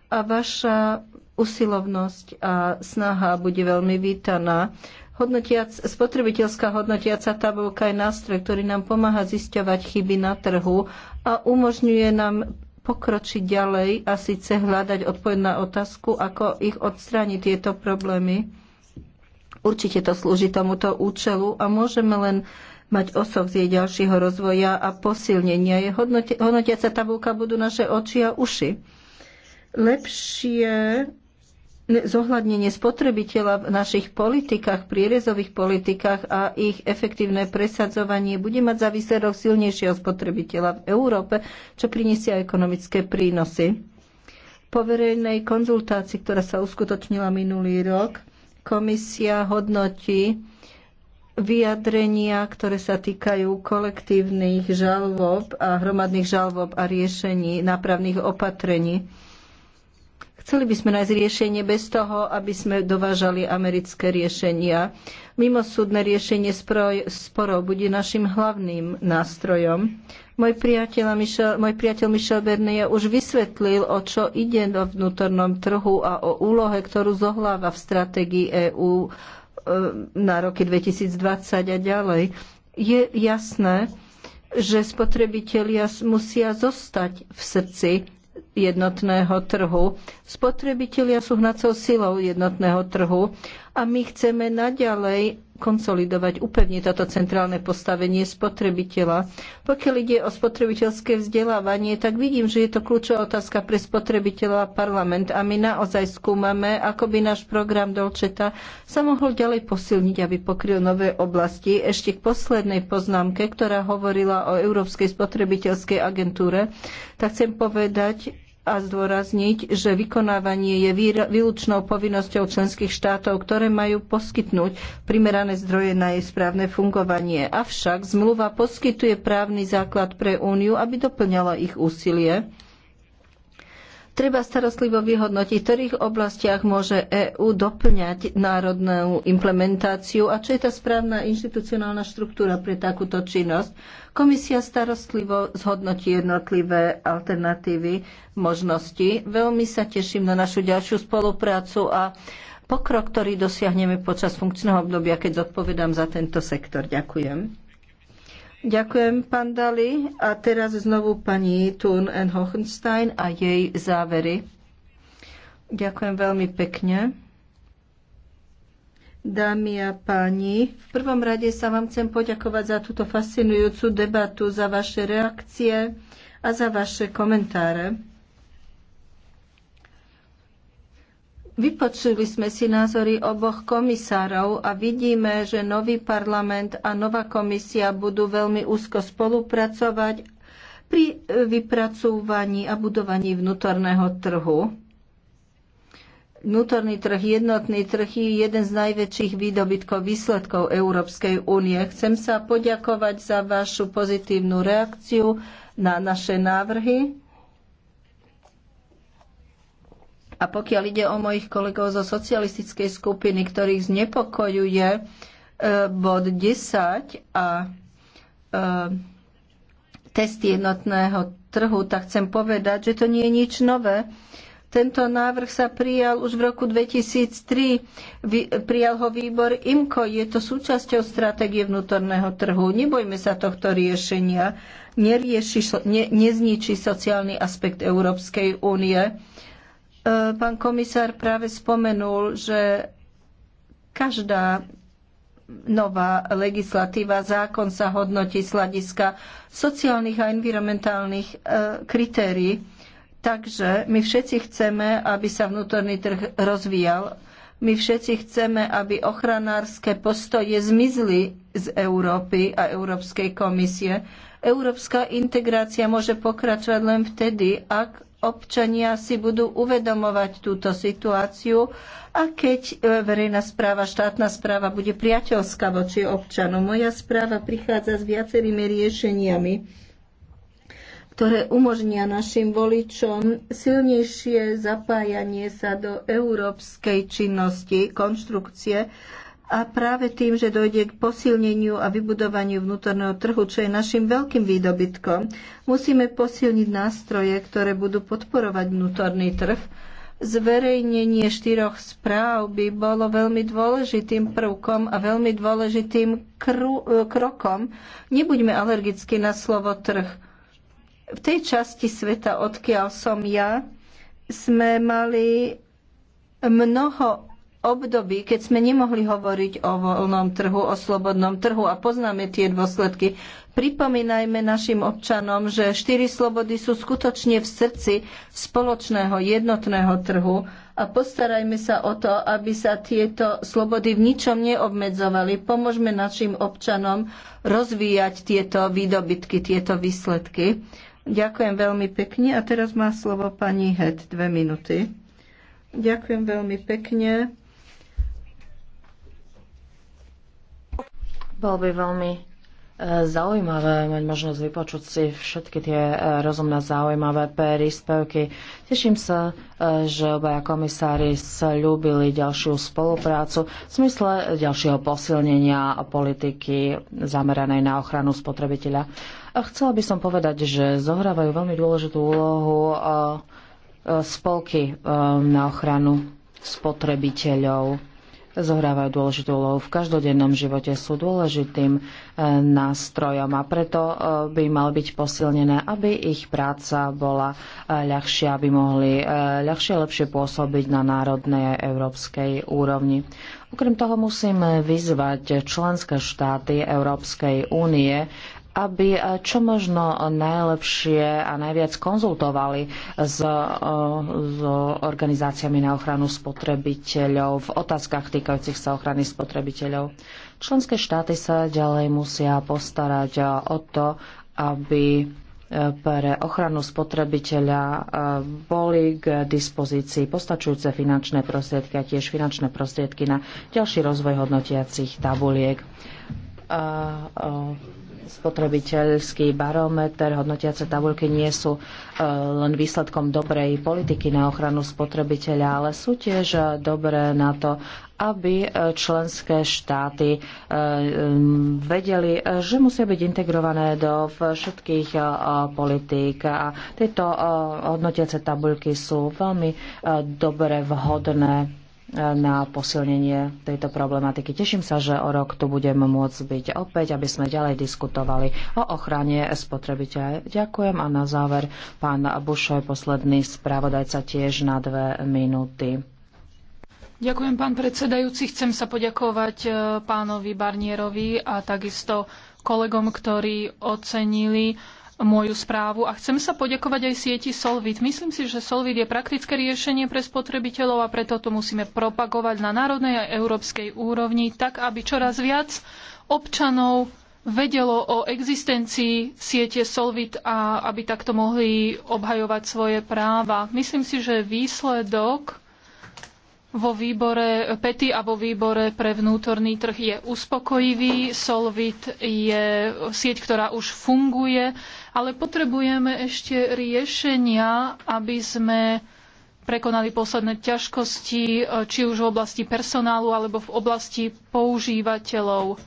a vaša usilovnosť a snaha bude veľmi vítaná. Hodnotiac, spotrebiteľská hodnotiaca tabulka je nástroj, ktorý nám pomáha zisťovať chyby na trhu a umožňuje nám pokročiť ďalej a síce hľadať odpoveď na otázku, ako ich odstrániť tieto problémy. Určite to slúži tomuto účelu a môžeme len mať osoch z jej ďalšieho rozvoja a posilnenia. Je hodnotiaca tabulka budú naše oči a uši. Lepšie zohľadnenie spotrebiteľa v našich politikách, prierezových politikách a ich efektívne presadzovanie bude mať za výsledok silnejšieho spotrebiteľa v Európe, čo priniesie ekonomické prínosy. Po verejnej konzultácii, ktorá sa uskutočnila minulý rok, komisia hodnotí vyjadrenia, ktoré sa týkajú kolektívnych žalob a hromadných žalob a riešení nápravných opatrení Chceli by sme nájsť riešenie bez toho, aby sme dovážali americké riešenia. Mimosúdne riešenie sporov bude našim hlavným nástrojom. Môj priateľ, Michel, môj priateľ Michel Bernier už vysvetlil, o čo ide vo vnútornom trhu a o úlohe, ktorú zohláva v stratégii EÚ e, na roky 2020 a ďalej. Je jasné, že spotrebitelia musia zostať v srdci jednotného trhu. Spotrebitelia sú hnacou silou jednotného trhu a my chceme naďalej konsolidovať, upevniť toto centrálne postavenie spotrebiteľa. Pokiaľ ide o spotrebiteľské vzdelávanie, tak vidím, že je to kľúčová otázka pre spotrebiteľa a parlament a my naozaj skúmame, ako by náš program Dolčeta sa mohol ďalej posilniť, aby pokryl nové oblasti. Ešte k poslednej poznámke, ktorá hovorila o Európskej spotrebiteľskej agentúre, tak chcem povedať, a zdôrazniť, že vykonávanie je výlučnou povinnosťou členských štátov, ktoré majú poskytnúť primerané zdroje na jej správne fungovanie. Avšak zmluva poskytuje právny základ pre Úniu, aby doplňala ich úsilie Treba starostlivo vyhodnotiť, v ktorých oblastiach môže EÚ doplňať národnú implementáciu a čo je tá správna inštitucionálna štruktúra pre takúto činnosť. Komisia starostlivo zhodnotí jednotlivé alternatívy, možnosti. Veľmi sa teším na našu ďalšiu spoluprácu a pokrok, ktorý dosiahneme počas funkčného obdobia, keď zodpovedám za tento sektor. Ďakujem. Ďakujem, pán Dali. A teraz znovu pani Thun N. Hohenstein a jej závery. Ďakujem veľmi pekne. Dámy a páni, v prvom rade sa vám chcem poďakovať za túto fascinujúcu debatu, za vaše reakcie a za vaše komentáre. Vypočuli sme si názory oboch komisárov a vidíme, že nový parlament a nová komisia budú veľmi úzko spolupracovať pri vypracúvaní a budovaní vnútorného trhu. Vnútorný trh, jednotný trh je jeden z najväčších výdobytkov výsledkov Európskej únie. Chcem sa poďakovať za vašu pozitívnu reakciu na naše návrhy A pokiaľ ide o mojich kolegov zo socialistickej skupiny, ktorých znepokojuje e, bod 10 a e, test jednotného trhu, tak chcem povedať, že to nie je nič nové. Tento návrh sa prijal už v roku 2003. Prijal ho výbor IMCO. Je to súčasťou stratégie vnútorného trhu. Nebojme sa tohto riešenia. Nerieši, ne, nezničí sociálny aspekt Európskej únie E, pán komisár práve spomenul, že každá nová legislatíva, zákon sa hodnotí z hľadiska sociálnych a environmentálnych e, kritérií. Takže my všetci chceme, aby sa vnútorný trh rozvíjal. My všetci chceme, aby ochranárske postoje zmizli z Európy a Európskej komisie. Európska integrácia môže pokračovať len vtedy, ak občania si budú uvedomovať túto situáciu a keď e, verejná správa, štátna správa bude priateľská voči občanom. Moja správa prichádza s viacerými riešeniami, ktoré umožnia našim voličom silnejšie zapájanie sa do európskej činnosti, konštrukcie a práve tým, že dojde k posilneniu a vybudovaniu vnútorného trhu, čo je našim veľkým výdobytkom, musíme posilniť nástroje, ktoré budú podporovať vnútorný trh. Zverejnenie štyroch správ by bolo veľmi dôležitým prvkom a veľmi dôležitým e, krokom. Nebuďme alergickí na slovo trh. V tej časti sveta, odkiaľ som ja, sme mali mnoho období, keď sme nemohli hovoriť o voľnom trhu, o slobodnom trhu a poznáme tie dôsledky. Pripomínajme našim občanom, že štyri slobody sú skutočne v srdci spoločného jednotného trhu a postarajme sa o to, aby sa tieto slobody v ničom neobmedzovali. Pomôžme našim občanom rozvíjať tieto výdobytky, tieto výsledky. Ďakujem veľmi pekne a teraz má slovo pani Het, dve minúty. Ďakujem veľmi pekne. Bolo by veľmi e, zaujímavé mať možnosť vypočuť si všetky tie e, rozumné zaujímavé príspevky. Teším sa, e, že obaja komisári slúbili ďalšiu spoluprácu v smysle ďalšieho posilnenia politiky zameranej na ochranu spotrebiteľa. A chcela by som povedať, že zohrávajú veľmi dôležitú úlohu spolky na ochranu spotrebiteľov zohrávajú dôležitú úlohu v každodennom živote, sú dôležitým e, nástrojom a preto e, by mal byť posilnené, aby ich práca bola e, ľahšia, aby mohli ľahšie, a lepšie pôsobiť na národnej a európskej úrovni. Okrem toho musíme vyzvať členské štáty Európskej únie, aby čo možno najlepšie a najviac konzultovali s, e, s organizáciami na ochranu spotrebiteľov v otázkach týkajúcich sa ochrany spotrebiteľov. Členské štáty sa ďalej musia postarať o to, aby e, pre ochranu spotrebiteľa e, boli k dispozícii postačujúce finančné prostriedky a tiež finančné prostriedky na ďalší rozvoj hodnotiacich tabuliek spotrebiteľský barometer, hodnotiace tabulky nie sú e, len výsledkom dobrej politiky na ochranu spotrebiteľa, ale sú tiež dobré na to, aby e, členské štáty e, vedeli, že musia byť integrované do všetkých politík. A tieto hodnotiace tabuľky sú veľmi dobre vhodné na posilnenie tejto problematiky. Teším sa, že o rok tu budem môcť byť opäť, aby sme ďalej diskutovali o ochrane spotrebiteľa. Ďakujem a na záver pán Bušoj, posledný spravodajca tiež na dve minúty. Ďakujem, pán predsedajúci. Chcem sa poďakovať e, pánovi Barnierovi a takisto kolegom, ktorí ocenili moju správu a chcem sa poďakovať aj sieti Solvit. Myslím si, že Solvit je praktické riešenie pre spotrebiteľov a preto to musíme propagovať na národnej a európskej úrovni, tak aby čoraz viac občanov vedelo o existencii siete Solvit a aby takto mohli obhajovať svoje práva. Myslím si, že výsledok vo výbore PETI a vo výbore pre vnútorný trh je uspokojivý. Solvit je sieť, ktorá už funguje ale potrebujeme ešte riešenia, aby sme prekonali posledné ťažkosti, či už v oblasti personálu alebo v oblasti používateľov.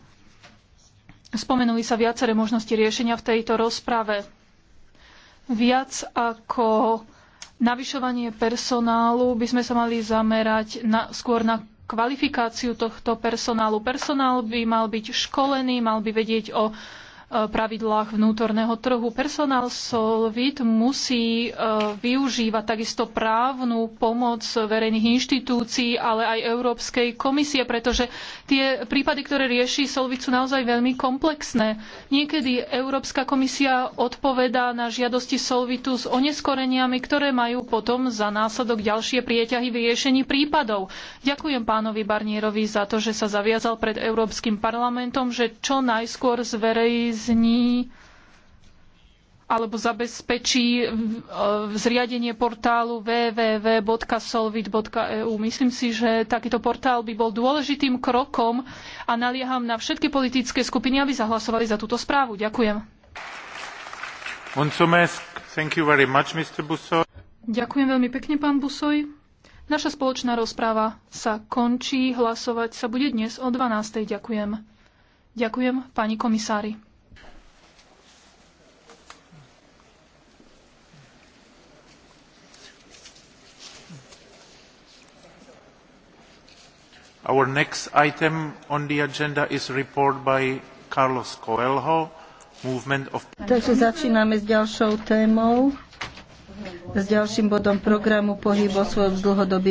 Spomenuli sa viaceré možnosti riešenia v tejto rozprave. Viac ako navyšovanie personálu by sme sa mali zamerať na, skôr na kvalifikáciu tohto personálu. Personál by mal byť školený, mal by vedieť o Eh, pravidlách vnútorného trhu. Personál Solvit musí eh, využívať takisto právnu pomoc verejných inštitúcií, ale aj Európskej komisie, pretože tie prípady, ktoré rieši Solvit, sú naozaj veľmi komplexné. Niekedy Európska komisia odpovedá na žiadosti Solvitu s oneskoreniami, ktoré majú potom za následok ďalšie prieťahy v riešení prípadov. Ďakujem pánovi Barnierovi za to, že sa zaviazal pred Európskym parlamentom, že čo najskôr zverejní zní alebo zabezpečí zriadenie portálu www.solvit.eu. Myslím si, že takýto portál by bol dôležitým krokom a nalieham na všetky politické skupiny, aby zahlasovali za túto správu. Ďakujem. Much, Ďakujem veľmi pekne, pán Busoj. Naša spoločná rozpráva sa končí. Hlasovať sa bude dnes o 12.00. Ďakujem. Ďakujem, pani komisári. Our next item on the agenda is report by Carlos Coelho, movement of... Takže začíname s ďalšou témou, s ďalším bodom programu pohyb osôb z dlhodobých